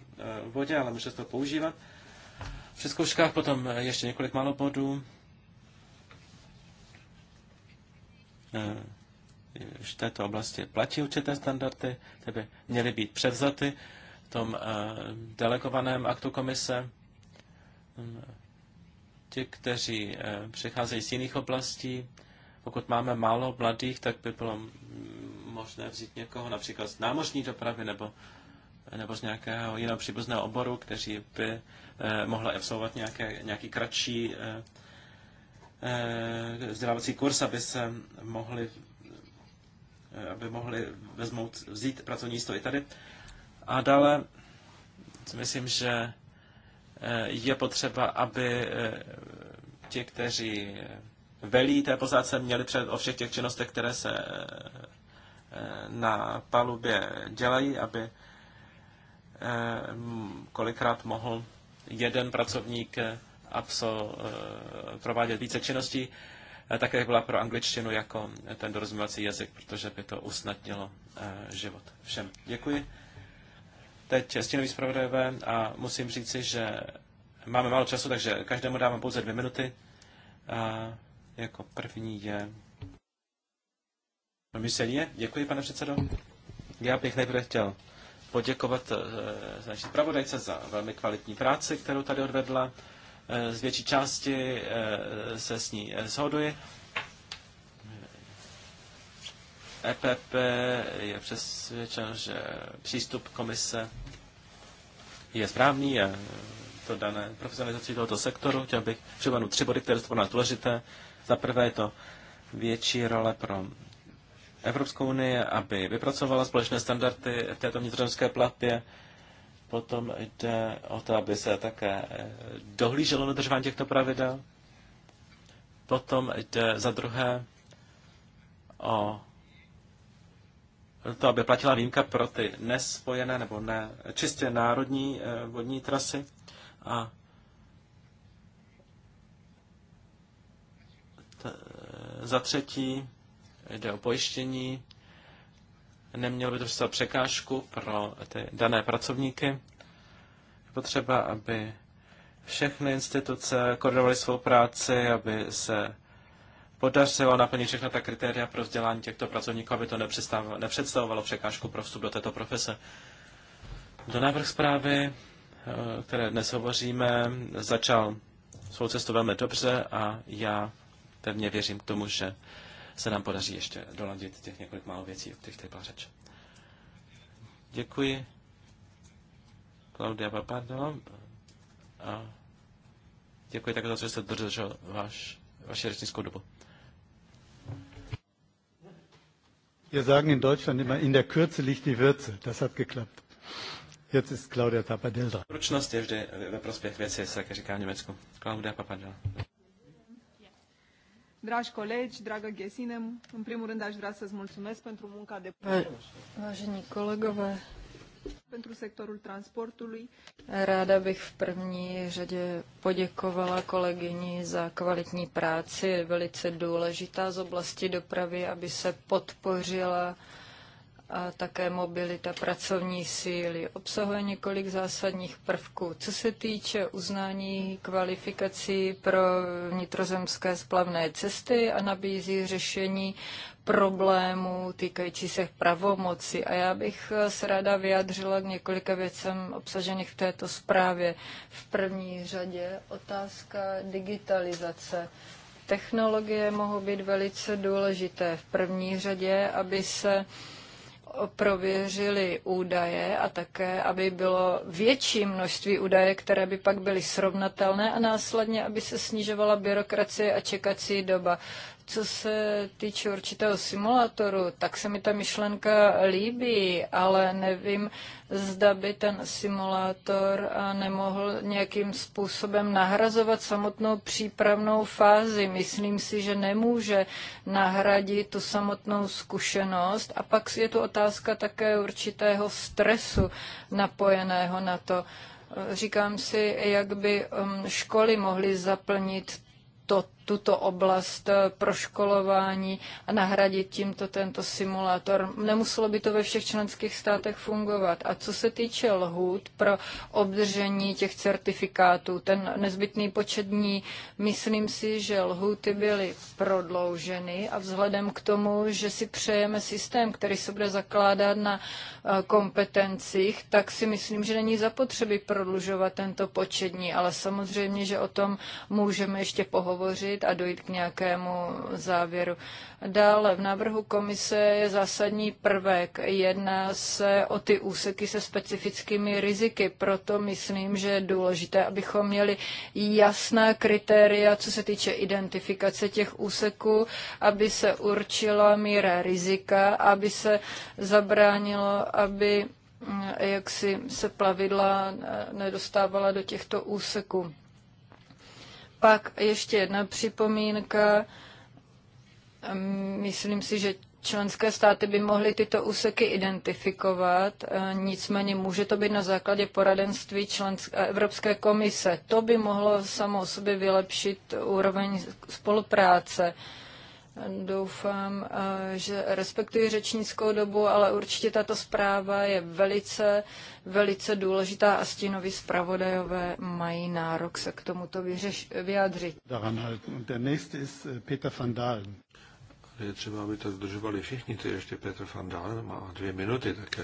Speaker 2: vodě, ale může to používat. Při zkouškách potom ještě několik málo bodů v této oblasti platí určité standardy, které by měly být převzaty v tom eh, delegovaném aktu komise. Hm, ti, kteří eh, přicházejí z jiných oblastí, pokud máme málo mladých, tak by bylo možné vzít někoho například z námořní dopravy nebo, nebo z nějakého jiného příbuzného oboru, kteří by eh, mohli absolvovat nějaké, nějaký kratší eh, eh vzdělávací kurz, aby se mohli Eh, aby mohli vezmout, vzít pracovní místo i tady. A dále si myslím, že eh, je potřeba, aby eh, ti, kteří velí té posádce, měli před o všech těch činnostech, které se na palubě dělají, aby kolikrát mohl jeden pracovník absol- provádět více činností. Eh, tak jak byla pro angličtinu jako eh, ten dorozumělací jazyk, protože by to usnadnilo eh, život všem. Děkuji. Teď stínový zpravodajové a musím říci, že máme málo času, takže každému dáme pouze dvě minuty. A jako první je... No, je. děkuji, pane předsedo. Já bych nejprve chtěl poděkovat naší zpravodajce za velmi kvalitní práci, kterou tady odvedla. Eh, z větší části eh, se s ní eh, shoduji. EPP je přesvědčen, že přístup komise je správný a to dané profesionalizací tohoto sektoru. Chtěl bych přivanout tři body, které jsou pro nás důležité. Za prvé je to větší role pro Evropskou unii, aby vypracovala společné standardy v této vnitrozemské platbě. Potom jde o to, aby se také eh, dohlíželo na držování těchto pravidel. Potom jde za druhé o to, aby platila výjimka pro ty nespojené nebo ne, čistě národní eh, vodní trasy. A eh, za třetí jde o pojištění nemělo by to představovat překážku pro ty dané pracovníky. Potřeba, aby všechny instituce koordinovaly svou práci, aby se podařilo naplnit všechna ta kritéria pro vzdělání těchto pracovníků, aby to nepředstavovalo překážku pro vstup do této profese. Do návrh zprávy, eh, které dnes hovoříme, začal svou cestu velmi dobře a já pevně věřím k tomu, že se nám podaří ještě doladit těch několik málo věcí, o kterých tady byla řeč. Děkuji. Klaudia Papadova. A děkuji také za to, že jste držel vaš, vaši řečnickou dobu.
Speaker 1: Wir sagen in Deutschland immer, in der Kürze liegt die Würze. Das hat geklappt. Jetzt ist Claudia Tapadel dran.
Speaker 2: Stručnost je vždy ve prospěch věci, se říká v Německu. Claudia Papadel.
Speaker 5: Dragi colegi, dragă Ghesine, în primul rând aș vrea să-ți mulțumesc pentru munca de... Vážení kolegové, pentru sektorul transportului. Ráda bych v první řadě poděkovala kolegyni za kvalitní práci, je velice důležitá z oblasti dopravy, aby se podpořila a také mobilita pracovní síly. Obsahuje několik zásadních prvků. Co se týče uznání kvalifikací pro vnitrozemské splavné cesty a nabízí řešení problémů týkající se pravomoci. A já bych se ráda vyjádřila k několika věcem obsažených v této zprávě. V první řadě otázka digitalizace. Technologie mohou být velice důležité. V první řadě, aby se uh, prověřili údaje a také, aby bylo větší množství údaje, které by pak byly srovnatelné a následně, aby se snižovala byrokracie a čekací doba. Co se týče určitého simulátoru, tak se mi ta myšlenka líbí, ale nevím, zda by ten simulátor eh, nemohl nějakým způsobem nahrazovat samotnou přípravnou fázi. Myslím si, že nemůže nahradit tu samotnou zkušenost. A pak je tu otázka také určitého stresu napojeného na to. Eh, říkám si, jak by mm, školy mohly zaplnit to, tuto oblast eh, proškolování a nahradit tímto tento simulátor. Nemuselo by to ve všech členských státech fungovat. A co se týče lhůt pro obdržení těch certifikátů, ten nezbytný počet dní, myslím si, že lhůty byly prodlouženy a vzhledem k tomu, že si přejeme systém, který se bude zakládat na eh, kompetencích, tak si myslím, že není zapotřebí prodlužovat tento počet dní, ale samozřejmě, že o tom můžeme ještě pohovořit hovořit a dojít k nějakému závěru. Dále v návrhu komise je zásadní prvek. Jedná se o ty úseky se specifickými riziky. Proto myslím, že je důležité, abychom měli jasná kritéria, co se týče identifikace těch úseků, aby se určila míra rizika, aby se zabránilo, aby mm, jak si se plavidla nedostávala do těchto úseků. Pak ještě jedna připomínka. Myslím si, že členské státy by mohly tyto úseky identifikovat, e, nicméně může to být na základě poradenství členské, e, Evropské komise. To by mohlo samo o sobě vylepšit úroveň spolupráce. Uh, Doufám, eh, že respektuji řečnickou dobu, ale určitě tato zpráva je velice, velice důležitá a stínovi zpravodajové mají nárok se k tomuto vyřeš, vyjádřit.
Speaker 1: Eh, Peter van Dalen.
Speaker 3: Je třeba, aby to zdržovali všichni, to ještě Petr van Dalen má dvě minuty také.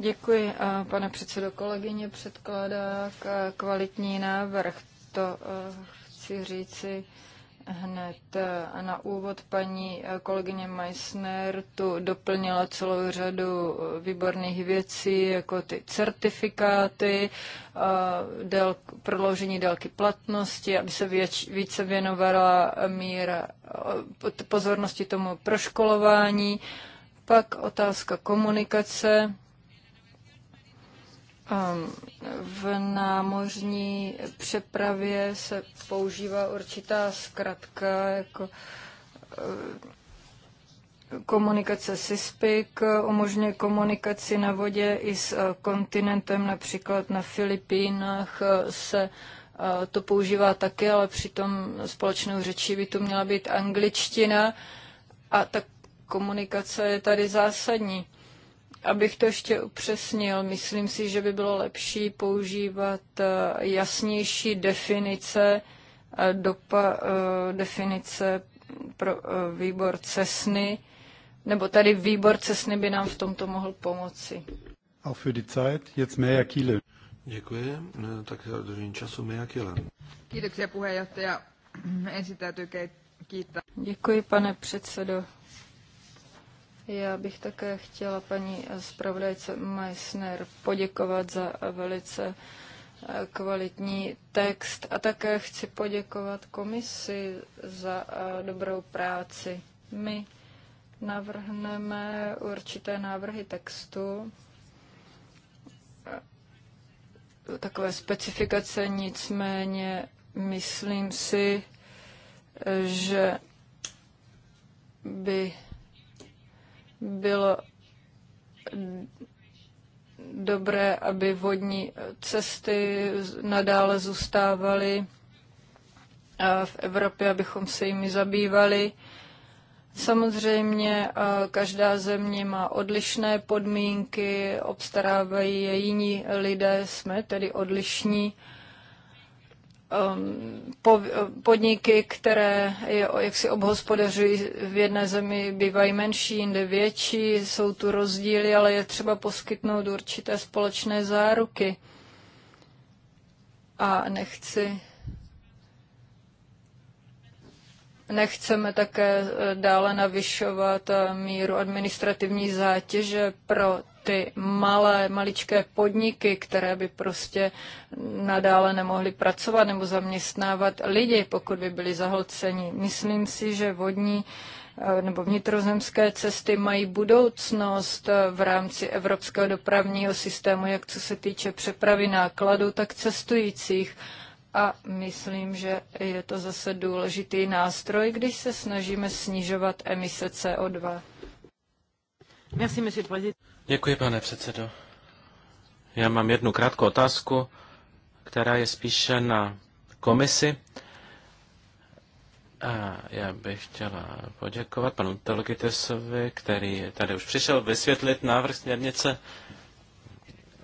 Speaker 5: Děkuji, pane předsedo. Kolegyně předkládá kvalitní návrh. To eh, chci říci hned eh, na úvod paní eh, kolegyně Meissner tu doplnila celou řadu výborných věcí, jako ty certifikáty, del, prodloužení délky platnosti, aby se věč, více věnovala míra pozornosti tomu proškolování, pak otázka komunikace, v námořní přepravě se používá určitá zkratka jako eh, komunikace SISPIC umožňuje komunikaci na vodě i s eh, kontinentem, například na Filipínách eh, se to používá také, ale přitom společnou řečí by to měla být angličtina a ta komunikace je tady zásadní. Abych to ještě upřesnil, myslím si, že by bylo lepší používat eh, jasnější definice, eh, dopa, eh, definice pro výbor cesny, nebo tady výbor cesny by nám v tomto mohl pomoci.
Speaker 1: A für die Zeit, jetzt mehr Kiele. Děkuji, tak za dodržení času mehr Kiele.
Speaker 5: Kiitoksia puheenjohtaja. Ensin täytyy kiittää. Děkuji, pane předsedo. Já bych také chtěla paní zpravodajce Meissner poděkovat za velice eh, kvalitní text a také chci poděkovat komisi za eh, dobrou práci. My navrhneme určité návrhy textu, eh, takové specifikace, nicméně myslím si, že by bylo dobré, aby vodní cesty nadále zůstávaly v Evropě, abychom se jimi zabývali. Samozřejmě každá země má odlišné podmínky, obstarávají je jiní lidé, jsme tedy odlišní Um, podniky, které jak si obhospodařují v jedné zemi, bývají menší, jinde větší, jsou tu rozdíly, ale je třeba poskytnout určité společné záruky. A nechci Nechceme také eh, dále navyšovat eh, míru administrativní zátěže pro ty malé, maličké podniky, které by prostě nadále nemohly pracovat nebo zaměstnávat lidi, pokud by byli zahlceni. Myslím si, že vodní eh, nebo vnitrozemské cesty mají budoucnost eh, v rámci evropského dopravního systému, jak co se týče přepravy nákladů, tak cestujících. A myslím, že je to zase důležitý nástroj, když se snažíme snižovat emise CO2. Merci,
Speaker 2: Děkuji, pane předsedo. Já mám jednu krátkou otázku, která je spíše na komisi. A já bych chtěla poděkovat panu Telogitesovi, který tady už přišel vysvětlit návrh směrnice.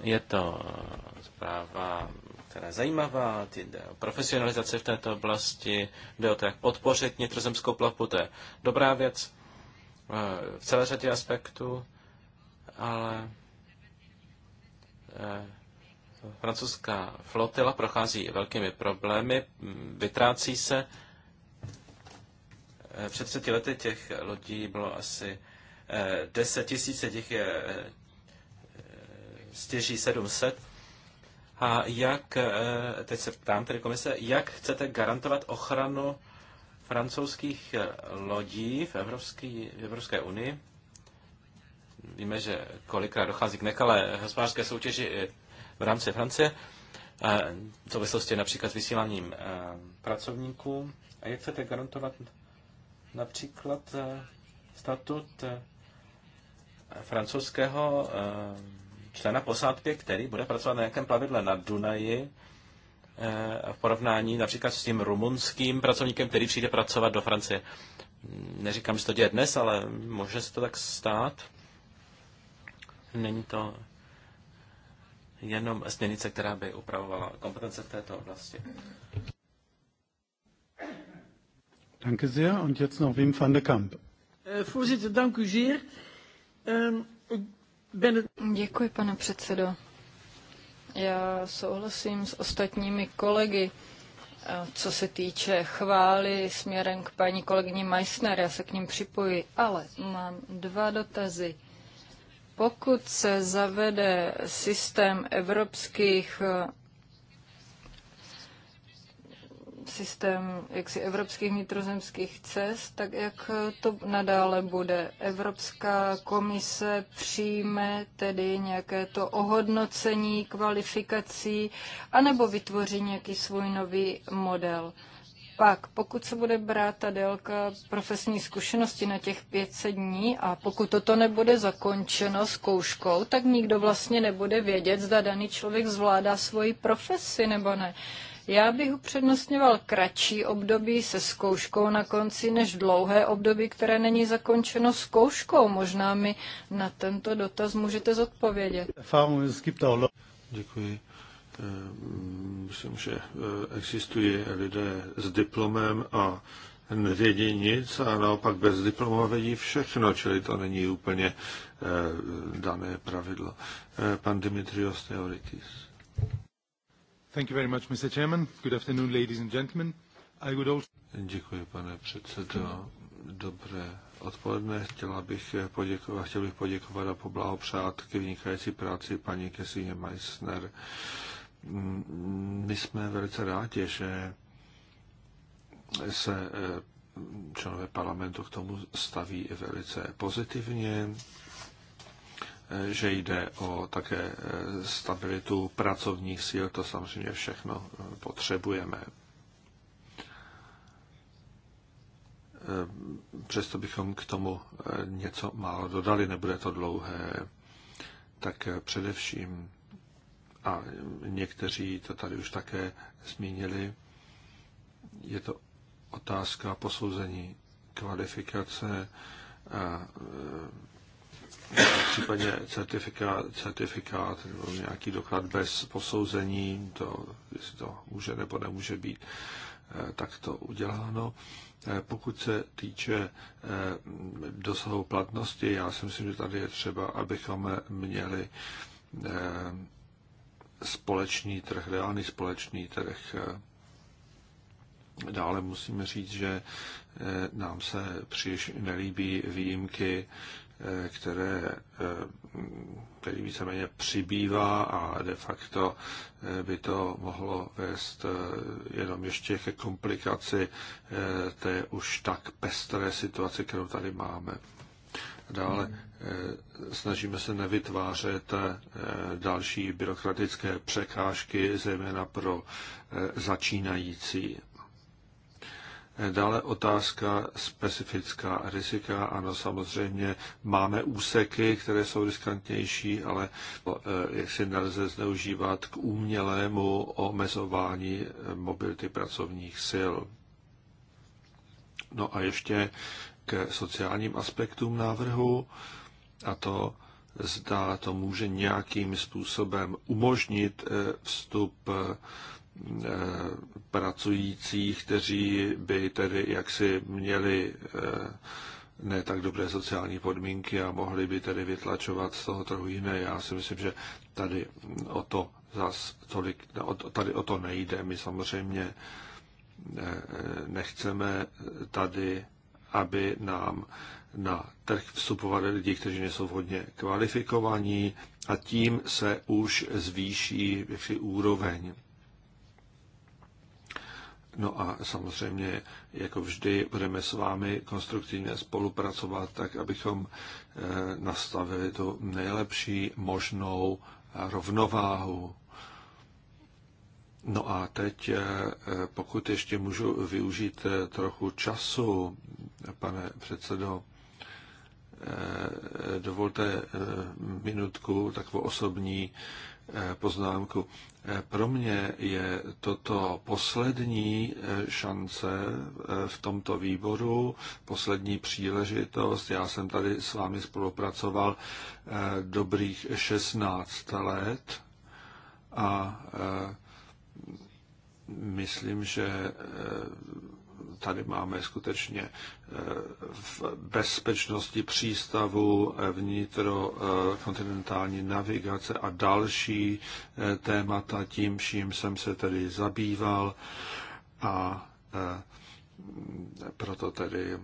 Speaker 2: Je to zpráva, která je zajímavá, jde o profesionalizaci v této oblasti, jde o to, jak podpořit nitrozemskou plavbu, to je dobrá věc eh, v celé řadě aspektů ale eh, francouzská flotila prochází velkými problémy, vytrácí se. Eh, před 30 lety těch lodí bylo asi 10 eh, tisíc, těch je stěží 700. A jak, teď se ptám tedy komise, jak chcete garantovat ochranu francouzských lodí v, Evropské, v Evropské unii? Víme, že kolikrát dochází k nekalé hospodářské soutěži v rámci Francie, v souvislosti například s vysíláním eh, pracovníků. A jak chcete garantovat například eh, statut eh, francouzského člena posádky, který bude pracovat na nějakém plavidle na Dunaji, v porovnání například s tím rumunským pracovníkem, který přijde pracovat do Francie. Neříkám, že to děje dnes, ale může se to tak stát. Není to jenom směrnice, která by upravovala kompetence v této oblasti.
Speaker 1: Danke sehr. Und jetzt noch Wim van de Kamp.
Speaker 5: Eh, ehm, Děkuji, pane předsedo. Já souhlasím s ostatními kolegy, eh, co se týče chvály směrem k paní kolegyni Meissner, já se k ním připoji, ale mám dva dotazy. Pokud se zavede systém evropských eh, systém jaksi evropských vnitrozemských cest, tak jak to nadále bude? Evropská komise přijme tedy nějaké to ohodnocení kvalifikací anebo vytvoří nějaký svůj nový model? Pak, pokud se bude brát ta délka profesní zkušenosti na těch 500 dní a pokud toto nebude zakončeno zkouškou, tak nikdo vlastně nebude vědět, zda daný člověk zvládá svoji profesi nebo ne. Já bych upřednostňoval kratší období se zkouškou na konci než dlouhé období, které není zakončeno zkouškou. Možná mi na tento dotaz můžete zodpovědět.
Speaker 1: Děkuji. Eh, myslím, že eh, existují
Speaker 3: lidé s diplomem a nevědí nic a naopak bez diploma vědí všechno, čili to není úplně eh, dané pravidlo. Pan Dimitrios Teoritis.
Speaker 1: Thank you very much, Mr. Chairman. Good afternoon, ladies
Speaker 3: and gentlemen. I would also... Děkuji, pane předsedo. Dobré odpoledne. Chtěla bych poděkovat, chtěl bych poděkovat a poblahopřát k vynikající práci paní Kesině Meissner my jsme velice rádi, že se eh, členové parlamentu k tomu staví velice pozitivně, eh, že jde o také eh, stabilitu pracovních síl, to samozřejmě všechno potřebujeme. Přesto bychom k tomu něco málo dodali, nebude to dlouhé, tak především a někteří to tady už také zmínili, je to otázka posouzení kvalifikace, a, e, případně certifikát, certifikát nebo nějaký doklad bez posouzení, to, jestli to může nebo nemůže být e, takto uděláno. E, pokud se týče dosahu platnosti, já si myslím, že tady je třeba, abychom měli společný trh, reálný společný trh. Dále musíme říct, že eh, nám se příliš nelíbí výjimky, eh, které, eh, které víceméně přibývá a de facto by to mohlo vést jenom ještě ke komplikaci té už tak pestré situace, kterou tady máme. Dále Eh, snažíme se nevytvářet eh, další byrokratické překážky, zejména pro eh, začínající. Dále otázka specifická rizika. Ano, samozřejmě máme úseky, které jsou riskantnější, ale jak si nelze zneužívat k umělému omezování mobility pracovních sil. No a ještě k sociálním aspektům návrhu a to, zda to může nějakým způsobem umožnit eh, vstup eh, eh, pracujících, kteří by tedy jaksi měli ne tak dobré sociální podmínky a mohli by tedy vytlačovat z toho trhu jiné. Já si myslím, že tady o to zas tolik, tady o to nejde. My samozřejmě nechceme tady aby nám na trh vstupovali lidi, kteří nejsou vhodně kvalifikovaní a tím se už zvýší jaksi úroveň. No a samozřejmě, jako vždy, budeme s vámi konstruktivně spolupracovat, tak abychom eh, nastavili tu nejlepší možnou rovnováhu. No a teď, eh, pokud ještě můžu využít eh, trochu času, pane předsedo, eh, dovolte minutku, takovou osobní poznámku. Pro mě je toto poslední šance v tomto výboru, poslední příležitost. Já jsem tady s vámi spolupracoval dobrých 16 let a myslím, že eh, tady máme skutečně eh, v bezpečnosti přístavu, eh, vnitro kontinentální navigace a další témata. Tím čím jsem se tedy zabýval a proto tedy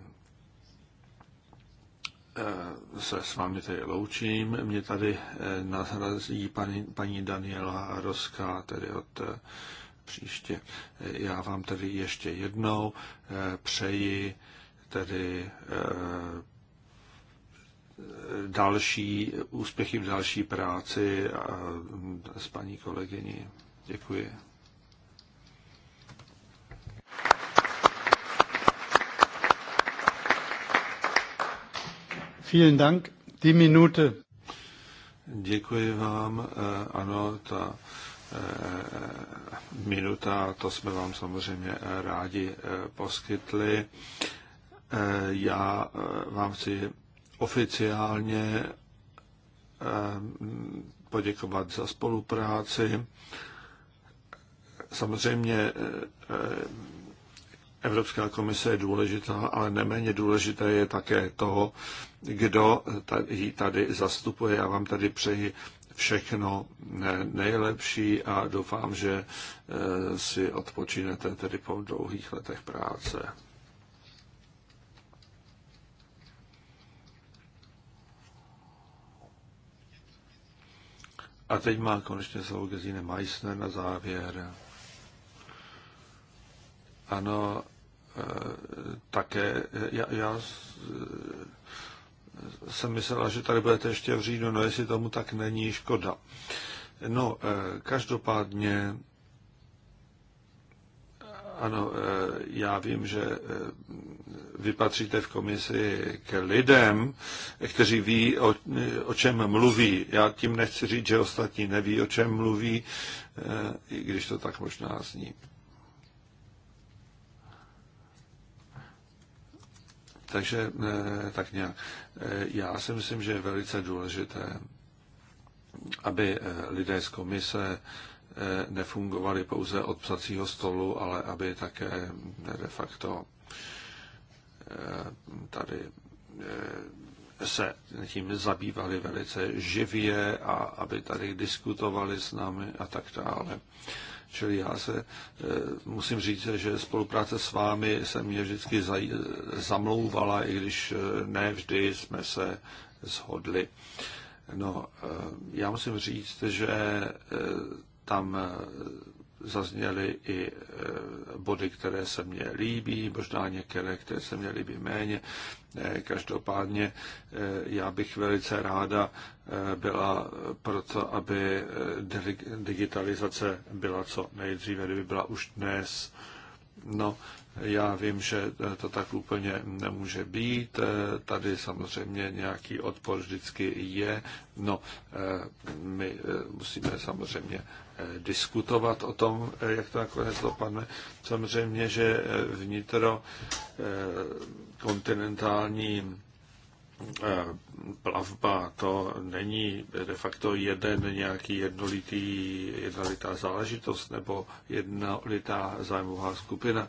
Speaker 3: Eh, se s vámi tady loučím. Mě tady eh, nahrazí paní, paní Daniela Roska, tedy od eh, příště. Já vám tedy ještě jednou přeji tedy další úspěchy v další práci a s paní kolegyní. Děkuji.
Speaker 1: Vielen Dank. Die Minute. Děkuji vám. Eh,
Speaker 3: ano, ta eh, minuta, to jsme vám samozřejmě eh, rádi poskytli. Já vám chci oficiálně poděkovat za spolupráci. Samozřejmě Evropská komise je důležitá, ale neméně důležité je také to, kdo ji tady zastupuje. Já vám tady přeji všechno nejlepší a doufám, že eh, si odpočinete tedy po dlouhých letech práce. A teď má konečně slovo Gesine Meissner na závěr. Ano, eh, také já, já jsem myslela, že tady budete ještě v říjnu, no jestli tomu tak není, škoda. No, eh, každopádně, eh, ano, eh, já vím, že vy patříte v komisi k lidem, kteří ví, o, o čem mluví. Já tím nechci říct, že ostatní neví, o čem mluví, i když to tak možná zní. Takže tak nějak. Eh, já si myslím, že je velice důležité, aby eh, lidé z komise eh, nefungovali pouze od psacího stolu, ale aby také de facto tady se tím zabývali velice živě a aby tady diskutovali s námi a tak dále. Čili já se e, musím říct, že spolupráce s vámi se mě vždycky zamlouvala, i když e, ne vždy jsme se shodli. No, e, já musím říct, že tam zazněly i e, body, které se mně líbí, možná některé, které se mně líbí méně. E, každopádně e, já bych velice ráda byla proto, aby digitalizace byla co nejdříve, kdyby byla už dnes. No, já vím, že to tak úplně nemůže být. Tady samozřejmě nějaký odpor vždycky je. No, eh, my eh, musíme samozřejmě eh, diskutovat o tom, jak to nakonec dopadne. Samozřejmě, že vnitro kontinentální plavba to není de facto jeden nějaký jednolitý, jednolitá záležitost nebo jednolitá zájmová skupina.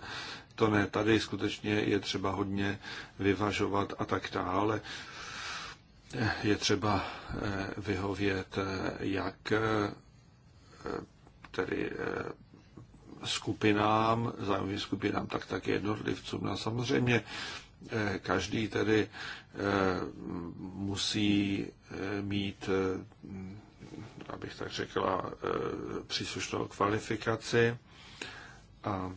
Speaker 3: To ne, tady skutečně je třeba hodně vyvažovat a tak dále. Je třeba eh, vyhovět eh, jak eh, tedy skupinám, zájmovým skupinám, tak také jednotlivcům. No a samozřejmě Eh, každý tedy eh, musí eh, mít, abych tak řekla, příslušnou kvalifikaci a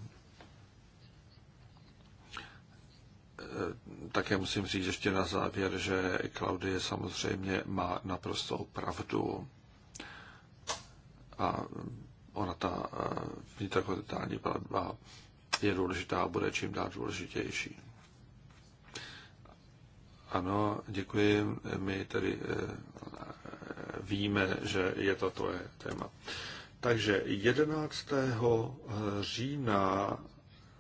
Speaker 3: také musím říct ještě na závěr, že Klaudie samozřejmě má naprostou pravdu. A ona ta vnitrokontentální platba je důležitá a bude čím dál důležitější. Ano, děkuji. My tedy eh, víme, že je to tvoje téma. Takže 11. Eh, října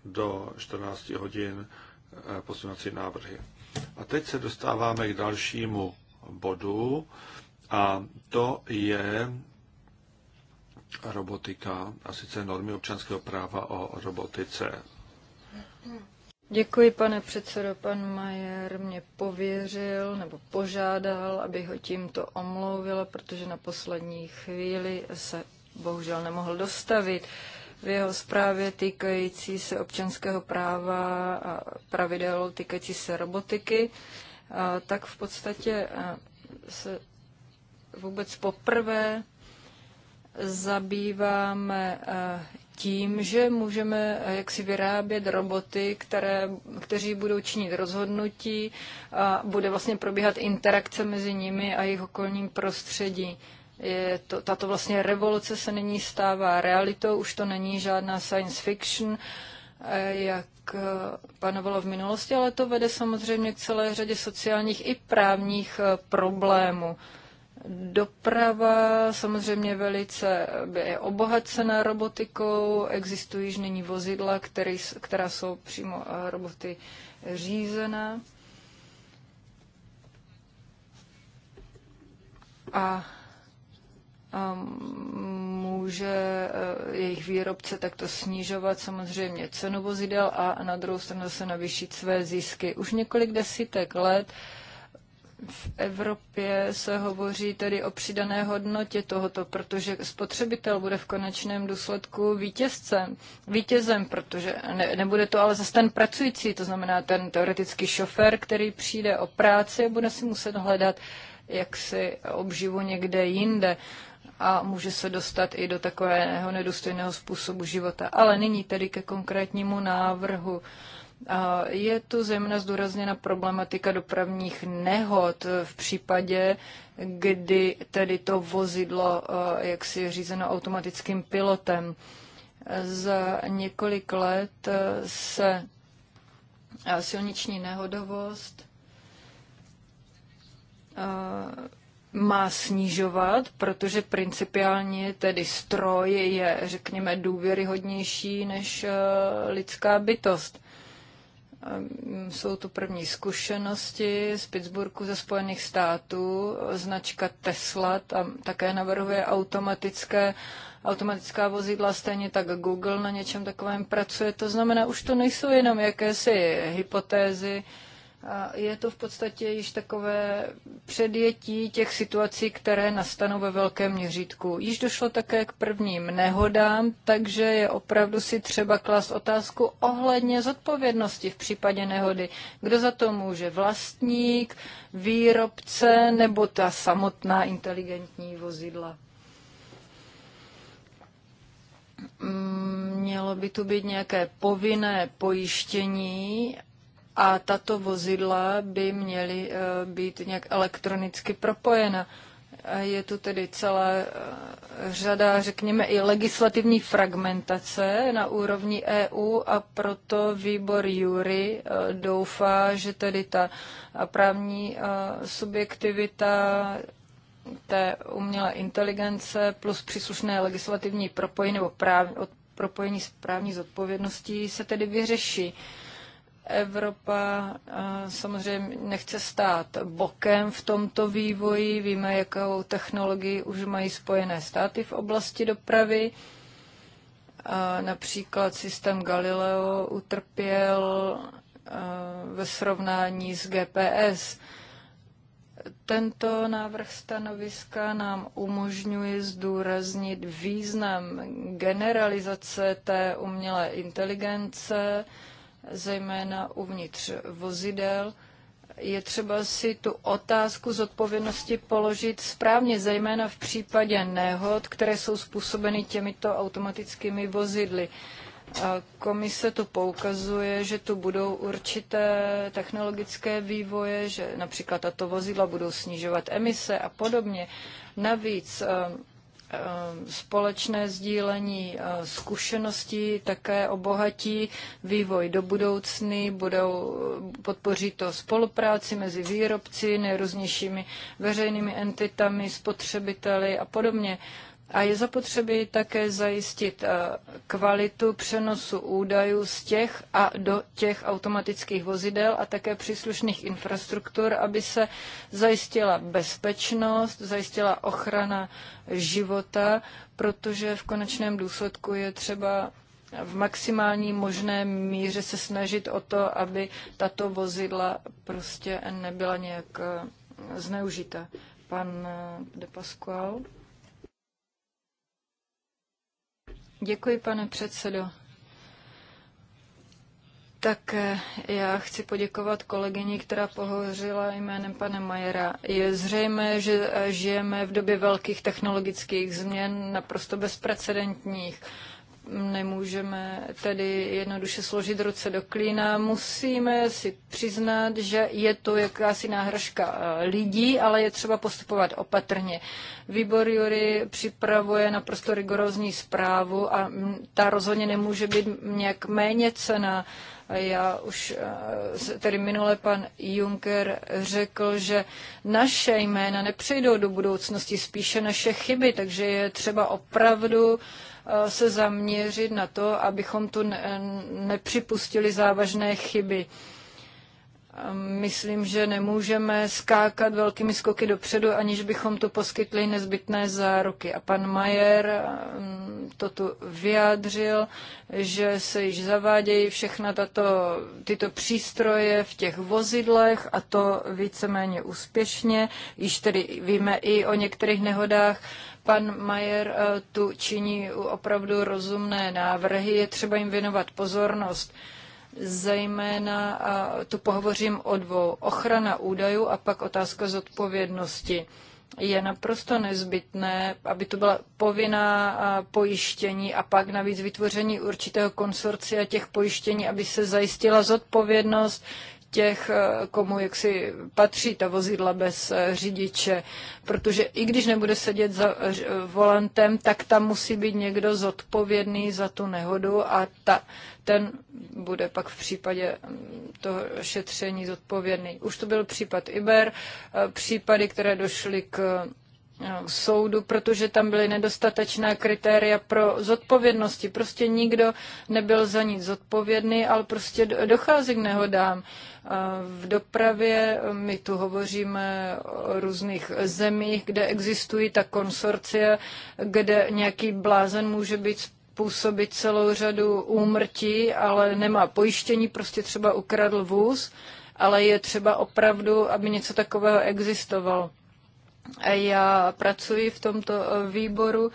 Speaker 3: do 14 hodin eh, posunací návrhy. A teď se dostáváme k dalšímu bodu a to je robotika, a sice normy občanského práva o robotice.
Speaker 5: Děkuji, pane předsedo. Pan Majer mě pověřil nebo požádal, aby ho tímto omlouvila, protože na poslední chvíli se bohužel nemohl dostavit. V jeho zprávě týkající se občanského práva a pravidel týkající se robotiky, tak v podstatě se vůbec poprvé zabýváme tím, že můžeme eh, jaksi vyrábět roboty, které, kteří budou činit rozhodnutí a bude vlastně probíhat interakce mezi nimi a jejich okolním prostředí. Je to, tato vlastně revoluce se nyní stává realitou, už to není žádná science fiction, eh, jak eh, panovalo v minulosti, ale to vede samozřejmě k celé řadě sociálních i právních problémů. Doprava samozřejmě velice je obohacena robotikou, existují již nyní vozidla, který, která jsou přímo eh, roboty řízená. A a může eh, jejich výrobce takto snižovat samozřejmě cenu vozidel a na druhou stranu se navýšit své zisky. Už několik desítek let v Evropě se hovoří tedy o přidané hodnotě tohoto, protože spotřebitel bude v konečném důsledku vítězcem, vítězem, protože ne, nebude to ale zase ten pracující, to znamená ten teoretický šofér, který přijde o práci a bude si muset hledat jak si obživu někde jinde a může se dostat i do takového nedůstojného způsobu života. Ale nyní tedy ke konkrétnímu návrhu. Je tu zejména zdůrazněna problematika dopravních nehod v případě, kdy tedy to vozidlo jak si je řízeno automatickým pilotem. Za několik let se silniční nehodovost má snižovat, protože principiálně tedy stroj je, řekněme, důvěryhodnější než lidská bytost. Ehm, jsou tu první zkušenosti z Pittsburghu ze Spojených států. Značka Tesla tam také navrhuje automatické automatická vozidla, stejně tak Google na něčem takovém pracuje. To znamená, už to nejsou jenom jakési hypotézy, je to v podstatě již takové předjetí těch situací, které nastanou ve velkém měřítku. Již došlo také k prvním nehodám, takže je opravdu si třeba klást otázku ohledně zodpovědnosti v případě nehody. Kdo za to může? Vlastník, výrobce nebo ta samotná inteligentní vozidla? Mm, mělo by tu být nějaké povinné pojištění a tato vozidla by měly eh, být nějak elektronicky propojena. Je tu tedy celá eh, řada, řekněme, i legislativní fragmentace na úrovni EU a proto výbor Jury eh, doufá, že tedy ta právní subjektivita té umělé inteligence plus příslušné legislativní propojení nebo práv, propojení s právní zodpovědností se tedy vyřeší. Evropa samozřejmě nechce stát bokem v tomto vývoji. Víme, jakou technologii už mají spojené státy v oblasti dopravy. například systém Galileo utrpěl ve srovnání s GPS. Tento návrh stanoviska nám umožňuje zdůraznit význam generalizace té umělé inteligence, zejména uvnitř vozidel, je třeba si tu otázku z odpovědnosti položit správně, zejména v případě nehod, které jsou způsobeny těmito automatickými vozidly. A komise tu poukazuje, že tu budou určité technologické vývoje, že například tato vozidla budou snižovat emise a podobně. Navíc Eh, společné sdílení eh, zkušeností také obohatí vývoj do budoucny, budou, eh, podpoří to spolupráci mezi výrobci, nejrůznějšími veřejnými entitami, spotřebiteli a podobně. A je zapotřebí také zajistit eh, kvalitu přenosu údajů z těch a do těch automatických vozidel a také příslušných infrastruktur, aby se zajistila bezpečnost, zajistila ochrana života, protože v konečném důsledku je třeba v maximální možné míře se snažit o to, aby tato vozidla prostě nebyla nějak eh, zneužita. Pan eh, de Pasquale. Děkuji, pane předsedo. Tak eh, já chci poděkovat kolegyni, která pohořila jménem pana Majera. Je zřejmé, že eh, žijeme v době velkých technologických změn, naprosto bezprecedentních nemůžeme tedy jednoduše složit ruce do klína. Musíme si přiznat, že je to jakási náhražka eh, lidí, ale je třeba postupovat opatrně. Výbor Jury připravuje naprosto rigorózní zprávu a ta rozhodně nemůže být nějak méně cena. Já už eh, tedy minule pan Juncker řekl, že naše jména nepřejdou do budoucnosti, spíše naše chyby, takže je třeba opravdu uh, Eh, se zaměřit na to, abychom tu nepřipustili závažné chyby. Ehm, myslím, že nemůžeme skákat velkými skoky dopředu, aniž bychom tu poskytli nezbytné záruky. A pan Majer ehm, to tu vyjádřil, že se již zavádějí všechna tato, tyto přístroje v těch vozidlech a to víceméně úspěšně. Již tedy víme i o některých nehodách Pan Majer eh, tu činí opravdu rozumné návrhy, je třeba jim věnovat pozornost. Zejména tu pohovořím o dvou. Ochrana údajů a pak otázka zodpovědnosti je naprosto nezbytné, aby to byla povinná pojištění a pak navíc vytvoření určitého konsorcia těch pojištění, aby se zajistila zodpovědnost těch, eh, komu jak si patří ta vozidla bez eh, řidiče. Protože i když nebude sedět za eh, volantem, tak tam musí být někdo zodpovědný za tu nehodu a ta, ten bude pak v případě mm, toho šetření zodpovědný. Už to byl případ Iber, případy, které došly k soudu, protože tam byly nedostatečná kritéria pro zodpovědnosti. Prostě nikdo nebyl za nic zodpovědný, ale prostě dochází k nehodám. V dopravě my tu hovoříme o různých zemích, kde existují ta konsorcia, kde nějaký blázen může být působit celou řadu úmrtí, ale nemá pojištění, prostě třeba ukradl vůz, ale je třeba opravdu, aby něco takového existovalo. Já pracuji v tomto eh, výboru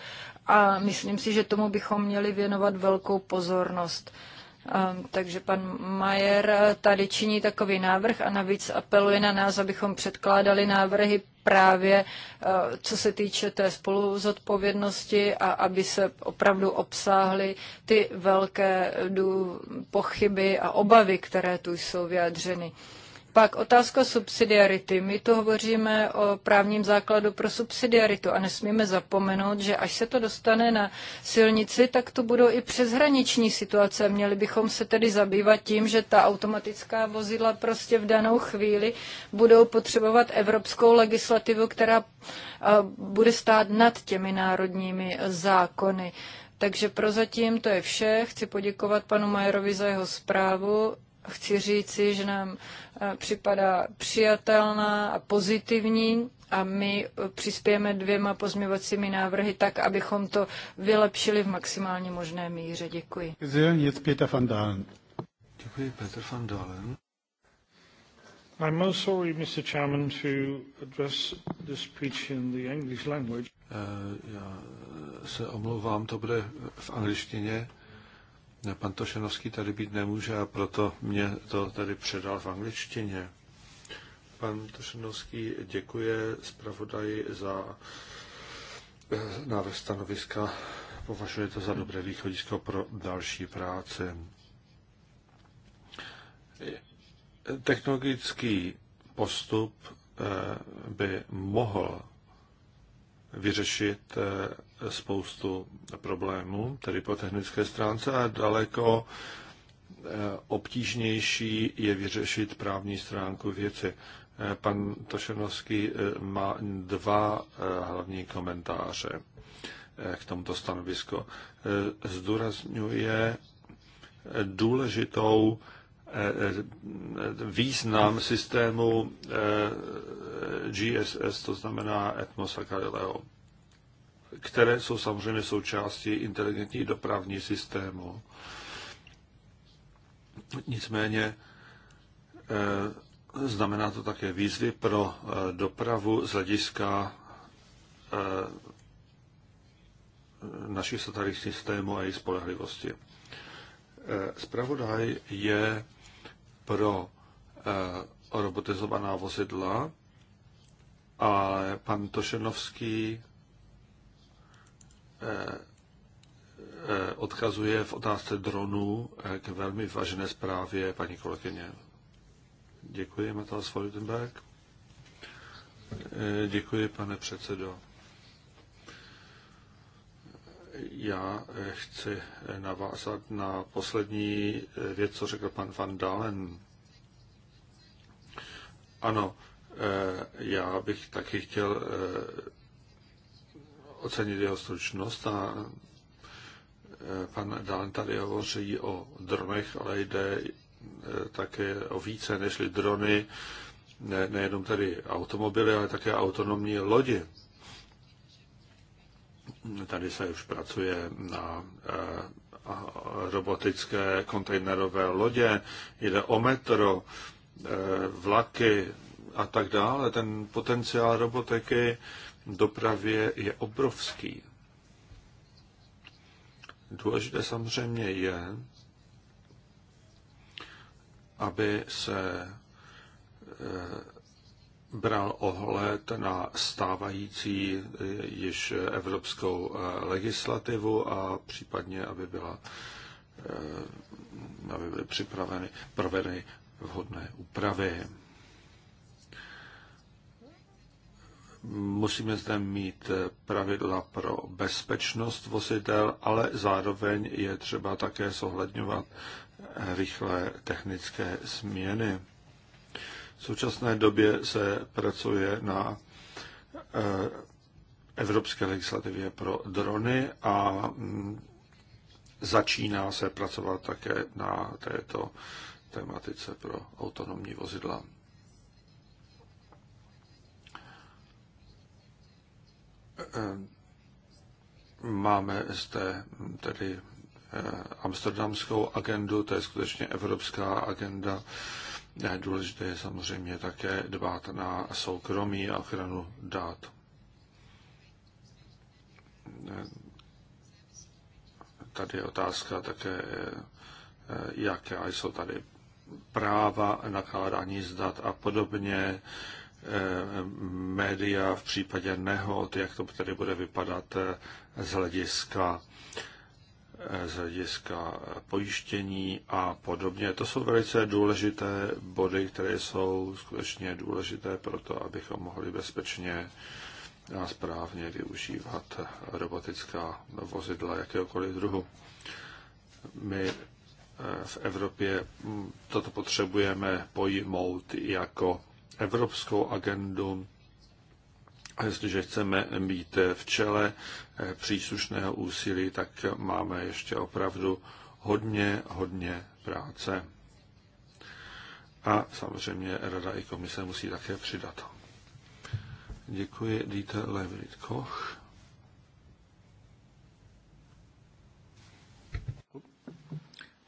Speaker 5: a myslím si, že tomu bychom měli věnovat velkou pozornost. Ehm, takže pan Majer eh, tady činí takový návrh a navíc apeluje na nás, abychom předkládali návrhy právě eh, co se týče té spoluzodpovědnosti a aby se opravdu obsáhly ty velké pochyby a obavy, které tu jsou vyjádřeny. Pak otázka subsidiarity. My tu hovoříme o právním základu pro subsidiaritu a nesmíme zapomenout, že až se to dostane na silnici, tak to budou i přeshraniční situace. Měli bychom se tedy zabývat tím, že ta automatická vozidla prostě v danou chvíli budou potřebovat evropskou legislativu, která bude stát nad těmi národními zákony. Takže prozatím to je vše. Chci poděkovat panu Majerovi za jeho zprávu chci říci, že nám eh, připadá přijatelná a pozitivní a my eh, přispějeme dvěma pozměvacími návrhy tak, abychom to vylepšili v maximálně možné míře. Děkuji.
Speaker 1: Děkuji, Petr van Dalen. I'm most sorry, Mr. Chairman, to
Speaker 3: address speech in the English language. Eh, já se omlouvám, to bude v angličtině. Pan Tošenovský tady být nemůže a proto mě to tady předal v angličtině. Pan Tošenovský děkuje zpravodaji za eh, návrh stanoviska. Považuje to za dobré východisko pro další práci. Eh, technologický postup eh, by mohl vyřešit eh, spoustu problémů, tedy po technické stránce, a daleko eh, obtížnější je vyřešit právní stránku věci. Eh, pan Tošenovský má dva hlavní komentáře k tomuto stanovisku. Zdůrazňuje důležitou Eh, eh, význam systému eh, GSS, to znamená Atmos a Galileo, které jsou samozřejmě součástí inteligentní dopravní systému. Nicméně znamená to také výzvy pro dopravu z hlediska našich satelitních systémů a jejich spolehlivosti. Spravodaj je pro eh, robotizovaná vozidla, ale pan Tošenovský eh, eh, odkazuje v otázce dronů k velmi vážné zprávě paní kolegyně. Děkuji, Matas Volitenberg. Děkuji, pane předsedo. Já eh, chci navázat na poslední eh, věc, co řekl pan Van Dalen. Ano, eh, já bych taky chtěl ocenit jeho stručnost a pan Dalen tady hovoří o dronech, ale jde také o více nežli drony, ne, nejenom tady automobily, ale také autonomní lodi. Tady se už pracuje na eh, robotické kontejnerové lodě, jde o metro, eh, vlaky a tak dále. Ten potenciál robotiky v dopravě je obrovský. Důležité samozřejmě je, aby se eh, bral ohled na stávající eh, již evropskou eh, legislativu a případně, aby, byla, eh, aby byly připraveny, provedeny vhodné úpravy. Musíme zde mít pravidla pro bezpečnost vozidel, ale zároveň je třeba také zohledňovat rychlé technické změny. V současné době se pracuje na eh, evropské legislativě pro drony a mm, začíná se pracovat také na této tematice pro autonomní vozidla. Eh, máme zde mm, tedy eh, amsterdamskou agendu, to je skutečně evropská agenda Důležité je samozřejmě také dbát na soukromí a ochranu dát. Tady je otázka také, jaké jsou tady práva nakládání z dat a podobně média v případě nehod, jak to tedy bude vypadat z hlediska z hlediska pojištění a podobně. To jsou velice důležité body, které jsou skutečně důležité pro to, abychom mohli bezpečně a správně využívat robotická vozidla jakéhokoliv druhu. My eh, v Evropě mm, toto potřebujeme pojmout jako evropskou agendu jestliže chceme být v čele eh, příslušného úsilí, tak máme ještě opravdu hodně, hodně práce. A samozřejmě Rada i komise musí také přidat. Děkuji, Dieter Leverit Koch.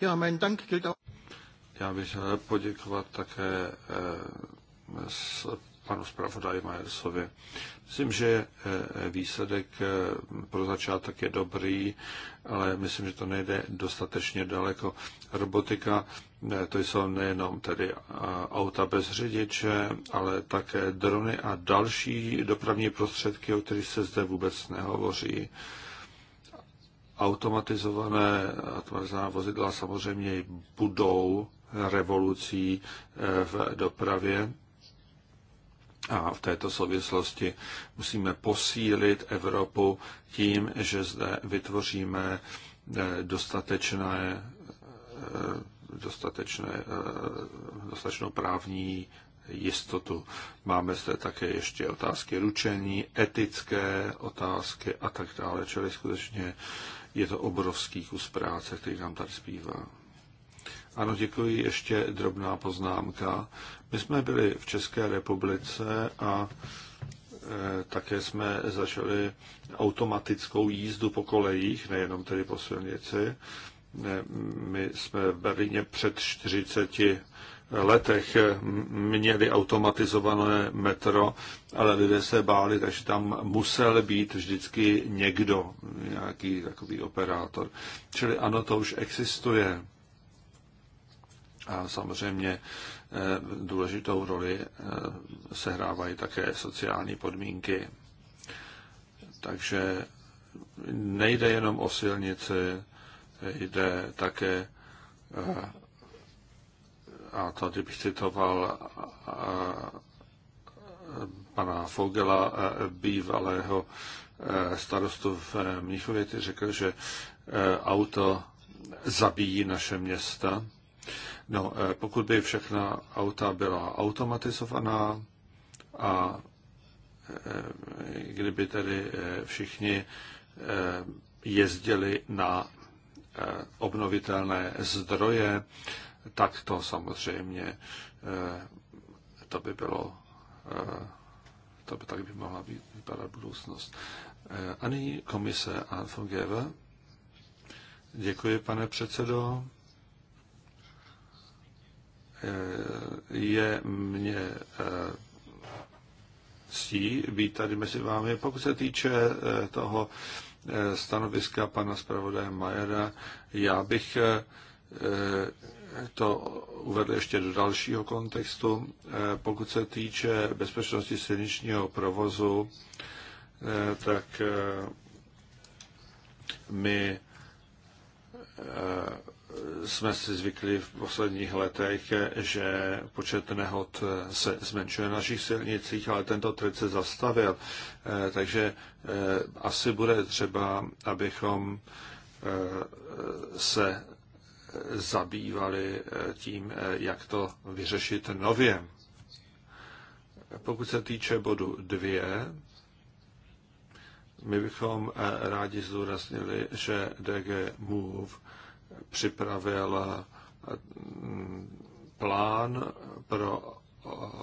Speaker 1: Ja, mein Dank gilt auch.
Speaker 3: Já bych chtěl poděkovat také eh, s panu zpravodaji Majersovi. Myslím, že eh, výsledek eh, pro začátek je dobrý, ale myslím, že to nejde dostatečně daleko. Robotika eh, to jsou nejenom tedy auta bez řidiče, ale také drony a další dopravní prostředky, o kterých se zde vůbec nehovoří. Automatizované, automatizované vozidla samozřejmě budou revolucí v dopravě, a v této souvislosti musíme posílit Evropu tím, že zde vytvoříme eh, dostatečné, eh, dostatečné, eh, dostatečnou právní jistotu. Máme zde také ještě otázky ručení, etické otázky a tak dále, čili skutečně je to obrovský kus práce, který nám tady zbývá. Ano, děkuji. Ještě drobná poznámka. My jsme byli v České republice a e, také jsme začali automatickou jízdu po kolejích, nejenom tedy po silnici. My jsme v Berlíně před 40 letech měli automatizované metro, ale lidé se báli, takže tam musel být vždycky někdo, nějaký takový operátor. Čili ano, to už existuje. A samozřejmě Eh, důležitou roli eh, sehrávají také sociální podmínky. Takže nejde jenom o silnici, jde také, eh, a tady bych citoval pana Fogela, bývalého starostu v Mnichově, řekl, že auto zabíjí naše města. No, eh, pokud by všechna auta byla automatizovaná a eh, kdyby tedy eh, všichni jezdili na obnovitelné zdroje, tak to samozřejmě to by bylo, to by tak by mohla být, vypadat budoucnost. A nyní komise Anfogeva. Děkuji, pane předsedo. Eh, je mě eh, ctí být tady mezi vámi. Pokud se týče eh, toho stanoviska pana zpravodaje Majera, já bych to uvedl ještě do dalšího kontextu. Pokud se týče bezpečnosti silničního provozu, tak my jsme si zvykli v posledních letech, že počet nehod se zmenšuje na našich silnicích, ale tento trend se zastavil. Eh, takže eh, asi bude třeba, abychom eh, se zabývali tím, jak to vyřešit nově. Pokud se týče bodu dvě, my bychom rádi zdůraznili, že DG Move připravil eh, plán pro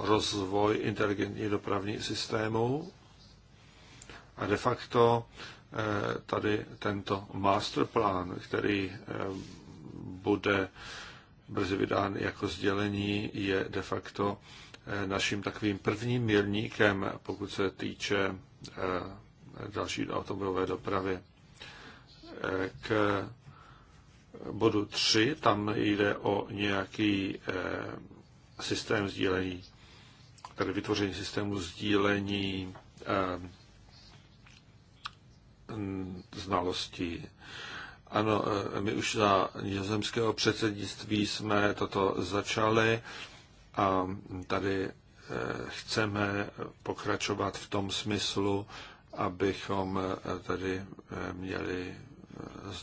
Speaker 3: rozvoj inteligentní dopravní systémů a de facto eh, tady tento masterplan, který eh, bude brzy vydán jako sdělení, je de facto naším takovým prvním milníkem, pokud se týče další automobilové dopravy. K bodu 3, tam jde o nějaký eh, systém sdílení, tedy vytvoření systému sdílení eh, znalostí. Ano, eh, my už za nizozemského předsednictví jsme toto začali a tady chceme pokračovat v tom smyslu, abychom tady měli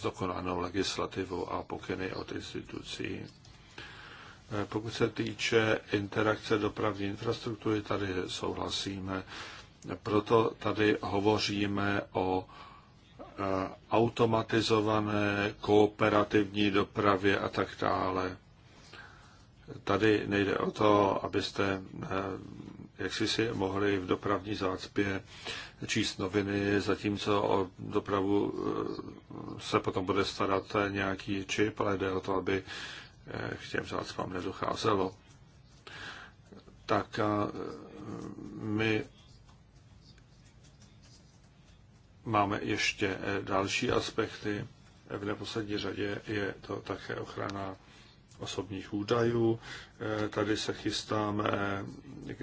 Speaker 3: dokonanou legislativu a pokyny od institucí. Eh, pokud se týče interakce dopravní infrastruktury, tady souhlasíme. Proto tady hovoříme o eh, automatizované kooperativní dopravě a tak dále. Tady nejde o to, abyste eh, jak si si mohli v dopravní zácpě číst noviny, zatímco o dopravu eh, se potom bude starat nějaký čip, ale jde o to, aby eh, k těm zácpám nedocházelo. Tak eh, my máme ještě další aspekty. V neposlední řadě je to také ochrana osobních údajů. Tady se chystáme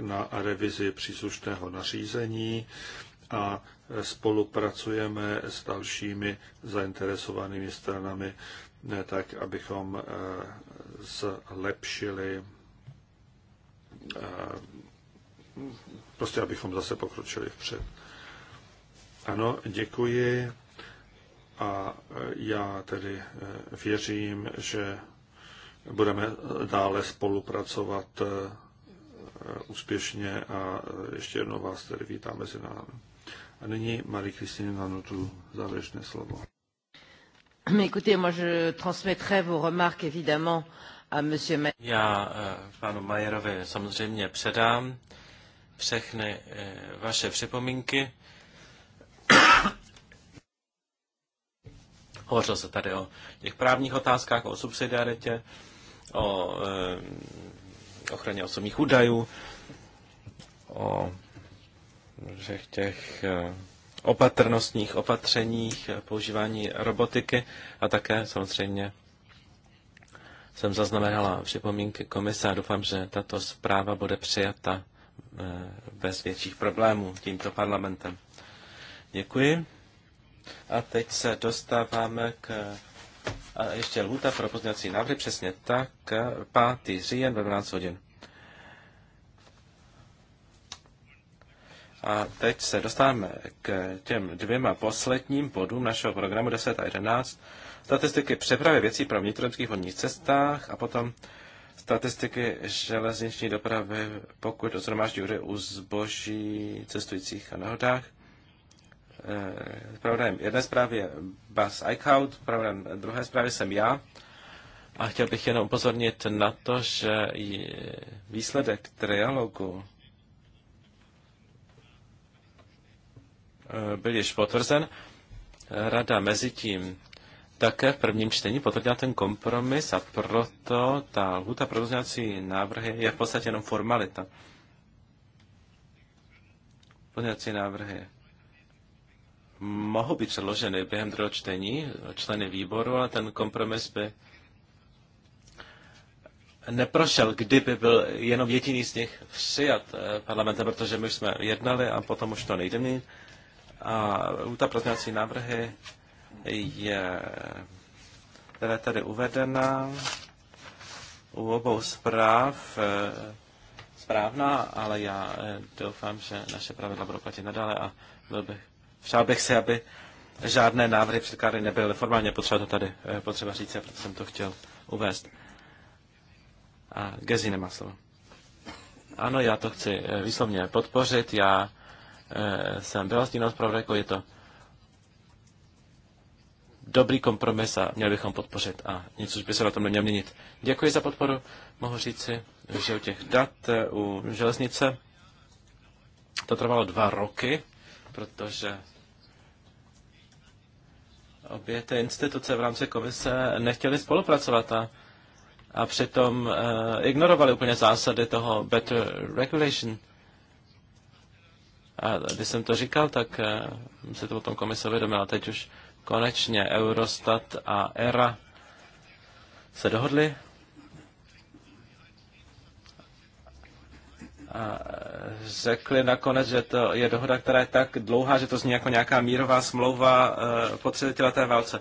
Speaker 3: na revizi příslušného nařízení a spolupracujeme s dalšími zainteresovanými stranami, eh, tak abychom eh, zlepšili eh, prostě abychom zase pokročili vpřed. Ano, děkuji a já tedy věřím, že budeme dále spolupracovat úspěšně a ještě jednou vás tedy vítám mezi námi. A nyní Marie závěrečné slovo.
Speaker 4: Écoutez, moi je transmettrai vos remarques évidemment à monsieur Mayer.
Speaker 2: Já eh, panu Majerovi samozřejmě předám všechny eh, vaše připomínky. Hovořil se tady o těch právních otázkách, o subsidiaritě, o e, ochraně osobních údajů, o všech těch eh, opatrnostních opatřeních, eh, používání robotiky a také samozřejmě jsem zaznamenala připomínky komise a doufám, že tato zpráva bude přijata eh, bez větších problémů tímto parlamentem. Děkuji. A teď se dostáváme k a ještě lhůta pro pozměňovací návrhy, přesně tak, 5. říjen ve 12 hodin. A teď se dostáváme k těm dvěma posledním bodům našeho programu 10 a 11. Statistiky přepravy věcí pro vnitrozemských vodních cestách a potom statistiky železniční dopravy, pokud zhromáždí úře u zboží cestujících a nehodách. Eh, pravdajem jedné zprávy je Bas Eichhout, pravdajem druhé zprávy jsem já. A chtěl bych jenom upozornit na to, že výsledek trialogu Eh, byl již potvrzen. Rada mezi tím také v prvním čtení potvrdila ten kompromis a proto ta lhuta pro návrhy je v podstatě jenom formalita. Pozměňovací návrhy mohou být předloženy během druhého čtení členy výboru, ale ten kompromis by neprošel, kdyby byl jenom jediný z nich přijat eh, parlamentem, protože my jsme jednali a potom už to nejde mít. A ta pozměňovací návrhy je která tady uvedena u obou zpráv eh, správná, ale já eh, doufám, že naše pravidla budou platit nadále a byl bych, přál bych si, aby žádné návrhy předkády nebyly formálně potřeba to tady eh, potřeba říct, a proto jsem to chtěl uvést. A Gezi nemá slovo. Ano, já to chci výslovně podpořit. Já Eh, jsem byla stínou jako je to dobrý kompromis a měli bychom podpořit a nic už by se na tom neměl měnit. Děkuji za podporu. Mohu říci, že u těch dat eh, u železnice to trvalo dva roky, protože obě ty instituce v rámci komise nechtěly spolupracovat a, a přitom uh, eh, ignorovali úplně zásady toho better regulation. A když jsem to říkal, tak eh, se to potom komise uvědomila. Teď už konečně Eurostat a ERA se dohodli. A eh, řekli nakonec, že to je dohoda, která je tak dlouhá, že to zní jako nějaká mírová smlouva eh, po 30 válce.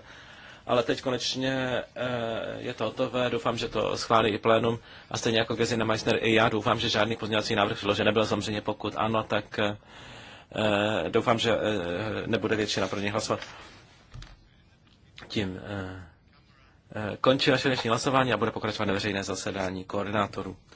Speaker 2: Ale teď konečně je to hotové, doufám, že to schválí i plénum a stejně jako Gesine Meissner i já doufám, že žádný pozměňovací návrh přiložen nebyl, samozřejmě pokud ano, tak Eh, doufám, že eh, nebude většina pro ně hlasovat. Tím eh, končí naše dnešní hlasování a bude pokračovat neveřejné zasedání koordinátorů.